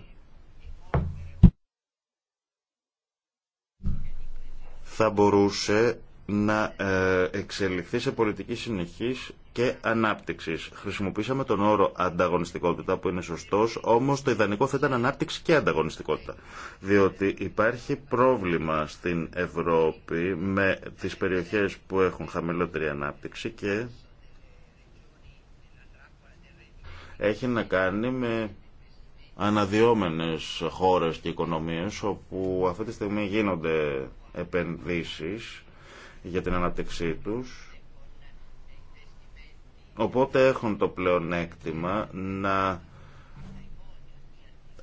θα μπορούσε να ε, εξελιχθεί σε πολιτική συνεχής και ανάπτυξης. Χρησιμοποίησαμε τον όρο ανταγωνιστικότητα που είναι σωστός, όμω το ιδανικό θα ήταν ανάπτυξη και ανταγωνιστικότητα. Διότι υπάρχει πρόβλημα στην Ευρώπη με τις περιοχές που έχουν χαμηλότερη ανάπτυξη και έχει να κάνει με αναδυόμενες χώρες και οικονομίες όπου αυτή τη στιγμή γίνονται επενδύσεις για την αναπτυξή τους. Οπότε έχουν το πλεονέκτημα να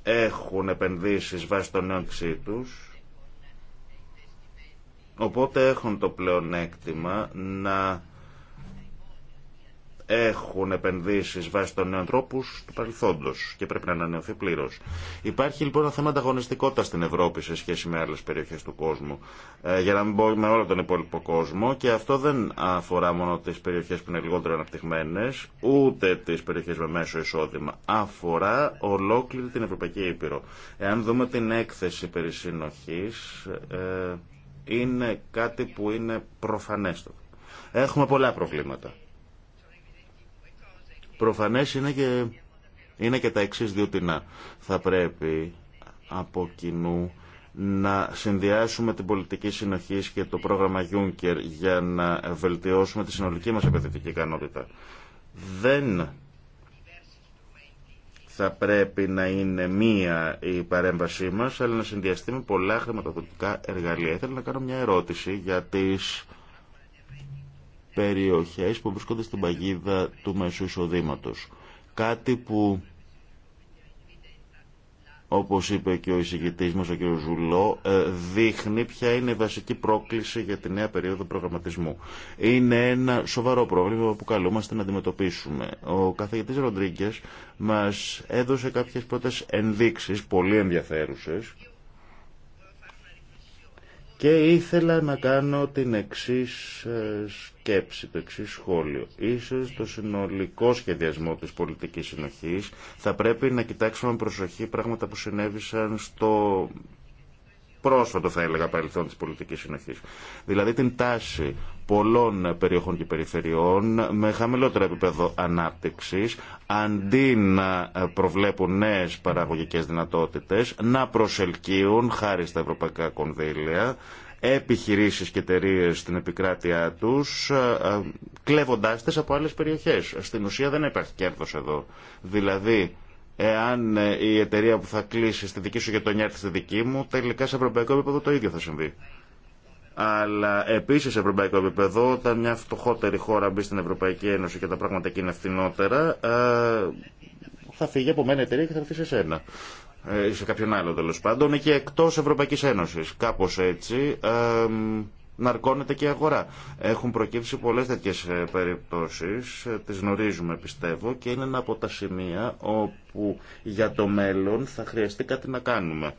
έχουν επενδύσεις βάσει των νέων τους. Οπότε έχουν το πλεονέκτημα να έχουν επενδύσει βάσει των νέων τρόπου του παρελθόντο και πρέπει να ανανεωθεί πλήρω. Υπάρχει λοιπόν ένα θέμα ανταγωνιστικότητα στην Ευρώπη σε σχέση με άλλε περιοχέ του κόσμου, ε, για να μην πω με όλο τον υπόλοιπο κόσμο και αυτό δεν αφορά μόνο τι περιοχέ που είναι λιγότερο αναπτυγμένε, ούτε τι περιοχέ με μέσο εισόδημα. Αφορά ολόκληρη την Ευρωπαϊκή Ήπειρο. Εάν δούμε την έκθεση περί συνοχής, ε, είναι κάτι που είναι προφανέστατο. Έχουμε πολλά προβλήματα. Προφανές είναι και, είναι και τα εξή διότι να Θα πρέπει από κοινού να συνδυάσουμε την πολιτική συνοχή και το πρόγραμμα Juncker για να βελτιώσουμε τη συνολική μας επενδυτική ικανότητα. Δεν θα πρέπει να είναι μία η παρέμβασή μας, αλλά να συνδυαστεί με πολλά χρηματοδοτικά εργαλεία. Ήθελα να κάνω μια η παρεμβαση μας αλλα να συνδυαστει με πολλα χρηματοδοτικα εργαλεια θελω να κανω μια ερωτηση για τις περιοχές που βρίσκονται στην παγίδα του μέσου εισοδήματο. Κάτι που, όπως είπε και ο εισηγητής μας, ο κ. Ζουλό, ε, δείχνει ποια είναι η βασική πρόκληση για τη νέα περίοδο προγραμματισμού. Είναι ένα σοβαρό πρόβλημα που καλούμαστε να αντιμετωπίσουμε. Ο καθηγητής Ροντρίγκε μας έδωσε κάποιες πρώτες ενδείξεις, πολύ ενδιαφέρουσες, και ήθελα να κάνω την εξής ε, σκέψη, το εξής σχόλιο. Ίσως το συνολικό σχεδιασμό της πολιτικής συνοχής θα πρέπει να κοιτάξουμε προσοχή πράγματα που συνέβησαν στο πρόσφατο θα έλεγα παρελθόν της πολιτικής συνοχής. Δηλαδή την τάση πολλών περιοχών και περιφερειών με χαμηλότερο επίπεδο ανάπτυξης αντί να προβλέπουν νέες παραγωγικές δυνατότητες να προσελκύουν χάρη στα ευρωπαϊκά κονδύλια επιχειρήσεις και εταιρείε στην επικράτειά τους ε, ε, κλέβοντάς τις από άλλες περιοχές. Στην ουσία δεν υπάρχει κέρδος εδώ. Δηλαδή Εάν ε, η εταιρεία που θα κλείσει στη δική σου γειτονιά έρθει στη δική μου, τελικά σε ευρωπαϊκό επίπεδο το ίδιο θα συμβεί. Αλλά επίση σε ευρωπαϊκό επίπεδο, όταν μια φτωχότερη χώρα μπει στην Ευρωπαϊκή Ένωση και τα πράγματα εκεί είναι φθηνότερα, ε, θα φύγει από μένα εταιρεία και θα έρθει σε σένα. Ε, σε κάποιον άλλο τέλο πάντων, και εκτό Ευρωπαϊκή Ένωση. Κάπω έτσι ναρκώνεται και η αγορά. Έχουν προκύψει πολλέ τέτοιε περιπτώσει, ε, τι γνωρίζουμε πιστεύω και είναι ένα από τα σημεία όπου για το μέλλον θα χρειαστεί κάτι να κάνουμε.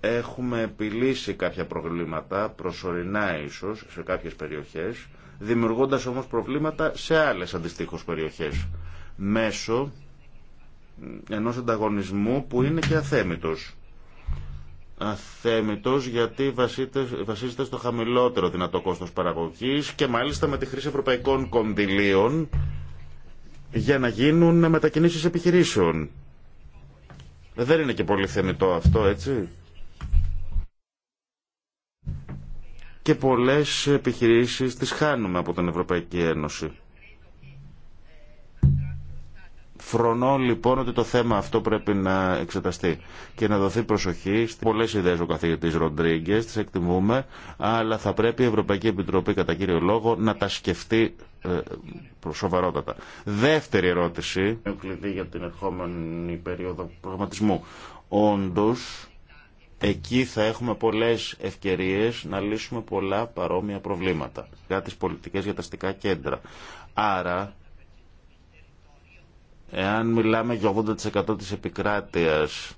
Έχουμε επιλύσει κάποια προβλήματα, προσωρινά ίσως, σε κάποιες περιοχές, δημιουργώντας όμως προβλήματα σε άλλες αντιστοίχω περιοχές, μέσω ενός ανταγωνισμού που είναι και αθέμητος αθέμητος γιατί βασίζεται στο χαμηλότερο δυνατό κόστος παραγωγής και μάλιστα με τη χρήση ευρωπαϊκών κονδυλίων για να γίνουν μετακινήσεις επιχειρήσεων. Δεν είναι και πολύ θεμητό αυτό, έτσι. Και πολλές επιχειρήσεις τις χάνουμε από την Ευρωπαϊκή Ένωση. Φρονώ λοιπόν ότι το θέμα αυτό πρέπει να εξεταστεί και να δοθεί προσοχή Πολλές πολλέ ιδέε ο καθηγητή Ροντρίγκε, τι εκτιμούμε, αλλά θα πρέπει η Ευρωπαϊκή Επιτροπή κατά κύριο λόγο να τα σκεφτεί ε, σοβαρότατα. Δεύτερη ερώτηση, κλειδί για την ερχόμενη περίοδο προγραμματισμού. Όντω, εκεί θα έχουμε πολλέ ευκαιρίε να λύσουμε πολλά παρόμοια προβλήματα για τι πολιτικέ για τα αστικά κέντρα. Άρα Εάν μιλάμε για 80% της επικράτειας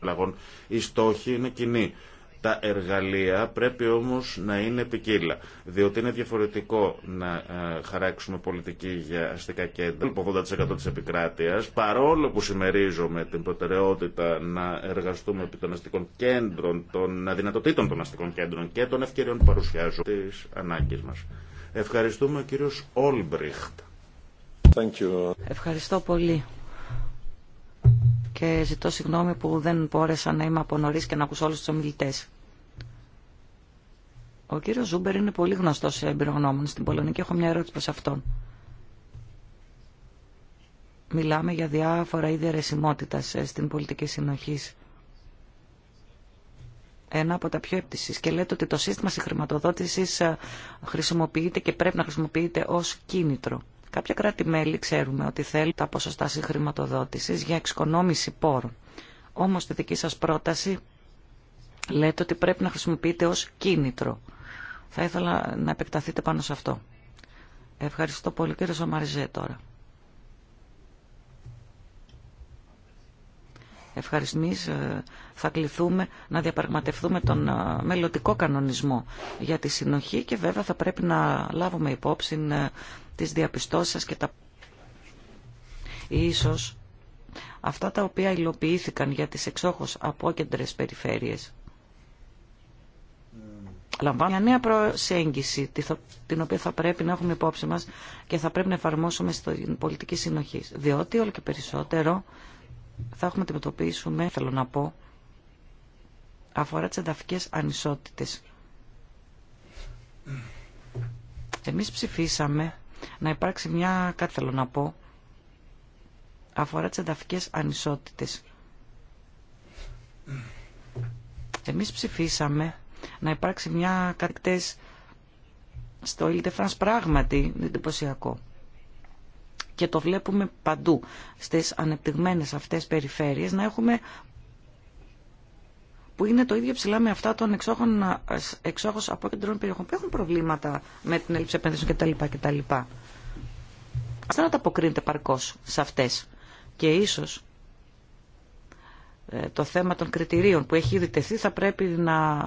λαγών, οι στόχοι είναι κοινοί. Τα εργαλεία πρέπει όμως να είναι ποικίλα, διότι είναι διαφορετικό να ε, χαράξουμε πολιτική για αστικά κέντρα, από 80% της επικράτειας, παρόλο που συμμερίζομαι την προτεραιότητα να εργαστούμε επί των αστικών κέντρων, των αδυνατοτήτων των αστικών κέντρων και των ευκαιριών που παρουσιάζουν τις ανάγκες μας. Ευχαριστούμε ο κύριος Όλμπριχτ. Ευχαριστώ πολύ. Και ζητώ συγγνώμη που δεν μπόρεσα να είμαι από νωρίς και να ακούσω όλους τους ομιλητές. Ο κύριος Ζούμπερ είναι πολύ γνωστός εμπειρογνώμων στην Πολωνία και έχω μια ερώτηση προς αυτόν. Μιλάμε για διάφορα είδη αρεσιμότητας ε, στην πολιτική συνοχή. Ένα από τα πιο έπτυσης και λέτε ότι το σύστημα συγχρηματοδότησης ε, χρησιμοποιείται και πρέπει να χρησιμοποιείται ως κίνητρο. Κάποια κράτη-μέλη ξέρουμε ότι θέλουν τα ποσοστά συγχρηματοδότησης για εξοικονόμηση πόρων. Όμως στη δική σας πρόταση λέτε ότι πρέπει να χρησιμοποιείτε ως κίνητρο. Θα ήθελα να επεκταθείτε πάνω σε αυτό. Ευχαριστώ πολύ κύριε Σομαριζέ τώρα. Ευχαριστούμε θα κληθούμε να διαπραγματευτούμε τον ε, μελλοντικό κανονισμό για τη συνοχή και βέβαια θα πρέπει να λάβουμε υπόψη ε, τις διαπιστώσεις σας και τα ίσως αυτά τα οποία υλοποιήθηκαν για τις εξόχως απόκεντρες περιφέρειες. Λαμβάνω μια νέα προσέγγιση την οποία θα πρέπει να έχουμε υπόψη μας και θα πρέπει να εφαρμόσουμε στην πολιτική συνοχή. Διότι όλο και περισσότερο θα έχουμε αντιμετωπίσουμε, θέλω να πω, αφορά τις ενταφικές ανισότητες. Εμείς ψηφίσαμε να υπάρξει μια, κάτι θέλω να πω, αφορά τις ενταφικές ανισότητες. Εμείς ψηφίσαμε να υπάρξει μια κατεκτές στο Φρανς πράγματι εντυπωσιακό. Και το βλέπουμε παντού στις ανεπτυγμένες αυτές περιφέρειες να έχουμε που είναι το ίδιο ψηλά με αυτά των εξόχων, από απόκεντρων περιοχών που έχουν προβλήματα με την έλλειψη επένδυσεων κτλ. κτλ. Ας δεν ανταποκρίνεται παρκώς σε αυτές. Και ίσως ε, το θέμα των κριτηρίων που έχει ήδη θα πρέπει να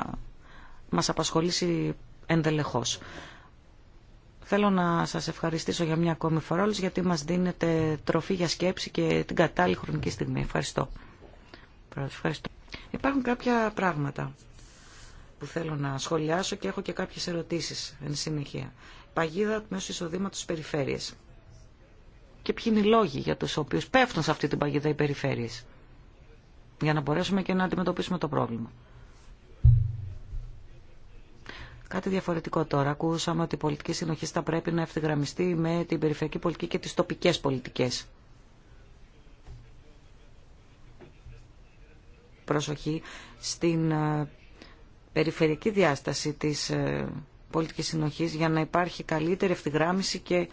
μας απασχολήσει ενδελεχώς. Θέλω να σας ευχαριστήσω για μια ακόμη φορά όλους γιατί μας δίνετε τροφή για σκέψη και την κατάλληλη χρονική στιγμή. Ευχαριστώ. Υπάρχουν κάποια πράγματα που θέλω να σχολιάσω και έχω και κάποιες ερωτήσεις εν συνεχεία. Παγίδα μέσω εισοδήματος στις περιφέρειες. Και ποιοι είναι οι λόγοι για τους οποίους πέφτουν σε αυτή την παγίδα οι περιφέρειες. Για να μπορέσουμε και να αντιμετωπίσουμε το πρόβλημα. Κάτι διαφορετικό τώρα. Ακούσαμε ότι η πολιτική συνοχή θα πρέπει να ευθυγραμμιστεί με την περιφερειακή πολιτική και τις τοπικές πολιτικές. προσοχή στην ε, περιφερειακή διάσταση της ε, πολιτικής συνοχής για να υπάρχει καλύτερη ευθυγράμμιση και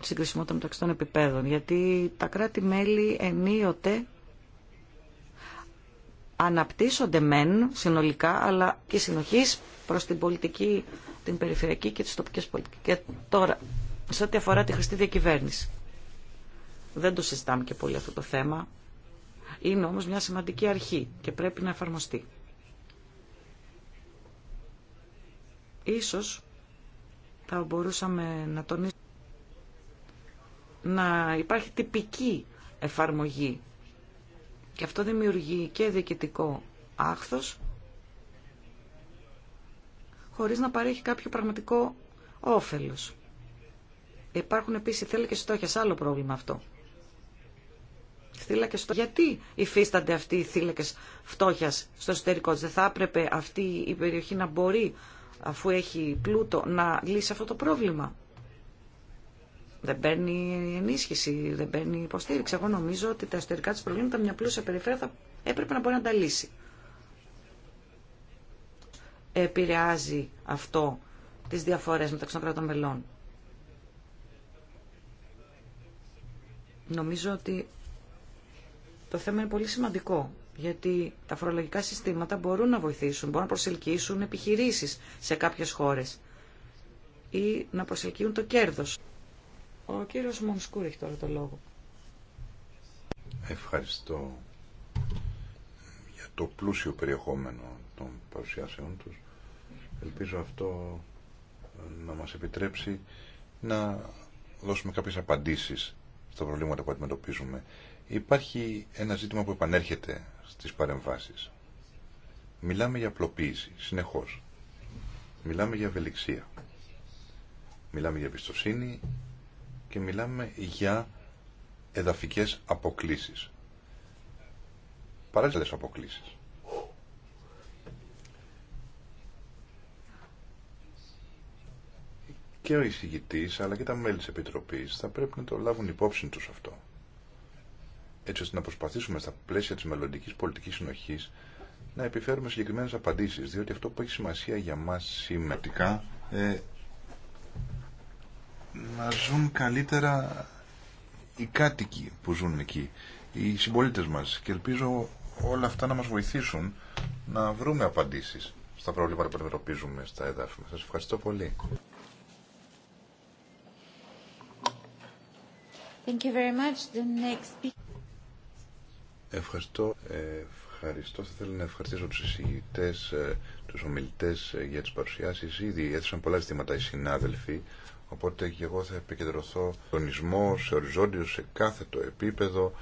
συγκρισιμότητα μεταξύ των επιπέδων. Γιατί τα κράτη-μέλη ενίοτε αναπτύσσονται μεν συνολικά, αλλά και συνοχής προς την πολιτική, την περιφερειακή και τις τοπικές πολιτικές. Και τώρα, σε ό,τι αφορά τη χρηστή διακυβέρνηση. Δεν το συζητάμε και πολύ αυτό το θέμα. Είναι όμως μια σημαντική αρχή και πρέπει να εφαρμοστεί. Ίσως θα μπορούσαμε να τονίσουμε να υπάρχει τυπική εφαρμογή και αυτό δημιουργεί και διοικητικό άχθος χωρίς να παρέχει κάποιο πραγματικό όφελος. Υπάρχουν επίσης θέλει και στόχες, άλλο πρόβλημα αυτό θύλακες Γιατί υφίστανται αυτοί οι θύλακε φτώχεια στο εσωτερικό τη. Δεν θα έπρεπε αυτή η περιοχή να μπορεί, αφού έχει πλούτο, να λύσει αυτό το πρόβλημα. Δεν παίρνει ενίσχυση, δεν παίρνει υποστήριξη. Εγώ νομίζω ότι τα εσωτερικά τη προβλήματα μια πλούσια περιφέρεια θα έπρεπε να μπορεί να τα λύσει. Επηρεάζει αυτό τις διαφορές μεταξύ των κρατών μελών. Νομίζω ότι το θέμα είναι πολύ σημαντικό, γιατί τα φορολογικά συστήματα μπορούν να βοηθήσουν, μπορούν να προσελκύσουν επιχειρήσεις σε κάποιες χώρες ή να προσελκύουν το κέρδος. Ο κύριος Μονσκούρ έχει τώρα το λόγο. Ευχαριστώ για το πλούσιο περιεχόμενο των παρουσιάσεών τους. Ελπίζω αυτό να μας επιτρέψει να δώσουμε κάποιες απαντήσεις στα προβλήματα που αντιμετωπίζουμε. Υπάρχει ένα ζήτημα που επανέρχεται στις παρεμβάσεις. Μιλάμε για απλοποίηση, συνεχώς. Μιλάμε για ευελιξία. Μιλάμε για εμπιστοσύνη και μιλάμε για εδαφικές αποκλίσεις. Παράλληλες αποκλίσεις. Και ο εισηγητής αλλά και τα μέλη της Επιτροπής θα πρέπει να το λάβουν υπόψη τους αυτό έτσι ώστε να προσπαθήσουμε στα πλαίσια της μελλοντική πολιτικής συνοχή να επιφέρουμε συγκεκριμένε απαντήσεις, διότι αυτό που έχει σημασία για μας σήμερα ε, να ζουν καλύτερα οι κάτοικοι που ζουν εκεί, οι συμπολίτε μα. και ελπίζω όλα αυτά να μας βοηθήσουν να βρούμε απαντήσεις στα προβλήματα που αντιμετωπίζουμε στα εδάφη μας. Σα ευχαριστώ πολύ. Ευχαριστώ. Ευχαριστώ. Θα ήθελα να ευχαριστήσω τους εισηγητέ, ε, τους ομιλητές ε, για τις παρουσιάσεις. Ήδη έθεσαν πολλά ζητήματα οι συνάδελφοι, οπότε και εγώ θα επικεντρωθώ τονισμό σε οριζόντιο, σε κάθε το επίπεδο,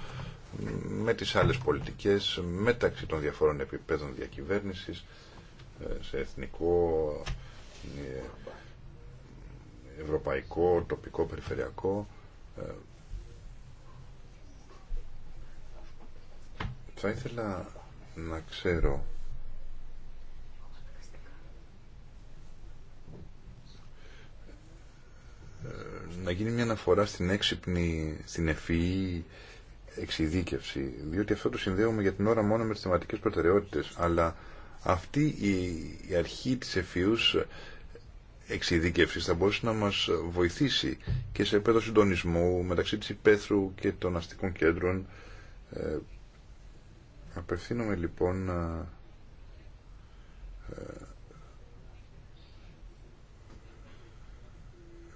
με τις άλλες πολιτικές, μεταξύ των διαφόρων επίπεδων διακυβέρνησης, ε, σε εθνικό, ευρωπαϊκό, τοπικό, περιφερειακό Θα ήθελα να ξέρω να γίνει μια αναφορά στην έξυπνη, στην ευφυή εξειδίκευση, διότι αυτό το συνδέουμε για την ώρα μόνο με τις θεματικές προτεραιότητες, αλλά αυτή η, αρχή της ευφυούς εξειδίκευσης θα μπορούσε να μας βοηθήσει και σε επέδοση συντονισμού μεταξύ της υπαίθρου και των αστικών κέντρων ε, Απευθύνομαι λοιπόν ε,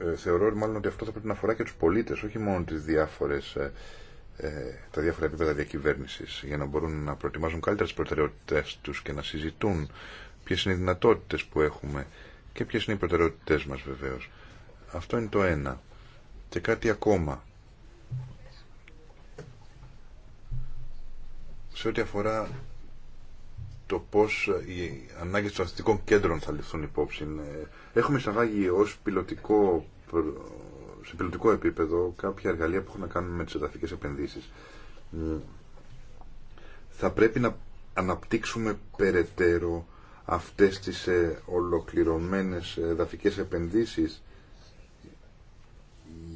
ε, θεωρώ μάλλον ότι αυτό θα πρέπει να αφορά και τους πολίτες, όχι μόνο τις διάφορες, ε, τα διάφορα επίπεδα διακυβέρνησης, για να μπορούν να προετοιμάζουν καλύτερα τι προτεραιότητες τους και να συζητούν ποιες είναι οι δυνατότητες που έχουμε και ποιες είναι οι προτεραιότητες μας βεβαίως. Αυτό είναι το ένα. Και κάτι ακόμα. σε ό,τι αφορά το πώς οι ανάγκες των αστικών κέντρων θα ληφθούν υπόψη. Ναι. Έχουμε εισαγάγει ως πιλωτικό, σε πιλωτικό επίπεδο κάποια εργαλεία που έχουν να κάνουν με τις εδαφικές επενδύσεις. Θα πρέπει να αναπτύξουμε περαιτέρω αυτές τις ε, ολοκληρωμένες εδαφικές επενδύσεις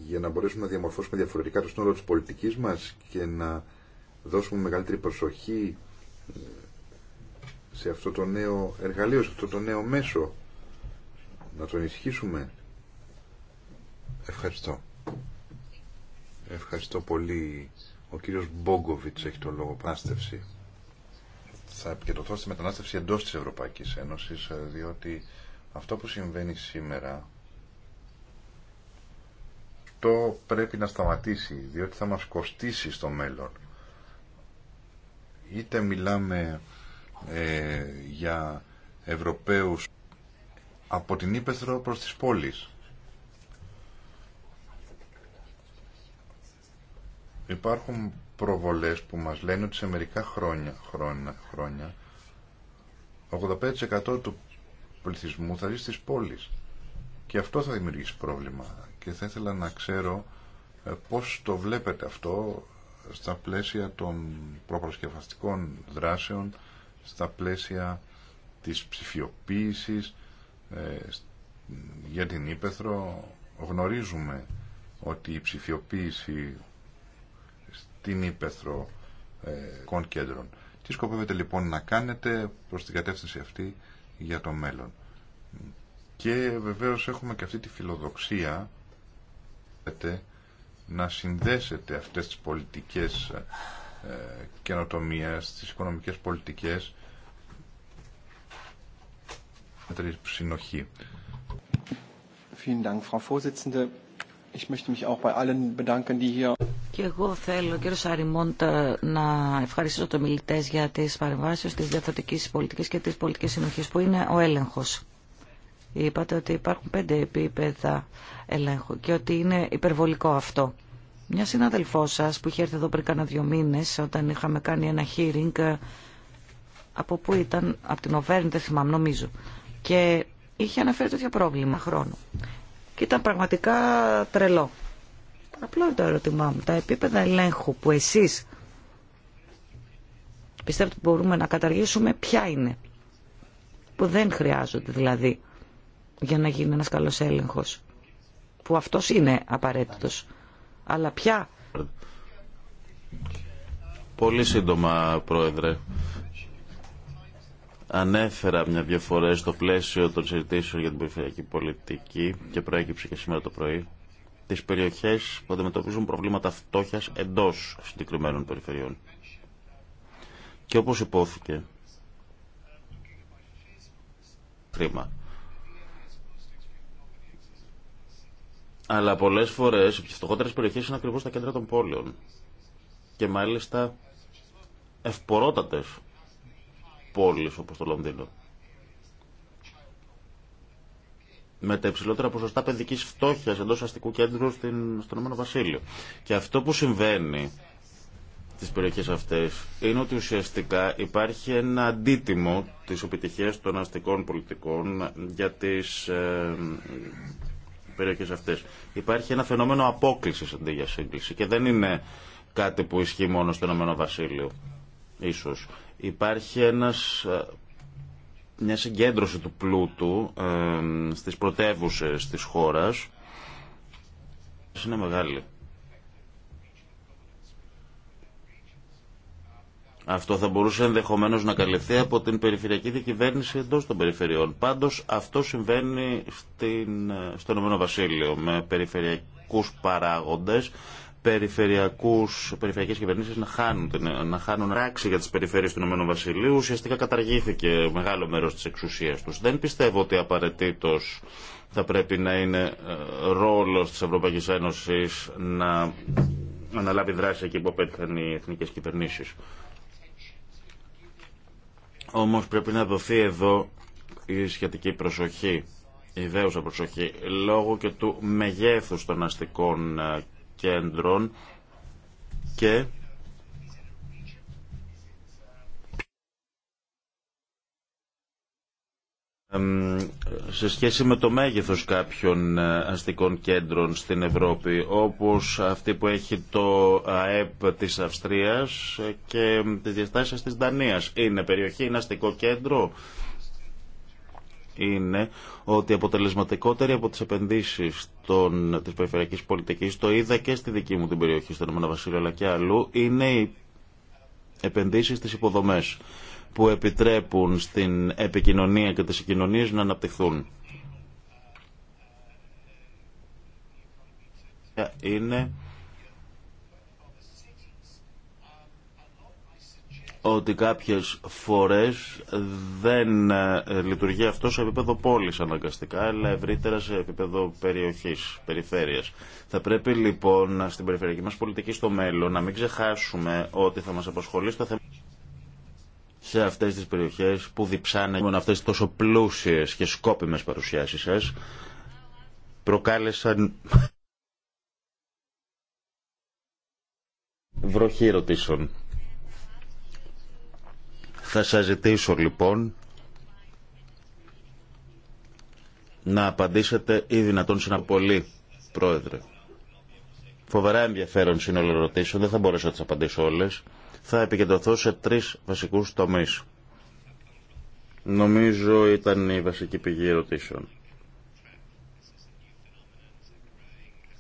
για να μπορέσουμε να διαμορφώσουμε διαφορετικά το σύνολο της πολιτικής μας και να δώσουμε μεγαλύτερη προσοχή ε, σε αυτό το νέο εργαλείο, σε αυτό το νέο μέσο. Να το ισχύσουμε. Ευχαριστώ. Ευχαριστώ πολύ. Ο κύριος Μπόγκοβιτς έχει το λόγο πράστευση Θα επικεντρωθώ στη μετανάστευση εντός της Ευρωπαϊκής Ένωσης, ε, διότι αυτό που συμβαίνει σήμερα το πρέπει να σταματήσει, διότι θα μας κοστίσει στο μέλλον είτε μιλάμε ε, για Ευρωπαίους από την Ήπεθρο προς τις πόλεις. Υπάρχουν προβολές που μας λένε ότι σε μερικά χρόνια, χρόνια, χρόνια 85% του πληθυσμού θα ζει στις πόλεις. Και αυτό θα δημιουργήσει πρόβλημα. Και θα ήθελα να ξέρω ε, πώς το βλέπετε αυτό στα πλαίσια των προπροσκευαστικών δράσεων, στα πλαίσια της ψηφιοποίησης ε, για την Ήπεθρο. Γνωρίζουμε ότι η ψηφιοποίηση στην Ήπεθρο ε, κέντρων. Τι σκοπεύετε λοιπόν να κάνετε προς την κατεύθυνση αυτή για το μέλλον. Και βεβαίως έχουμε και αυτή τη φιλοδοξία να συνδέσετε αυτές τις πολιτικές ε, καινοτομίες τις οικονομικές πολιτικές με τρεις συνοχή. Και εγώ θέλω, κύριο Σάριμοντ, να ευχαριστήσω τους μιλητές για τις παρεμβάσεις της διαθετικής πολιτικής και της πολιτικής συνοχής που είναι ο έλεγχος. Είπατε ότι υπάρχουν πέντε επίπεδα ελέγχου και ότι είναι υπερβολικό αυτό. Μια συναδελφό σα που είχε έρθει εδώ πριν κάνα δύο μήνε, όταν είχαμε κάνει ένα hearing, από πού ήταν, από την Οβέρνη, δεν θυμάμαι, νομίζω. Και είχε αναφέρει τέτοια πρόβλημα χρόνου. Και ήταν πραγματικά τρελό. Απλό το ερώτημά μου. Τα επίπεδα ελέγχου που εσεί πιστεύετε ότι μπορούμε να καταργήσουμε, ποια είναι. Που δεν χρειάζονται δηλαδή για να γίνει ένας καλός έλεγχος, που αυτός είναι απαραίτητος. Αλλά πια... Πολύ σύντομα, Πρόεδρε. Ανέφερα μια-δυο φορές στο πλαίσιο των συζητήσεων για την περιφερειακή πολιτική και προέκυψε και σήμερα το πρωί τις περιοχές που αντιμετωπίζουν προβλήματα φτώχειας εντός συγκεκριμένων περιφερειών. Και όπως υπόθηκε, κρίμα. Αλλά πολλές φορές οι φτωχότερες περιοχές είναι ακριβώς τα κέντρα των πόλεων. Και μάλιστα ευπορότατες πόλεις όπως το Λονδίνο. με τα υψηλότερα ποσοστά παιδική φτώχεια εντό αστικού κέντρου στην, στον Ομένο Βασίλειο. Και αυτό που συμβαίνει στι περιοχέ αυτέ είναι ότι ουσιαστικά υπάρχει ένα αντίτιμο τη επιτυχία των αστικών πολιτικών για τι ε, αυτές. Υπάρχει ένα φαινόμενο απόκλησης αντί για σύγκληση και δεν είναι κάτι που ισχύει μόνο στο Ηνωμένο Βασίλειο, ίσως. Υπάρχει ένας, ε, μια συγκέντρωση του πλούτου ε, στις πρωτεύουσες της χώρας. Είναι μεγάλη. Αυτό θα μπορούσε ενδεχομένω να καλυφθεί από την περιφερειακή διακυβέρνηση εντό των περιφερειών. Πάντω αυτό συμβαίνει στην, ε, στο Ηνωμένο Βασίλειο με περιφερειακού παράγοντε, περιφερειακέ κυβερνήσει να χάνουν, να χάνουν ράξη για τι περιφέρειε του Ηνωμένου Βασιλείου. Ουσιαστικά καταργήθηκε μεγάλο μέρο τη εξουσία του. Δεν πιστεύω ότι απαραίτητο θα πρέπει να είναι ε, ρόλο τη Ευρωπαϊκή Ένωση να αναλάβει δράση εκεί που απέτυχαν οι εθνικέ κυβερνήσει. Όμως πρέπει να δοθεί εδώ η σχετική προσοχή, η δέουσα προσοχή, λόγω και του μεγέθους των αστικών ε, κέντρων και σε σχέση με το μέγεθος κάποιων ε, αστικών κέντρων στην Ευρώπη όπως αυτή που έχει το ΑΕΠ της Αυστρίας και τις διαστάσεις της Δανίας είναι περιοχή, είναι αστικό κέντρο είναι ότι αποτελεσματικότερη από τις επενδύσεις των, της περιφερειακής πολιτικής το είδα και στη δική μου την περιοχή στον Βασίλειο αλλά και αλλού είναι οι επενδύσεις στις υποδομές που επιτρέπουν στην επικοινωνία και τις συγκοινωνίες να αναπτυχθούν. Είναι ότι κάποιες φορές δεν ε, λειτουργεί αυτό σε επίπεδο πόλης αναγκαστικά, αλλά ευρύτερα σε επίπεδο περιοχής, περιφέρειας. Θα πρέπει λοιπόν στην περιφερειακή μας πολιτική στο μέλλον να μην ξεχάσουμε ότι θα μας απασχολεί στο θέμα σε αυτές τις περιοχές που διψάνε με αυτές τις τόσο πλούσιες και σκόπιμες παρουσιάσεις σας προκάλεσαν βροχή ερωτήσεων. Θα σας ζητήσω λοιπόν να απαντήσετε ή δυνατόν σε ένα πολύ πρόεδρε. Φοβερά ενδιαφέρον συνολό ρωτήσεων, δεν θα μπορέσω να τις απαντήσω όλες θα επικεντρωθώ σε τρεις βασικούς τομείς. Νομίζω ήταν η βασική πηγή ερωτήσεων.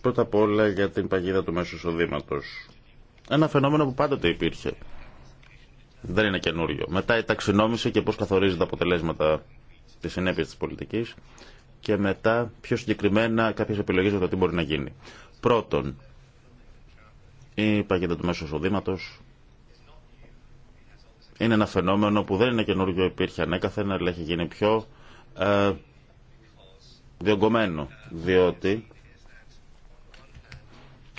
Πρώτα απ' όλα για την παγίδα του μέσου εισοδήματος. Ένα φαινόμενο που πάντοτε υπήρχε. Δεν είναι καινούριο. Μετά η ταξινόμηση και πώς καθορίζει τα αποτελέσματα της συνέπειας της πολιτικής και μετά πιο συγκεκριμένα κάποιες επιλογές για το τι μπορεί να γίνει. Πρώτον, η παγίδα του μέσου εισοδήματος είναι ένα φαινόμενο που δεν είναι καινούργιο, υπήρχε ανέκαθεν, αλλά έχει γίνει πιο ε, διωγγωμένο, διότι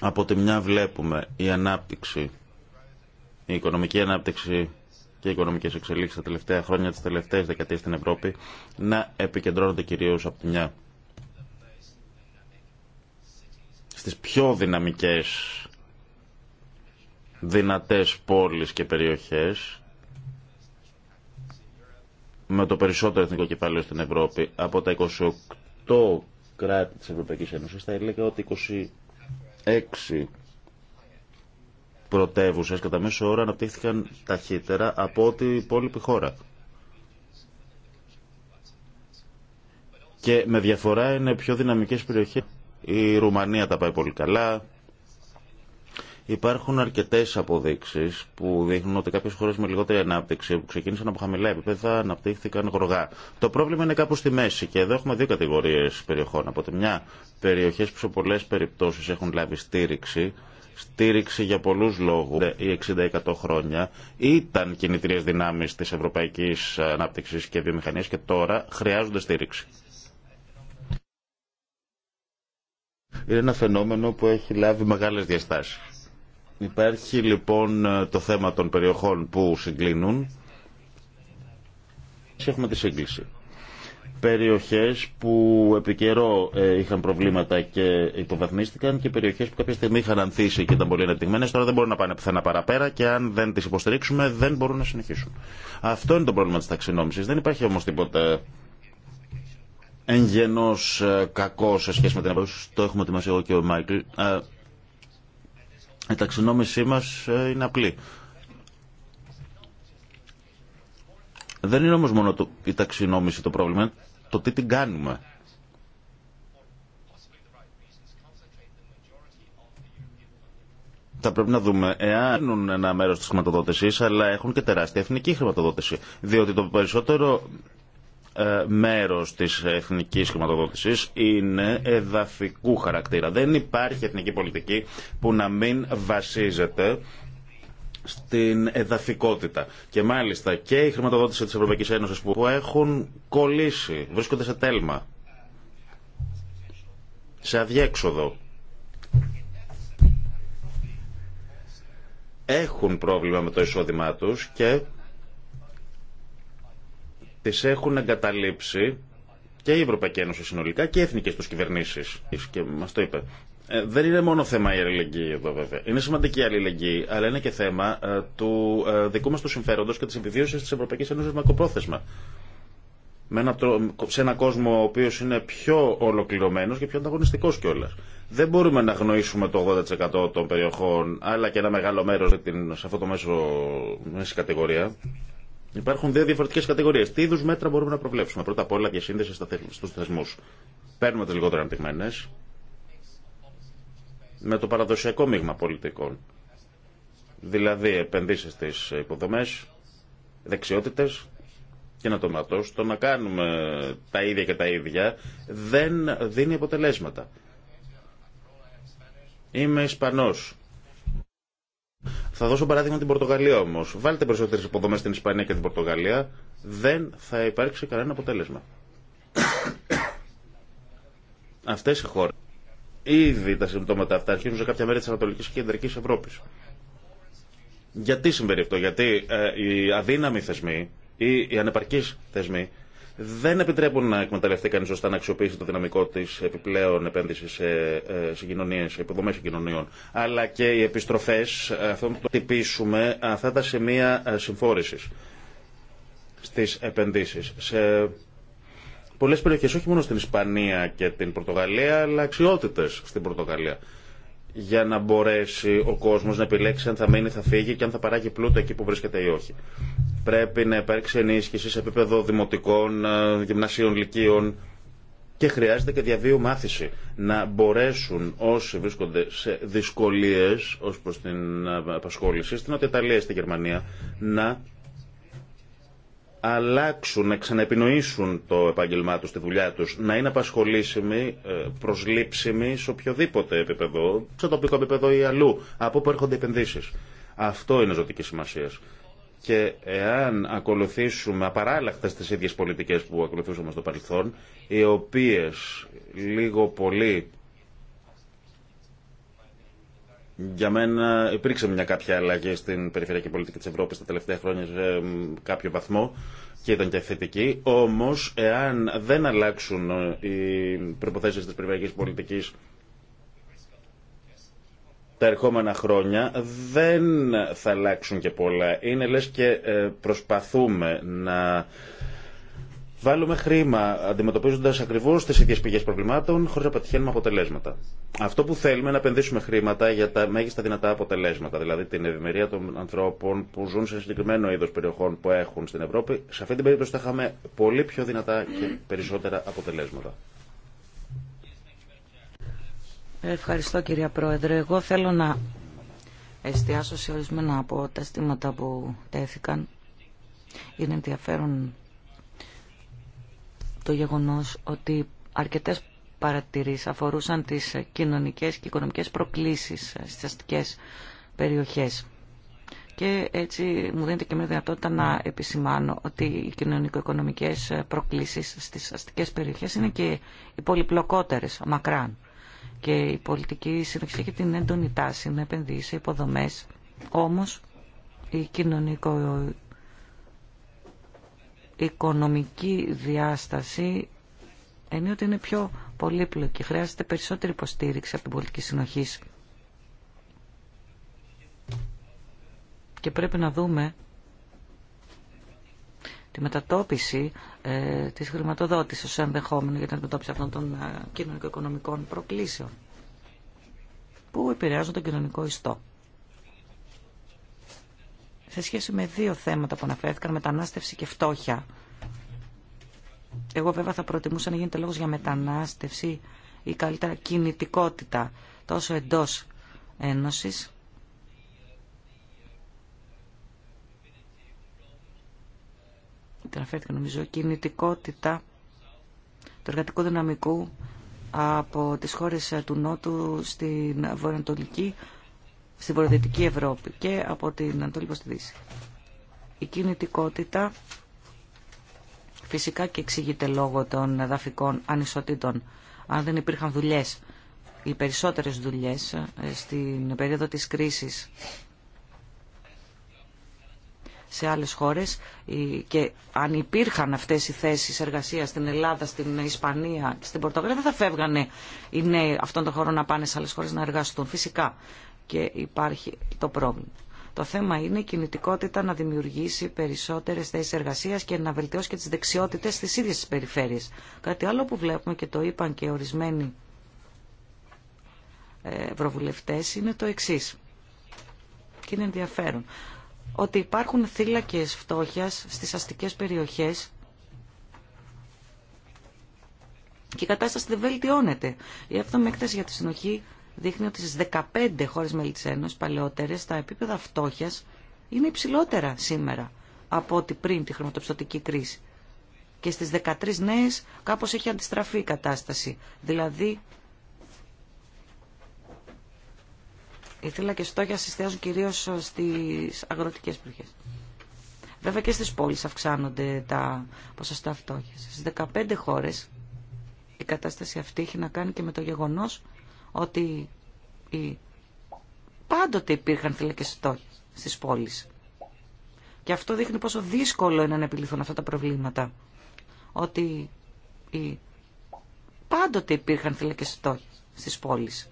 από τη μια βλέπουμε η ανάπτυξη, η οικονομική ανάπτυξη και οι οικονομικέ εξελίξει τα τελευταία χρόνια, τι τελευταίε δεκαετίε στην Ευρώπη, να επικεντρώνονται κυρίω από τη μια στι πιο δυναμικέ δυνατές πόλεις και περιοχές με το περισσότερο εθνικό κεφάλαιο στην Ευρώπη. Από τα 28 κράτη της Ευρωπαϊκής Ένωσης θα έλεγα ότι 26 πρωτεύουσες κατά μέσο όρο αναπτύχθηκαν ταχύτερα από ό,τι η υπόλοιπη χώρα. Και με διαφορά είναι πιο δυναμικές περιοχές. Η Ρουμανία τα πάει πολύ καλά, Υπάρχουν αρκετέ αποδείξει που δείχνουν ότι κάποιε χώρε με λιγότερη ανάπτυξη, που ξεκίνησαν από χαμηλά επίπεδα, αναπτύχθηκαν γοργά. Το πρόβλημα είναι κάπου στη μέση και εδώ έχουμε δύο κατηγορίε περιοχών. Από τη μια, περιοχέ που σε πολλέ περιπτώσει έχουν λάβει στήριξη, στήριξη για πολλού λόγου, οι ε, 60-100 χρόνια, ήταν κινητήριε δυνάμει τη ευρωπαϊκή ανάπτυξη και βιομηχανία και τώρα χρειάζονται στήριξη. Είναι ένα φαινόμενο που έχει λάβει μεγάλες διαστάσεις. Υπάρχει λοιπόν το θέμα των περιοχών που συγκλίνουν. Έχουμε τη σύγκληση. Περιοχές που επί καιρό ε, είχαν προβλήματα και υποβαθμίστηκαν και περιοχές που κάποια στιγμή είχαν ανθίσει και ήταν πολύ ανεπτυγμένες, τώρα δεν μπορούν να πάνε πουθενά παραπέρα και αν δεν τις υποστηρίξουμε δεν μπορούν να συνεχίσουν. Αυτό είναι το πρόβλημα της ταξινόμησης. Δεν υπάρχει όμως τίποτα εν γενός ε, κακό σε σχέση με την απάντηση. Το έχουμε ετοιμάσει εγώ και ο Μάικλ. Η ταξινόμησή μας ε, είναι απλή. Δεν είναι όμως μόνο το, η ταξινόμηση το πρόβλημα, το τι την κάνουμε. Θα πρέπει να δούμε εάν έχουν ένα μέρος της χρηματοδότησης, αλλά έχουν και τεράστια εθνική χρηματοδότηση. Διότι το περισσότερο ε, μέρος της εθνικής χρηματοδότησης είναι εδαφικού χαρακτήρα. Δεν υπάρχει εθνική πολιτική που να μην βασίζεται στην εδαφικότητα. Και μάλιστα και η χρηματοδότηση της Ευρωπαϊκής Ένωσης που έχουν κολλήσει, βρίσκονται σε τέλμα, σε αδιέξοδο. Έχουν πρόβλημα με το εισόδημά τους και τι έχουν εγκαταλείψει και η Ευρωπαϊκή Ένωση συνολικά και οι εθνικέ του κυβερνήσει, Και μα το είπε. Ε, δεν είναι μόνο θέμα η αλληλεγγύη εδώ βέβαια. Είναι σημαντική η αλληλεγγύη, αλλά είναι και θέμα ε, του ε, δικού μα του συμφέροντο και τη επιβίωση τη Ευρωπαϊκή Ένωση μακροπρόθεσμα. Με ένα, σε ένα κόσμο ο οποίο είναι πιο ολοκληρωμένο και πιο ανταγωνιστικό κιόλα. Δεν μπορούμε να γνωρίσουμε το 80% των περιοχών, αλλά και ένα μεγάλο μέρο σε αυτό το μέσο μέση κατηγορία, Υπάρχουν δύο διαφορετικέ κατηγορίε. Τι είδου μέτρα μπορούμε να προβλέψουμε. Πρώτα απ' όλα διασύνδεση στου θεσμού. Παίρνουμε τι λιγότερο αναπτυγμένε. με το παραδοσιακό μείγμα πολιτικών. Δηλαδή επενδύσει στι υποδομέ, δεξιότητε και να το ματώ, το να κάνουμε τα ίδια και τα ίδια δεν δίνει αποτελέσματα. Είμαι Ισπανός. Θα δώσω παράδειγμα την Πορτογαλία όμω. Βάλτε περισσότερε υποδομέ στην Ισπανία και την Πορτογαλία, δεν θα υπάρξει κανένα αποτέλεσμα. Αυτέ οι χώρε. Ήδη τα συμπτώματα αυτά αρχίζουν σε κάποια μέρη τη Ανατολική και Κεντρική Ευρώπη. Γιατί συμβαίνει αυτό, Γιατί ε, οι αδύναμοι θεσμοί ή οι ανεπαρκεί θεσμοί δεν επιτρέπουν να εκμεταλλευτεί κανεί ώστε να αξιοποιήσει το δυναμικό τη επιπλέον επένδυση σε, ε, κοινωνίες, σε υποδομέ συγκοινωνιών. Αλλά και οι επιστροφέ, ε, αυτό το τυπήσουμε, ε, αυτά τα σημεία συμφόρηση στι επενδύσει. Σε πολλέ περιοχέ, όχι μόνο στην Ισπανία και την Πορτογαλία, αλλά αξιότητε στην Πορτογαλία για να μπορέσει ο κόσμος να επιλέξει αν θα μείνει, θα φύγει και αν θα παράγει πλούτο εκεί που βρίσκεται ή όχι. Πρέπει να υπάρξει ενίσχυση σε επίπεδο δημοτικών, ε, γυμνασίων, λυκείων και χρειάζεται και διαβίου μάθηση. Να μπορέσουν όσοι βρίσκονται σε δυσκολίες ω προ την ε, απασχόληση στην Ιταλία, στη Γερμανία, να αλλάξουν, να ξαναεπινοήσουν το επάγγελμά τους, τη δουλειά τους, να είναι απασχολήσιμοι, ε, προσλήψιμοι σε οποιοδήποτε επίπεδο, σε τοπικό επίπεδο ή αλλού, από όπου έρχονται επενδύσεις. Αυτό είναι ζωτική σημασία. Και εάν ακολουθήσουμε απαράλλακτα τις ίδιες πολιτικές που ακολουθούσαμε στο παρελθόν, οι οποίες λίγο πολύ για μένα υπήρξε μια κάποια αλλαγή στην περιφερειακή πολιτική της Ευρώπης τα τελευταία χρόνια σε κάποιο βαθμό και ήταν και θετική. Όμως, εάν δεν αλλάξουν ε, οι προποθέσεις της περιφερειακής πολιτικής τα ερχόμενα χρόνια δεν θα αλλάξουν και πολλά. Είναι λες και ε, προσπαθούμε να βάλουμε χρήμα αντιμετωπίζοντα ακριβώ τι ίδιε πηγέ προβλημάτων χωρί να πετυχαίνουμε αποτελέσματα. Αυτό που θέλουμε είναι να επενδύσουμε χρήματα για τα μέγιστα δυνατά αποτελέσματα, δηλαδή την ευημερία των ανθρώπων που ζουν σε συγκεκριμένο είδο περιοχών που έχουν στην Ευρώπη. Σε αυτή την περίπτωση θα είχαμε πολύ πιο δυνατά και περισσότερα αποτελέσματα. Ευχαριστώ κυρία Πρόεδρε. Εγώ θέλω να εστιάσω σε ορισμένα από τα στήματα που τέθηκαν. Είναι ενδιαφέρον το γεγονός ότι αρκετές παρατηρήσεις αφορούσαν τις κοινωνικές και οικονομικές προκλήσεις στις αστικές περιοχές. Και έτσι μου δίνεται και μια δυνατότητα να επισημάνω ότι οι κοινωνικο-οικονομικές προκλήσεις στις αστικές περιοχές είναι και οι πολυπλοκότερες, μακράν. Και η πολιτική συνοχή έχει την έντονη τάση να επενδύσει σε υποδομές. Όμως η κοινωνικο οικονομική διάσταση ότι είναι πιο πολύπλοκη. Χρειάζεται περισσότερη υποστήριξη από την πολιτική συνοχή. Και πρέπει να δούμε τη μετατόπιση ε, της χρηματοδότησης ως ενδεχόμενο για την αντιμετώπιση αυτών των ε, κοινωνικο-οικονομικών προκλήσεων που επηρεάζουν τον κοινωνικό ιστό σε σχέση με δύο θέματα που αναφέρθηκαν, μετανάστευση και φτώχεια. Εγώ βέβαια θα προτιμούσα να γίνεται λόγος για μετανάστευση ή καλύτερα κινητικότητα τόσο εντός Ένωσης αναφέρθηκε νομίζω κινητικότητα του εργατικού δυναμικού από τις χώρες του Νότου στην Βορειοανατολική στη βορειοδυτική Ευρώπη και από την Ανατολή προς Η κινητικότητα φυσικά και εξηγείται λόγω των εδαφικών ανισοτήτων. Αν δεν υπήρχαν δουλειές, οι περισσότερες δουλειές ε, στην περίοδο της κρίσης σε άλλες χώρες και αν υπήρχαν αυτές οι θέσεις εργασίας στην Ελλάδα, στην Ισπανία, στην Πορτογαλία δεν θα φεύγανε οι νέοι αυτών των χωρών να πάνε σε άλλες χώρες να εργαστούν. Φυσικά και υπάρχει το πρόβλημα. Το θέμα είναι η κινητικότητα να δημιουργήσει περισσότερες θέσεις εργασίας και να βελτιώσει και τις δεξιότητες στις ίδιες τις περιφέρειες. Κάτι άλλο που βλέπουμε και το είπαν και ορισμένοι ε, ευρωβουλευτές είναι το εξής. Και είναι ενδιαφέρον. Ότι υπάρχουν θύλακες φτώχειας στις αστικές περιοχές και η κατάσταση δεν βελτιώνεται. Η 7 για τη συνοχή δείχνει ότι στις 15 χώρες μέλη παλαιότερες τα επίπεδα φτώχειας είναι υψηλότερα σήμερα από ό,τι πριν τη χρηματοπιστωτική κρίση. Και στις 13 νέες κάπως έχει αντιστραφεί η κατάσταση. Δηλαδή, η θύλα και στόχια συστιάζουν κυρίως στις αγροτικές περιοχές. Βέβαια και στις πόλεις αυξάνονται τα ποσοστά φτώχειας. Στις 15 χώρες η κατάσταση αυτή έχει να κάνει και με το γεγονός ότι πάντοτε υπήρχαν φυλακιστώ στόχοι στις πόλεις. Και αυτό δείχνει πόσο δύσκολο είναι να επιληθούν αυτά τα προβλήματα. Ότι πάντοτε υπήρχαν θηλυκές στόχοι στις πόλεις.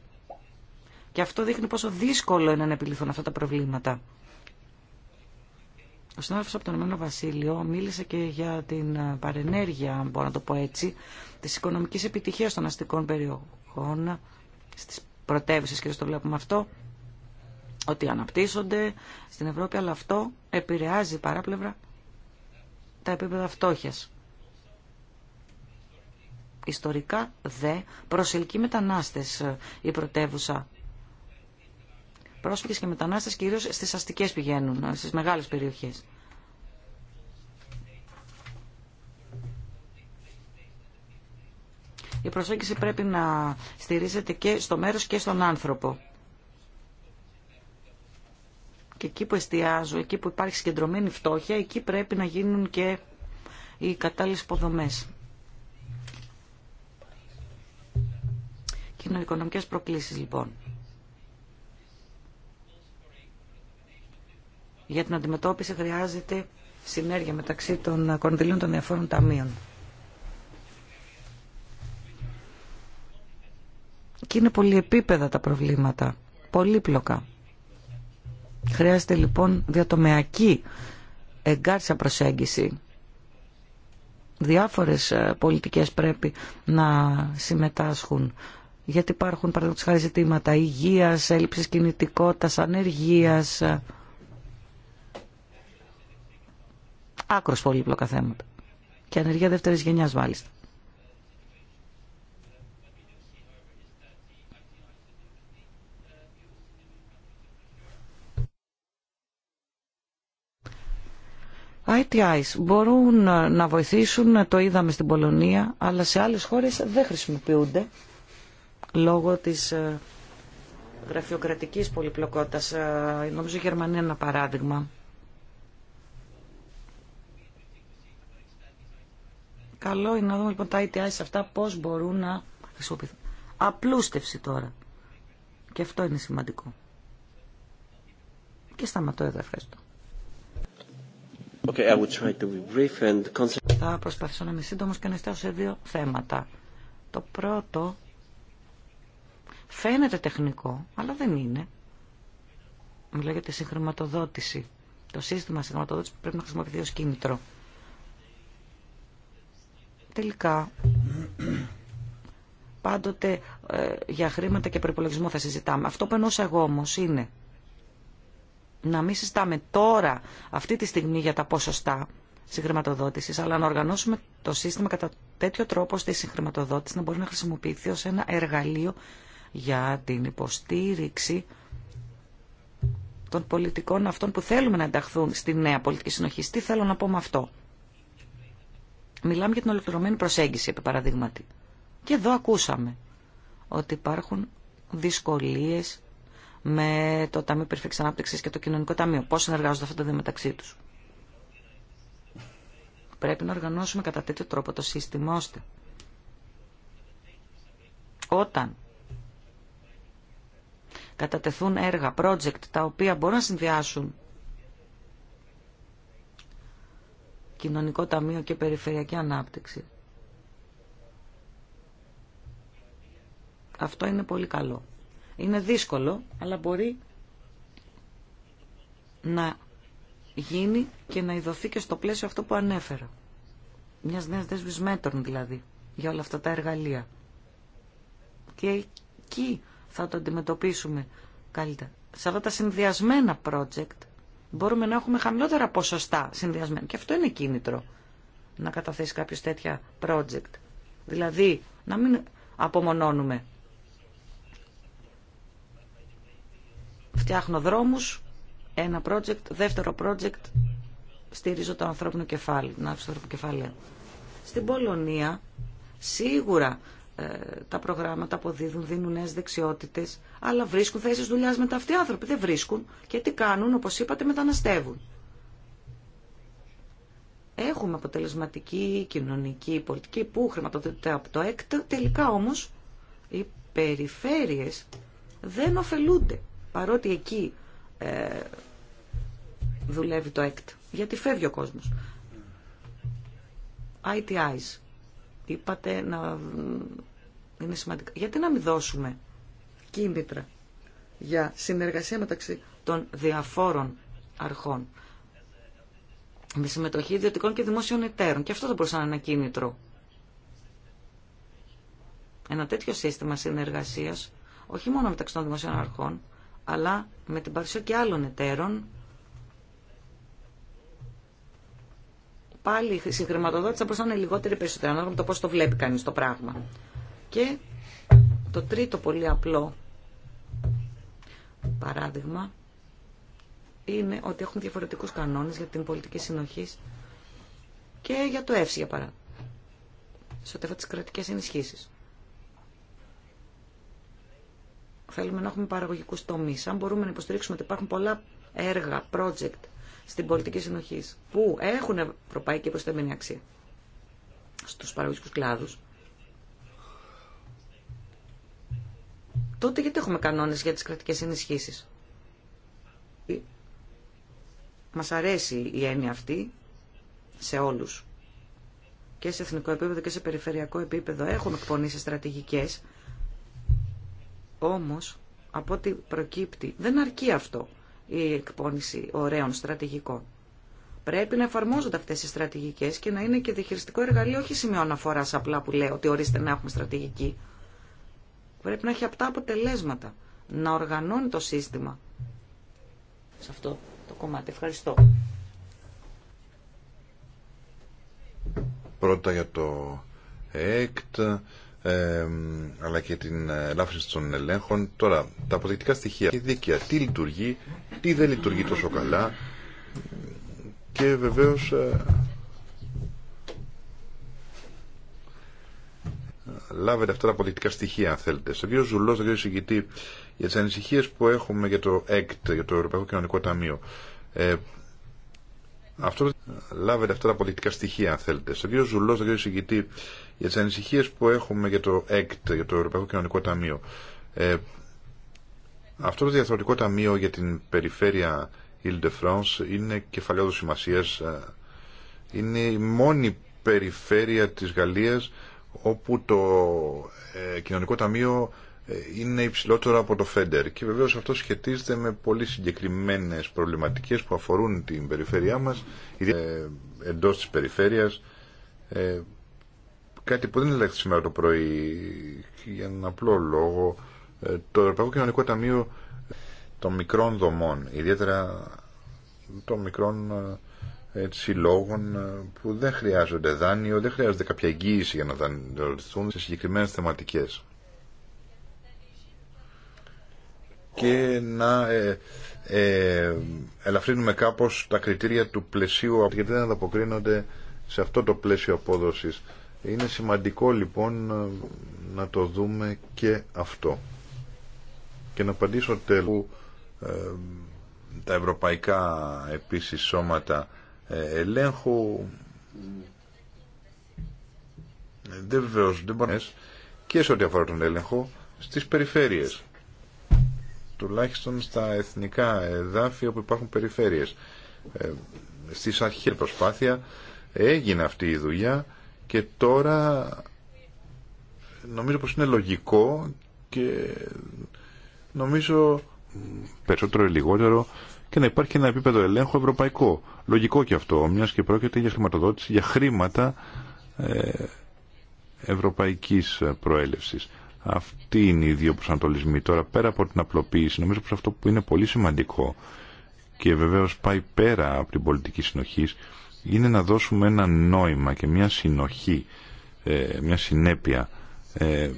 Και αυτό δείχνει πόσο δύσκολο είναι να επιληθούν αυτά τα προβλήματα. Ο συνάδελφος από τον Ηνωμένο Βασίλειο μίλησε και για την ε, παρενέργεια, μπορώ να το πω έτσι, της οικονομικής επιτυχίας των αστικών περιοχών στις πρωτεύουσες και το βλέπουμε αυτό, ότι αναπτύσσονται στην Ευρώπη, αλλά αυτό επηρεάζει παράπλευρα τα επίπεδα φτώχειας. Ιστορικά δε προσελκύει μετανάστες ε, η πρωτεύουσα. Πρόσφυγες και μετανάστες κυρίως στις αστικές πηγαίνουν, ε, στις μεγάλες περιοχές. η προσέγγιση πρέπει να στηρίζεται και στο μέρος και στον άνθρωπο. Και εκεί που εστιάζω, εκεί που υπάρχει συγκεντρωμένη φτώχεια, εκεί πρέπει να γίνουν και οι κατάλληλες υποδομές. Κοινοοικονομικές προκλήσεις λοιπόν. Για την αντιμετώπιση χρειάζεται συνέργεια μεταξύ των κονδυλίων των διαφόρων ταμείων. και είναι πολυεπίπεδα τα προβλήματα, πολύπλοκα. Χρειάζεται λοιπόν διατομεακή εγκάρσια προσέγγιση. Διάφορες ε, πολιτικές πρέπει να συμμετάσχουν γιατί υπάρχουν παραδείγματος χάρη ζητήματα υγείας, έλλειψης κινητικότητας, ανεργίας. Ε, άκρος πολύπλοκα θέματα. Και ανεργία δεύτερης γενιάς μάλιστα. ITIs μπορούν να βοηθήσουν, το είδαμε στην Πολωνία, αλλά σε άλλες χώρες δεν χρησιμοποιούνται λόγω της ε, γραφειοκρατικής πολυπλοκότητας. Ε, νομίζω η Γερμανία είναι ένα παράδειγμα. Καλό είναι να δούμε λοιπόν τα ITIs αυτά πώς μπορούν να χρησιμοποιηθούν. Απλούστευση τώρα. Και αυτό είναι σημαντικό. Και σταματώ εδώ. Ευχαριστώ. Θα προσπαθήσω να είμαι σύντομος και να εστιάσω σε δύο θέματα. Το πρώτο φαίνεται τεχνικό, αλλά δεν είναι. Μιλάω για τη συγχρηματοδότηση. Το σύστημα συγχρηματοδότηση πρέπει να χρησιμοποιηθεί ως κίνητρο. Τελικά, πάντοτε ε, για χρήματα και προπολογισμό θα συζητάμε. Αυτό που εννοούσα εγώ όμω είναι να μην συστάμε τώρα αυτή τη στιγμή για τα ποσοστά συγχρηματοδότησης, αλλά να οργανώσουμε το σύστημα κατά τέτοιο τρόπο ώστε η συγχρηματοδότηση να μπορεί να χρησιμοποιηθεί ως ένα εργαλείο για την υποστήριξη των πολιτικών αυτών που θέλουμε να ενταχθούν στη νέα πολιτική συνοχή. Τι θέλω να πω με αυτό. Μιλάμε για την ολοκληρωμένη προσέγγιση, επί παραδείγματι. Και εδώ ακούσαμε ότι υπάρχουν δυσκολίες με το Ταμείο Περιφερειακή Ανάπτυξη και το Κοινωνικό Ταμείο. Πώ συνεργάζονται αυτά τα δύο μεταξύ του. Πρέπει να οργανώσουμε κατά τέτοιο τρόπο το σύστημα ώστε όταν κατατεθούν έργα, project τα οποία μπορούν να συνδυάσουν κοινωνικό ταμείο και περιφερειακή ανάπτυξη. Αυτό είναι πολύ καλό. Είναι δύσκολο, αλλά μπορεί να γίνει και να ειδωθεί και στο πλαίσιο αυτό που ανέφερα. Μιας νέας δέσμη μέτρων δηλαδή, για όλα αυτά τα εργαλεία. Και εκεί θα το αντιμετωπίσουμε καλύτερα. Σε αυτά τα συνδυασμένα project μπορούμε να έχουμε χαμηλότερα ποσοστά συνδυασμένα. Και αυτό είναι κίνητρο να καταθέσει κάποιο τέτοια project. Δηλαδή, να μην απομονώνουμε Φτιάχνω δρόμους, ένα project, δεύτερο project, στηρίζω το ανθρώπινο κεφάλι, την Στην Πολωνία σίγουρα ε, τα προγράμματα αποδίδουν, δίνουν νέε δεξιότητε, αλλά βρίσκουν θέσει δουλειά τα αυτοί οι άνθρωποι. Δεν βρίσκουν και τι κάνουν, όπω είπατε, μεταναστεύουν. Έχουμε αποτελεσματική κοινωνική πολιτική που χρηματοδοτείται από το ΕΚΤ, τελικά όμω οι περιφέρειες δεν ωφελούνται παρότι εκεί ε, δουλεύει το ΕΚΤ. Γιατί φεύγει ο κόσμος. ITIs. Είπατε να είναι σημαντικά. Γιατί να μην δώσουμε κίνητρα για συνεργασία μεταξύ των διαφόρων αρχών. Με συμμετοχή ιδιωτικών και δημόσιων εταίρων. Και αυτό θα μπορούσε να είναι ένα κίνητρο. Ένα τέτοιο σύστημα συνεργασίας, όχι μόνο μεταξύ των δημοσίων αρχών, αλλά με την παρουσία και άλλων εταίρων πάλι η συγχρηματοδότηση θα είναι λιγότερη ή περισσότερη, ανάλογα με το πώς το βλέπει κανείς το πράγμα. Και το τρίτο πολύ απλό παράδειγμα είναι ότι έχουν διαφορετικούς κανόνες για την πολιτική συνοχή και για το ΕΦΣΙ, για παράδειγμα, σε ό,τι αφορά τι κρατικέ ενισχύσει. Θέλουμε να έχουμε παραγωγικού τομεί. Αν μπορούμε να υποστηρίξουμε ότι υπάρχουν πολλά έργα, project στην πολιτική συνοχή που έχουν ευρωπαϊκή προστεμένη αξία στου παραγωγικού κλάδου, τότε γιατί έχουμε κανόνε για τι κρατικέ ενισχύσει. Ε, μας αρέσει η έννοια αυτή σε όλους. Και σε εθνικό επίπεδο και σε περιφερειακό επίπεδο έχουμε εκπονήσει στρατηγικές όμως, από ό,τι προκύπτει, δεν αρκεί αυτό η εκπόνηση ωραίων στρατηγικών. Πρέπει να εφαρμόζονται αυτέ οι στρατηγικέ και να είναι και διαχειριστικό εργαλείο, όχι σημείο αναφορά απλά που λέω ότι ορίστε να έχουμε στρατηγική. Πρέπει να έχει απτά αποτελέσματα. Να οργανώνει το σύστημα. Σε αυτό το κομμάτι. Ευχαριστώ. Πρώτα για το ΕΚΤ αλλά και την ε, ελάφρυνση των ελέγχων. Τώρα, τα αποδεικτικά στοιχεία, η δίκαια, τι λειτουργεί, τι δεν λειτουργεί τόσο καλά και βεβαίως ε, λάβετε αυτά τα αποδεικτικά στοιχεία αν θέλετε. Σε κύριο Ζουλό, στον κύριο για τις ανησυχίες που έχουμε για το ΕΚΤ, για το Ευρωπαϊκό Κοινωνικό Ταμείο, ε, αυτό, λάβετε αυτά τα αποδεικτικά στοιχεία αν θέλετε. Σε κύριο Ζουλό, στον κύριο για τις ανησυχίες που έχουμε για το ΕΚΤ, για το Ευρωπαϊκό Κοινωνικό Ταμείο. Ε, αυτό το διαφορετικό ταμείο για την περιφέρεια Ile-de-France είναι κεφαλαίου σημασίας. Ε, είναι η μόνη περιφέρεια της Γαλλίας όπου το ε, κοινωνικό ταμείο ε, είναι υψηλότερο από το Φέντερ και βεβαίως αυτό σχετίζεται με πολύ συγκεκριμένες προβληματικές που αφορούν την περιφέρειά μας ε, εντός της περιφέρειας κάτι που δεν ελέγχθη σήμερα το πρωί για έναν απλό λόγο. Ε, το Ευρωπαϊκό Κοινωνικό Ταμείο των μικρών δομών, ιδιαίτερα των μικρών ε, συλλόγων ε, που δεν χρειάζονται δάνειο, δεν χρειάζονται κάποια εγγύηση για να δανειοδοτηθούν σε συγκεκριμένες θεματικές. Και να ε, ε, ελαφρύνουμε κάπως τα κριτήρια του πλαισίου, γιατί δεν ανταποκρίνονται σε αυτό το πλαίσιο απόδοσης είναι σημαντικό λοιπόν να το δούμε και αυτό. Και να απαντήσω τέλος ε, τα ευρωπαϊκά επίσης σώματα ε, ελέγχου δεν βεβαίως δεν και σε ό,τι αφορά τον έλεγχο στις περιφέρειες τουλάχιστον στα εθνικά εδάφια όπου υπάρχουν περιφέρειες ε, στις αρχές προσπάθεια έγινε αυτή η δουλειά και τώρα νομίζω πως είναι λογικό και νομίζω περισσότερο ή λιγότερο και να υπάρχει ένα επίπεδο ελέγχου ευρωπαϊκό. Λογικό και αυτό, μια και πρόκειται για χρηματοδότηση, για χρήματα ε, ευρωπαϊκής προέλευσης. Αυτή είναι η δύο προσανατολισμοί. Τώρα, πέρα από την απλοποίηση, νομίζω πως αυτό που είναι πολύ σημαντικό και βεβαίως πάει πέρα από την πολιτική συνοχής, είναι να δώσουμε ένα νόημα και μια συνοχή, ε, μια συνέπεια. Ε,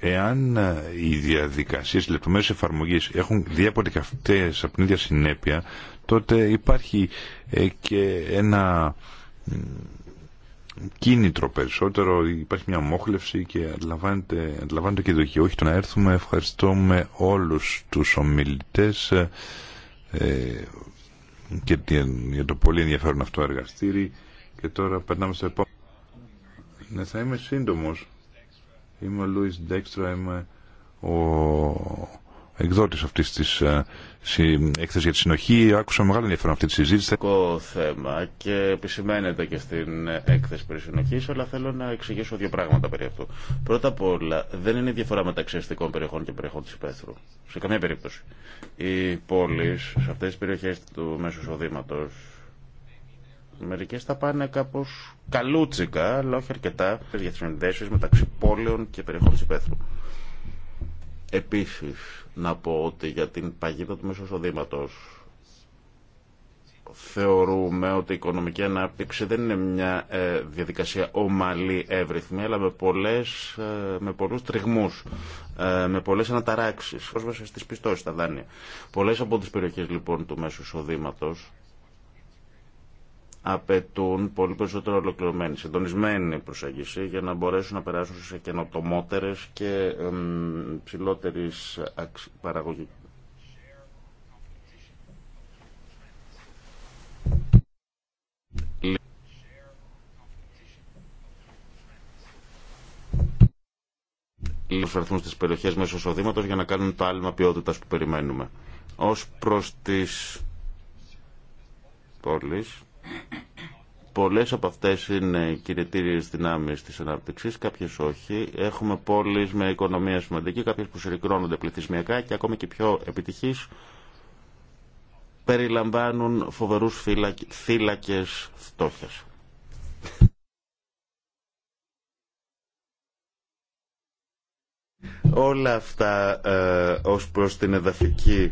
εάν ε, οι διαδικασίες, οι λεπτομέρειες εφαρμογής έχουν διάποτε και αυτές από την ίδια συνέπεια, τότε υπάρχει και ένα κίνητρο περισσότερο, υπάρχει μια μόχλευση και αντιλαμβάνεται, αντιλαμβάνεται και η δοχή. Όχι το να έρθουμε, ευχαριστούμε όλους τους ομιλητές και για το πολύ ενδιαφέρον αυτό εργαστήρι. Και τώρα περνάμε στο επόμενο. Ναι, θα είμαι σύντομος. Είμαι ο Λούις Ντέξτρα, είμαι ο εκδότη αυτή τη εκθεση για τη συνοχή. Άκουσα μεγάλη ενδιαφέρον αυτή τη συζήτηση. Το θέμα και επισημαίνεται και στην έκθεση περί συνοχής, αλλά θέλω να εξηγήσω δύο πράγματα περί αυτού. Πρώτα απ' όλα, δεν είναι διαφορά μεταξύ αστικών περιοχών και περιοχών τη υπαίθρου. Σε καμία περίπτωση. Οι πόλεις, σε αυτέ τι περιοχέ του μέσου εισοδήματο. Μερικές θα πάνε κάπως καλούτσικα, αλλά όχι αρκετά, για τις μεταξύ πόλεων και περιοχών τη υπαίθρου. Επίσης, να πω ότι για την παγίδα του μέσου εισοδήματο θεωρούμε ότι η οικονομική ανάπτυξη δεν είναι μια ε, διαδικασία ομαλή εύρυθμη, αλλά με, πολλές, ε, με πολλούς τριγμούς, ε, με πολλές αναταράξεις, πρόσβαση στις πιστώσεις, τα δάνεια. Πολλές από τις περιοχές λοιπόν του μέσου εισοδήματος απαιτούν πολύ περισσότερο ολοκληρωμένη, συντονισμένη προσέγγιση για να μπορέσουν να περάσουν σε καινοτομότερε και ψηλότερη παραγωγή. προσφερθούν στις περιοχές μέσω εισοδήματος για να κάνουν το άλμα ποιότητας που περιμένουμε. Ως προς τις πόλεις, Πολλές από αυτές είναι κινητήριες δυνάμεις της ανάπτυξης, κάποιες όχι. Έχουμε πόλεις με οικονομία σημαντική, κάποιες που συρρικρώνονται πληθυσμιακά και ακόμη και πιο επιτυχείς περιλαμβάνουν φοβερούς θύλακες φτώχειας. Όλα αυτά ε, ως προς την εδαφική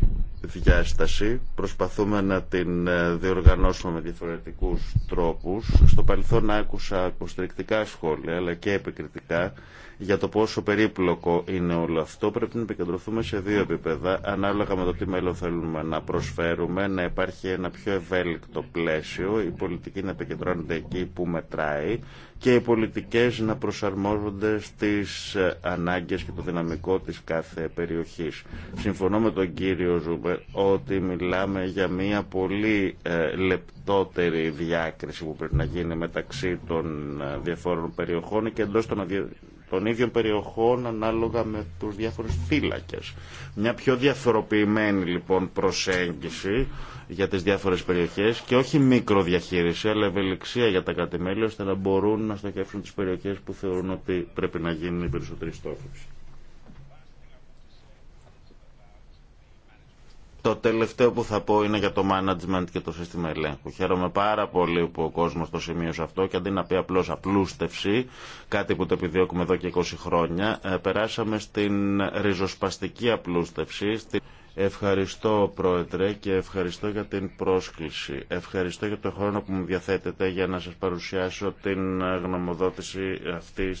διάσταση. Προσπαθούμε να την ε, διοργανώσουμε με διαφορετικούς τρόπους. Στο παρελθόν άκουσα υποστηρικτικά σχόλια αλλά και επικριτικά για το πόσο περίπλοκο είναι όλο αυτό, πρέπει να επικεντρωθούμε σε δύο επίπεδα, ανάλογα με το τι μέλλον θέλουμε να προσφέρουμε, να υπάρχει ένα πιο ευέλικτο πλαίσιο, η πολιτική να επικεντρώνεται εκεί που μετράει και οι πολιτικές να προσαρμόζονται στις ε, ανάγκες και το δυναμικό της κάθε περιοχής. Συμφωνώ με τον κύριο Ζούμπερ ότι μιλάμε για μια πολύ ε, λεπτότερη διάκριση που πρέπει να γίνει μεταξύ των ε, διαφόρων περιοχών και εντός των των ίδιων περιοχών ανάλογα με τους διάφορους φύλακες. Μια πιο διαφοροποιημένη λοιπόν προσέγγιση για τις διάφορες περιοχές και όχι μικροδιαχείριση αλλά ευελιξία για τα κατημέλη ώστε να μπορούν να στοχεύσουν τις περιοχές που θεωρούν ότι πρέπει να γίνουν οι περισσότερη στόχευση. Το τελευταίο που θα πω είναι για το management και το σύστημα ελέγχου. Χαίρομαι πάρα πολύ που ο κόσμο το σημείωσε αυτό και αντί να πει απλώ απλούστευση, κάτι που το επιδιώκουμε εδώ και 20 χρόνια, ε, περάσαμε στην ριζοσπαστική απλούστευση. Ευχαριστώ Πρόεδρε και ευχαριστώ για την πρόσκληση. Ευχαριστώ για το χρόνο που μου διαθέτετε για να σας παρουσιάσω την ε, γνωμοδότηση αυτή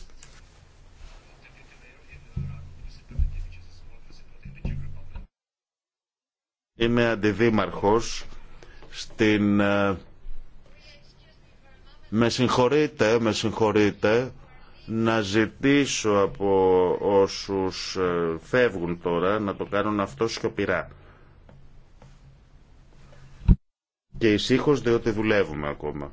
Είμαι αντιδήμαρχος στην... Ε, με συγχωρείτε, με συγχωρείτε να ζητήσω από όσους ε, φεύγουν τώρα να το κάνουν αυτό σιωπηρά. Και ησύχως διότι δουλεύουμε ακόμα.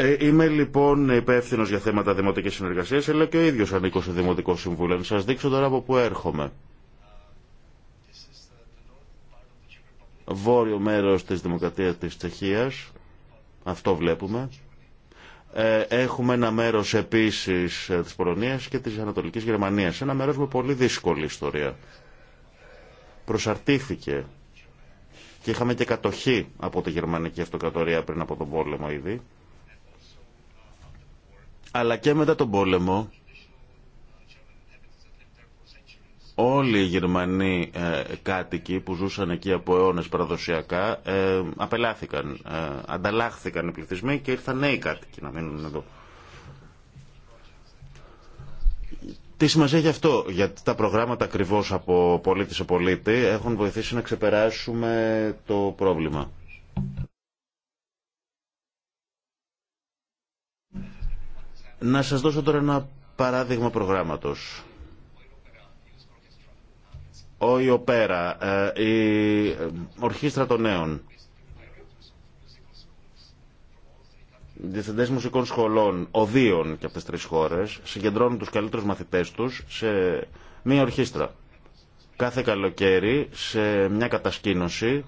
Ε, είμαι λοιπόν υπεύθυνο για θέματα δημοτική συνεργασία, αλλά και ο ίδιο ανήκω σε δημοτικό συμβούλιο. Να σα δείξω τώρα από πού έρχομαι. Βόρειο μέρο τη Δημοκρατία τη Τσεχία. Αυτό βλέπουμε. Ε, έχουμε ένα μέρο επίση ε, τη Πολωνία και τη Ανατολική Γερμανία. Ένα μέρο με πολύ δύσκολη ιστορία. Προσαρτήθηκε και είχαμε και κατοχή από τη Γερμανική Αυτοκρατορία πριν από τον πόλεμο ήδη αλλά και μετά τον πόλεμο όλοι οι Γερμανοί ε, κάτοικοι που ζούσαν εκεί από αιώνε παραδοσιακά ε, απελάθηκαν, ε, ανταλλάχθηκαν οι πληθυσμοί και ήρθαν νέοι κάτοικοι να μείνουν εδώ. Τι σημασία έχει αυτό, γιατί τα προγράμματα ακριβώ από πολίτη σε πολίτη έχουν βοηθήσει να ξεπεράσουμε το πρόβλημα. Να σας δώσω τώρα ένα παράδειγμα προγράμματος. Ο Ιωπέρα, ε, η Ορχήστρα των Νέων, διευθυντές μουσικών σχολών οδείων και από τι τρει χώρε συγκεντρώνουν τους καλύτερους μαθητές τους σε μία ορχήστρα. Κάθε καλοκαίρι σε μια κατασκήνωση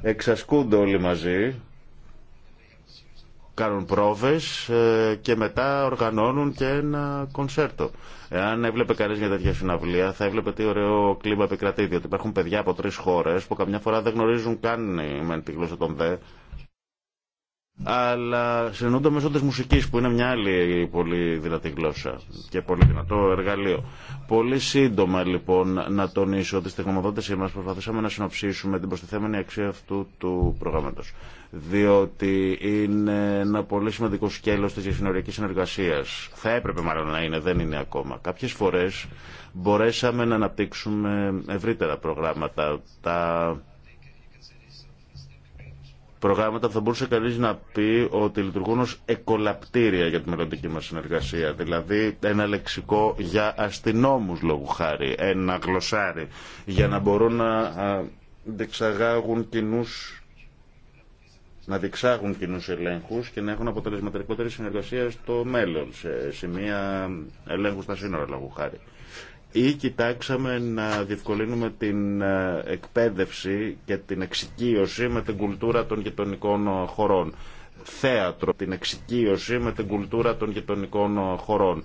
εξασκούνται όλοι μαζί κάνουν πρόβες ε, και μετά οργανώνουν και ένα κονσέρτο. Εάν έβλεπε κανεί μια τέτοια συναυλία, θα έβλεπε τι ωραίο κλίμα επικρατεί. Διότι υπάρχουν παιδιά από τρει χώρε που καμιά φορά δεν γνωρίζουν καν ε, τη γλώσσα των ΔΕ αλλά συνεννοούνται μέσω τη μουσική που είναι μια άλλη πολύ δυνατή γλώσσα και πολύ δυνατό εργαλείο. Πολύ σύντομα λοιπόν να τονίσω ότι στι γνωμοδότε μα προσπαθήσαμε να συνοψίσουμε την προστιθέμενη αξία αυτού του προγράμματο. Διότι είναι ένα πολύ σημαντικό σκέλο τη διασυνοριακή συνεργασία. Θα έπρεπε μάλλον να είναι, δεν είναι ακόμα. Κάποιε φορέ μπορέσαμε να αναπτύξουμε ευρύτερα προγράμματα. Τα Προγράμματα θα μπορούσε κανεί να πει ότι λειτουργούν ω εκολαπτήρια για τη μελλοντική μα συνεργασία. Δηλαδή ένα λεξικό για αστυνόμους λόγου χάρη, ένα γλωσσάρι, για να μπορούν να διεξαγάγουν κοινού να διεξάγουν κοινού ελέγχου και να έχουν αποτελεσματικότερη συνεργασία στο μέλλον, σε σημεία ελέγχου στα σύνορα, λόγου χάρη ή κοιτάξαμε να διευκολύνουμε την ε, εκπαίδευση και την εξοικείωση με την κουλτούρα των γειτονικών χωρών. Θέατρο, την εξοικείωση με την κουλτούρα των γειτονικών χωρών.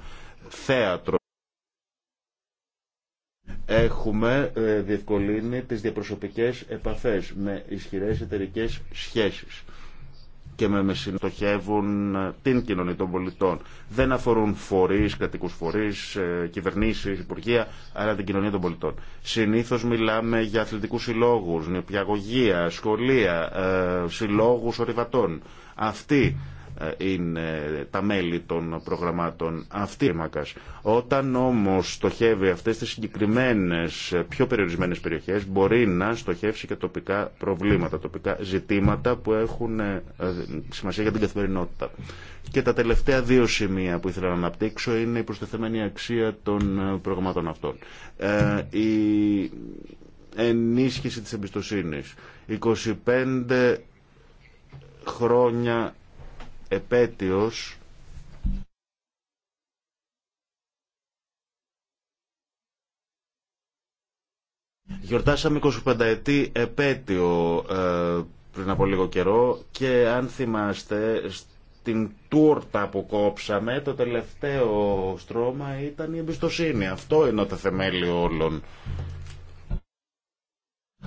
Θέατρο. Έχουμε ε, διευκολύνει τις διαπροσωπικές επαφές με ισχυρές εταιρικές σχέσεις και με συμμετοχεύουν ε, την κοινωνία των πολιτών. Δεν αφορούν φορεί, κρατικού φορεί, ε, κυβερνήσει, υπουργεία, αλλά την κοινωνία των πολιτών. Συνήθω μιλάμε για αθλητικού συλλόγου, νηπιαγωγία, σχολεία, ε, συλλόγου ορειβατών. Αυτοί ε, είναι τα μέλη των προγραμμάτων αυτή Όταν όμως στοχεύει αυτές τις συγκεκριμένες ε, πιο περιορισμένες περιοχές μπορεί να στοχεύσει και τοπικά προβλήματα, τοπικά ζητήματα που έχουν ε, σημασία για την καθημερινότητα. Και τα τελευταία δύο σημεία που ήθελα να αναπτύξω είναι η προστεθεμένη αξία των προγραμμάτων αυτών. η ενίσχυση της εμπιστοσύνης. 25 χρόνια επέτειος Γιορτάσαμε 25 ετή επέτειο ε, πριν από λίγο καιρό και αν θυμάστε στην τούρτα που κόψαμε το τελευταίο στρώμα ήταν η εμπιστοσύνη. Αυτό είναι το θεμέλιο όλων.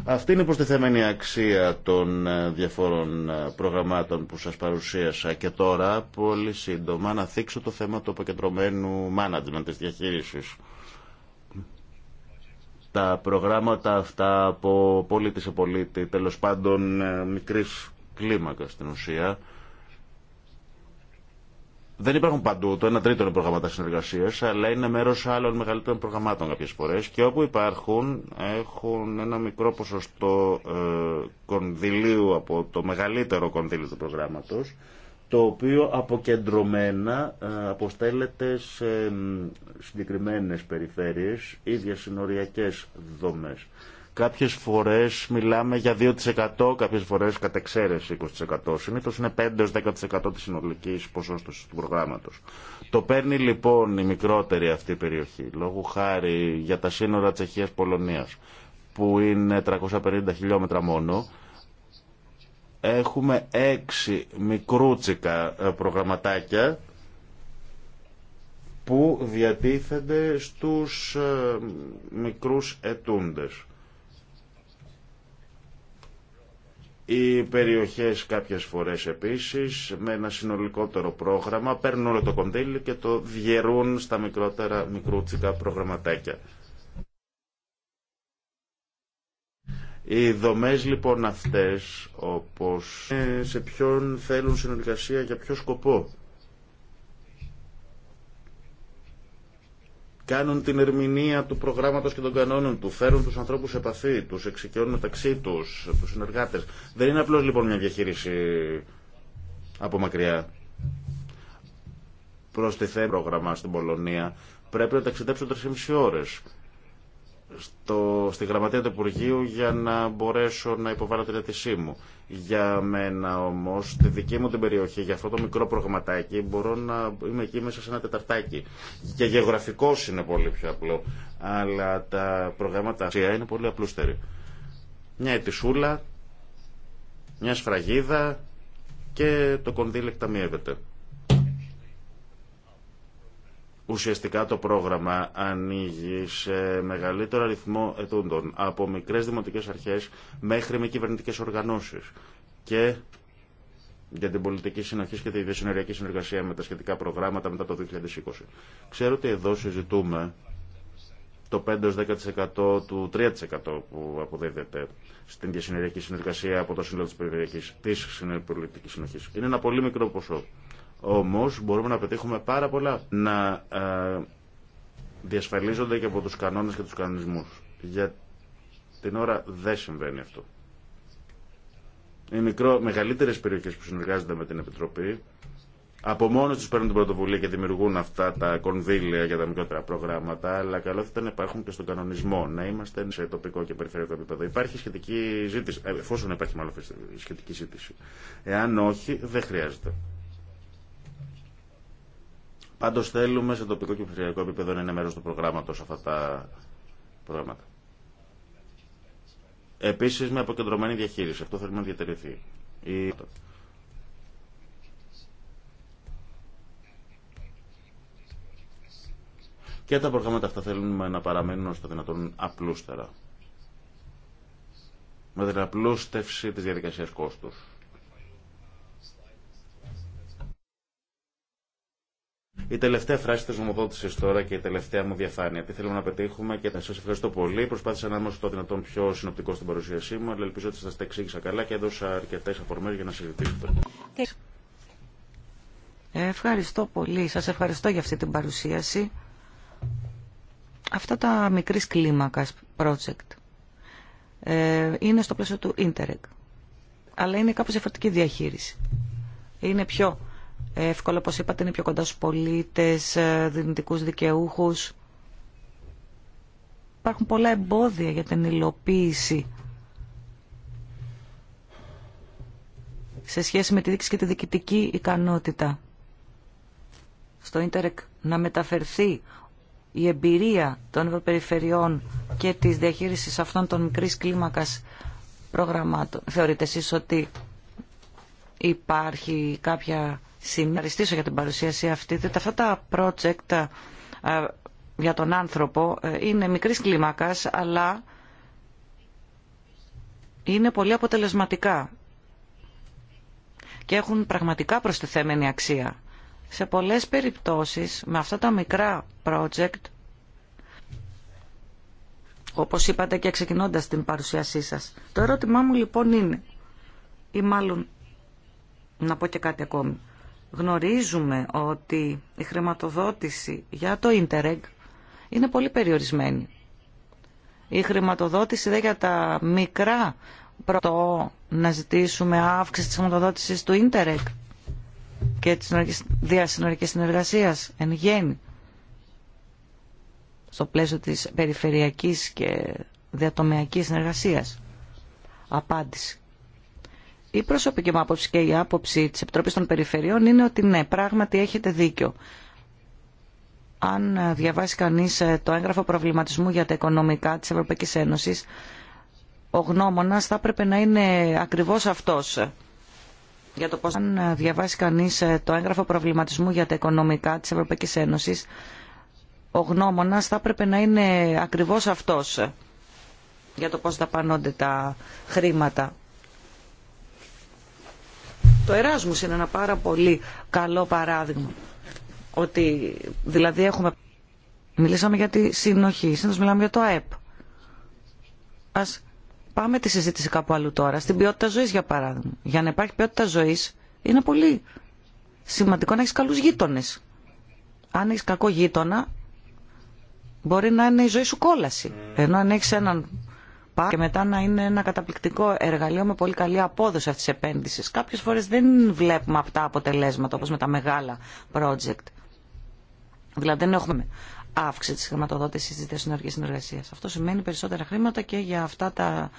Αυτή είναι η προστιθέμενη αξία των ε, διαφόρων ε, προγραμμάτων που σας παρουσίασα και τώρα πολύ σύντομα να θίξω το θέμα του αποκεντρωμένου management της διαχείρισης. Τα προγράμματα αυτά από πολίτη σε πολίτη, τέλος πάντων ε, μικρής κλίμακας στην ουσία, δεν υπάρχουν παντού. Το 1 τρίτο είναι προγράμματα συνεργασία, αλλά είναι μέρο άλλων μεγαλύτερων προγραμμάτων κάποιε φορέ. Και όπου υπάρχουν, έχουν ένα μικρό ποσοστό ε, κονδυλίου από το μεγαλύτερο κονδύλιο του προγράμματο, το οποίο αποκεντρωμένα ε, αποστέλλεται σε συγκεκριμένε περιφέρειες ή διασυνοριακέ δομέ. Κάποιες φορές μιλάμε για 2%, κάποιες φορές κατ' 20%. Συνήθως είναι 5-10% της συνολικής ποσόστοσης του προγράμματος. Το παίρνει λοιπόν η μικρότερη αυτή περιοχή, λόγω χάρη για τα σύνορα Τσεχίας-Πολωνίας, που είναι 350 χιλιόμετρα μόνο, έχουμε έξι μικρούτσικα ε, προγραμματάκια που διατίθενται στους ε, μικρούς ετούντες. Οι περιοχές κάποιες φορές επίσης με ένα συνολικότερο πρόγραμμα παίρνουν όλο το κοντήλι και το διαιρούν στα μικρότερα μικρούτσικα προγραμματάκια. Οι δομές λοιπόν αυτές όπως ε, σε ποιον θέλουν συνεργασία για ποιο σκοπό κάνουν την ερμηνεία του προγράμματος και των κανόνων του, φέρουν τους ανθρώπους σε επαφή, τους εξοικειώνουν μεταξύ τους, τους συνεργάτες. Δεν είναι απλώς λοιπόν μια διαχείριση από μακριά. Προστιθέ πρόγραμμα στην Πολωνία πρέπει να ταξιδέψουν 3,5 ώρες στο, στη γραμματεία του Υπουργείου για να μπορέσω να υποβάλω την αίτησή μου. Για μένα όμω, στη δική μου την περιοχή, για αυτό το μικρό προγραμματάκι, μπορώ να είμαι εκεί μέσα σε ένα τεταρτάκι. Και γεωγραφικό είναι πολύ πιο απλό. Αλλά τα προγράμματα είναι πολύ απλούστερη. Μια ετησούλα, μια σφραγίδα και το κονδύλι εκταμιεύεται. Ουσιαστικά το πρόγραμμα ανοίγει σε μεγαλύτερο αριθμό ετούντων από μικρές δημοτικές αρχές μέχρι με κυβερνητικές οργανώσεις και για την πολιτική συνοχή και τη διασυνοριακή συνεργασία με τα σχετικά προγράμματα μετά το 2020. Ξέρω ότι εδώ συζητούμε το 5-10% του 3% που αποδίδεται στην διασυνοριακή συνεργασία από το Σύνολο της της Πολιτικής Συνοχής. Είναι ένα πολύ μικρό ποσό. Όμως μπορούμε να πετύχουμε πάρα πολλά. Να ε, διασφαλίζονται και από τους κανόνες και τους κανονισμούς. Για την ώρα δεν συμβαίνει αυτό. Οι μικρό, μεγαλύτερες περιοχές που συνεργάζονται με την Επιτροπή από μόνο του παίρνουν την πρωτοβουλία και δημιουργούν αυτά τα κονδύλια για τα μικρότερα προγράμματα, αλλά καλό θα ήταν να υπάρχουν και στον κανονισμό, να είμαστε σε τοπικό και περιφερειακό επίπεδο. Υπάρχει σχετική ζήτηση, ε, εφόσον υπάρχει μάλλον σχετική ζήτηση. Εάν όχι, δεν χρειάζεται. Πάντω θέλουμε σε τοπικό και περιφερειακό επίπεδο να είναι μέρο του προγράμματο αυτά τα προγράμματα. Επίση με αποκεντρωμένη διαχείριση. Αυτό θέλουμε να διατηρηθεί. Η... Και τα προγράμματα αυτά θέλουμε να παραμένουν όσο δυνατόν απλούστερα. Με την απλούστευση της διαδικασίας κόστου. Η τελευταία φράση τη νομοδότηση τώρα και η τελευταία μου διαφάνεια. Τι θέλουμε να πετύχουμε και σα ευχαριστώ πολύ. Προσπάθησα να είμαι στο το δυνατόν πιο συνοπτικό στην παρουσίασή μου, αλλά ελπίζω ότι σα τα εξήγησα καλά και έδωσα αρκετέ αφορμέ για να συζητήσουμε. Ευχαριστώ πολύ. σα ευχαριστώ για αυτή την παρουσίαση. Αυτά τα μικρή κλίμακα project ε, είναι στο πλαίσιο του Interreg. Αλλά είναι κάπως διαφορετική διαχείριση. Είναι πιο εύκολο, όπως είπατε, είναι πιο κοντά στους πολίτες, ε, δυνητικούς δικαιούχους. Υπάρχουν πολλά εμπόδια για την υλοποίηση σε σχέση με τη δίκηση και τη διοικητική ικανότητα. Στο ίντερεκ να μεταφερθεί η εμπειρία των ευρωπεριφερειών και της διαχείρισης αυτών των μικρής κλίμακας προγραμμάτων. Θεωρείτε εσείς ότι υπάρχει κάποια σημεία. για την παρουσίαση αυτή. Διότι αυτά τα project για τον άνθρωπο ε, είναι μικρής κλίμακας, αλλά είναι πολύ αποτελεσματικά και έχουν πραγματικά προστιθέμενη αξία. Σε πολλές περιπτώσεις με αυτά τα μικρά project, όπως είπατε και ξεκινώντας την παρουσίασή σας, το ερώτημά μου λοιπόν είναι, ή μάλλον να πω και κάτι ακόμη, γνωρίζουμε ότι η χρηματοδότηση για το Interreg είναι πολύ περιορισμένη. Η χρηματοδότηση δεν για τα μικρά πρωτό να ζητήσουμε αύξηση της χρηματοδότησης του Ίντερεγ και της διασυνορικής συνεργασίας εν γέννη στο πλαίσιο της περιφερειακής και διατομιακής συνεργασίας. Απάντηση. Η προσωπική μου άποψη και η άποψη της Επιτροπής των Περιφερειών είναι ότι ναι, πράγματι έχετε δίκιο. Αν διαβάσει κανείς ε, το έγγραφο προβληματισμού για τα οικονομικά της Ευρωπαϊκής Ένωσης, ο γνώμονας θα έπρεπε να είναι ακριβώς αυτός. Για το πώς... Αν διαβάσει κανείς ε, το έγγραφο προβληματισμού για τα οικονομικά της Ευρωπαϊκής Ένωσης, ο γνώμονας θα έπρεπε να είναι ακριβώς αυτός για το πώς δαπανώνται τα χρήματα το Εράσμους είναι ένα πάρα πολύ καλό παράδειγμα. Ότι δηλαδή έχουμε... Μιλήσαμε για τη συνοχή, σύντος μιλάμε για το ΑΕΠ. Ας πάμε τη συζήτηση κάπου αλλού τώρα, στην ποιότητα ζωής για παράδειγμα. Για να υπάρχει ποιότητα ζωής είναι πολύ σημαντικό να έχεις καλούς γείτονες. Αν έχεις κακό γείτονα, μπορεί να είναι η ζωή σου κόλαση. Ενώ αν έχεις έναν και μετά να είναι ένα καταπληκτικό εργαλείο με πολύ καλή απόδοση αυτή τη επένδυση. Κάποιε φορέ δεν βλέπουμε αυτά αποτελέσματα όπω με τα μεγάλα project. Δηλαδή δεν έχουμε αύξηση τη χρηματοδότηση τη διασυνορικής συνεργασία. Αυτό σημαίνει περισσότερα χρήματα και για αυτά τα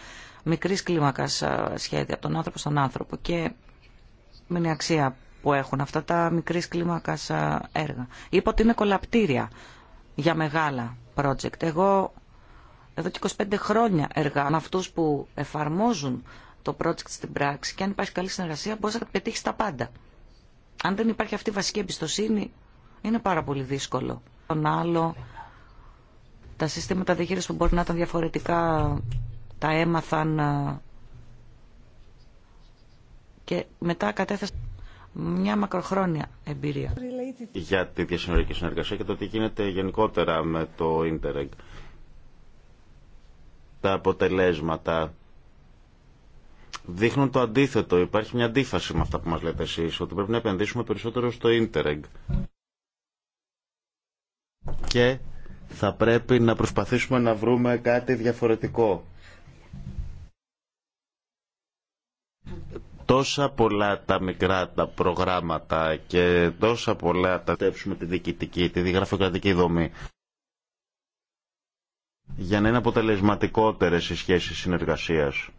μικρή κλίμακα σχέδια από τον άνθρωπο στον άνθρωπο και με την αξία που έχουν αυτά τα μικρή κλίμακα έργα. Είπα ότι είναι κολαπτήρια για μεγάλα project. Εγώ εδώ και 25 χρόνια εργά με αυτούς που εφαρμόζουν το project στην πράξη και αν υπάρχει καλή συνεργασία μπορείς να πετύχεις τα πάντα. Αν δεν υπάρχει αυτή η βασική εμπιστοσύνη είναι πάρα πολύ δύσκολο. Τον άλλο, τα σύστηματα διαχείρισης που μπορεί να ήταν διαφορετικά τα έμαθαν ε, και μετά κατέθεσαν μια μακροχρόνια εμπειρία. Για τη διασυνορική συνεργασία και το τι γίνεται γενικότερα με το ίντερνετ τα αποτελέσματα δείχνουν το αντίθετο. Υπάρχει μια αντίφαση με αυτά που μας λέτε εσείς, ότι πρέπει να επενδύσουμε περισσότερο στο Interreg. Και θα πρέπει να προσπαθήσουμε να βρούμε κάτι διαφορετικό. Τόσα πολλά τα μικρά τα προγράμματα και τόσα πολλά τα τέψουμε τη διοικητική, τη διγραφειοκρατική δομή για να είναι αποτελεσματικότερες οι σχέσεις συνεργασίας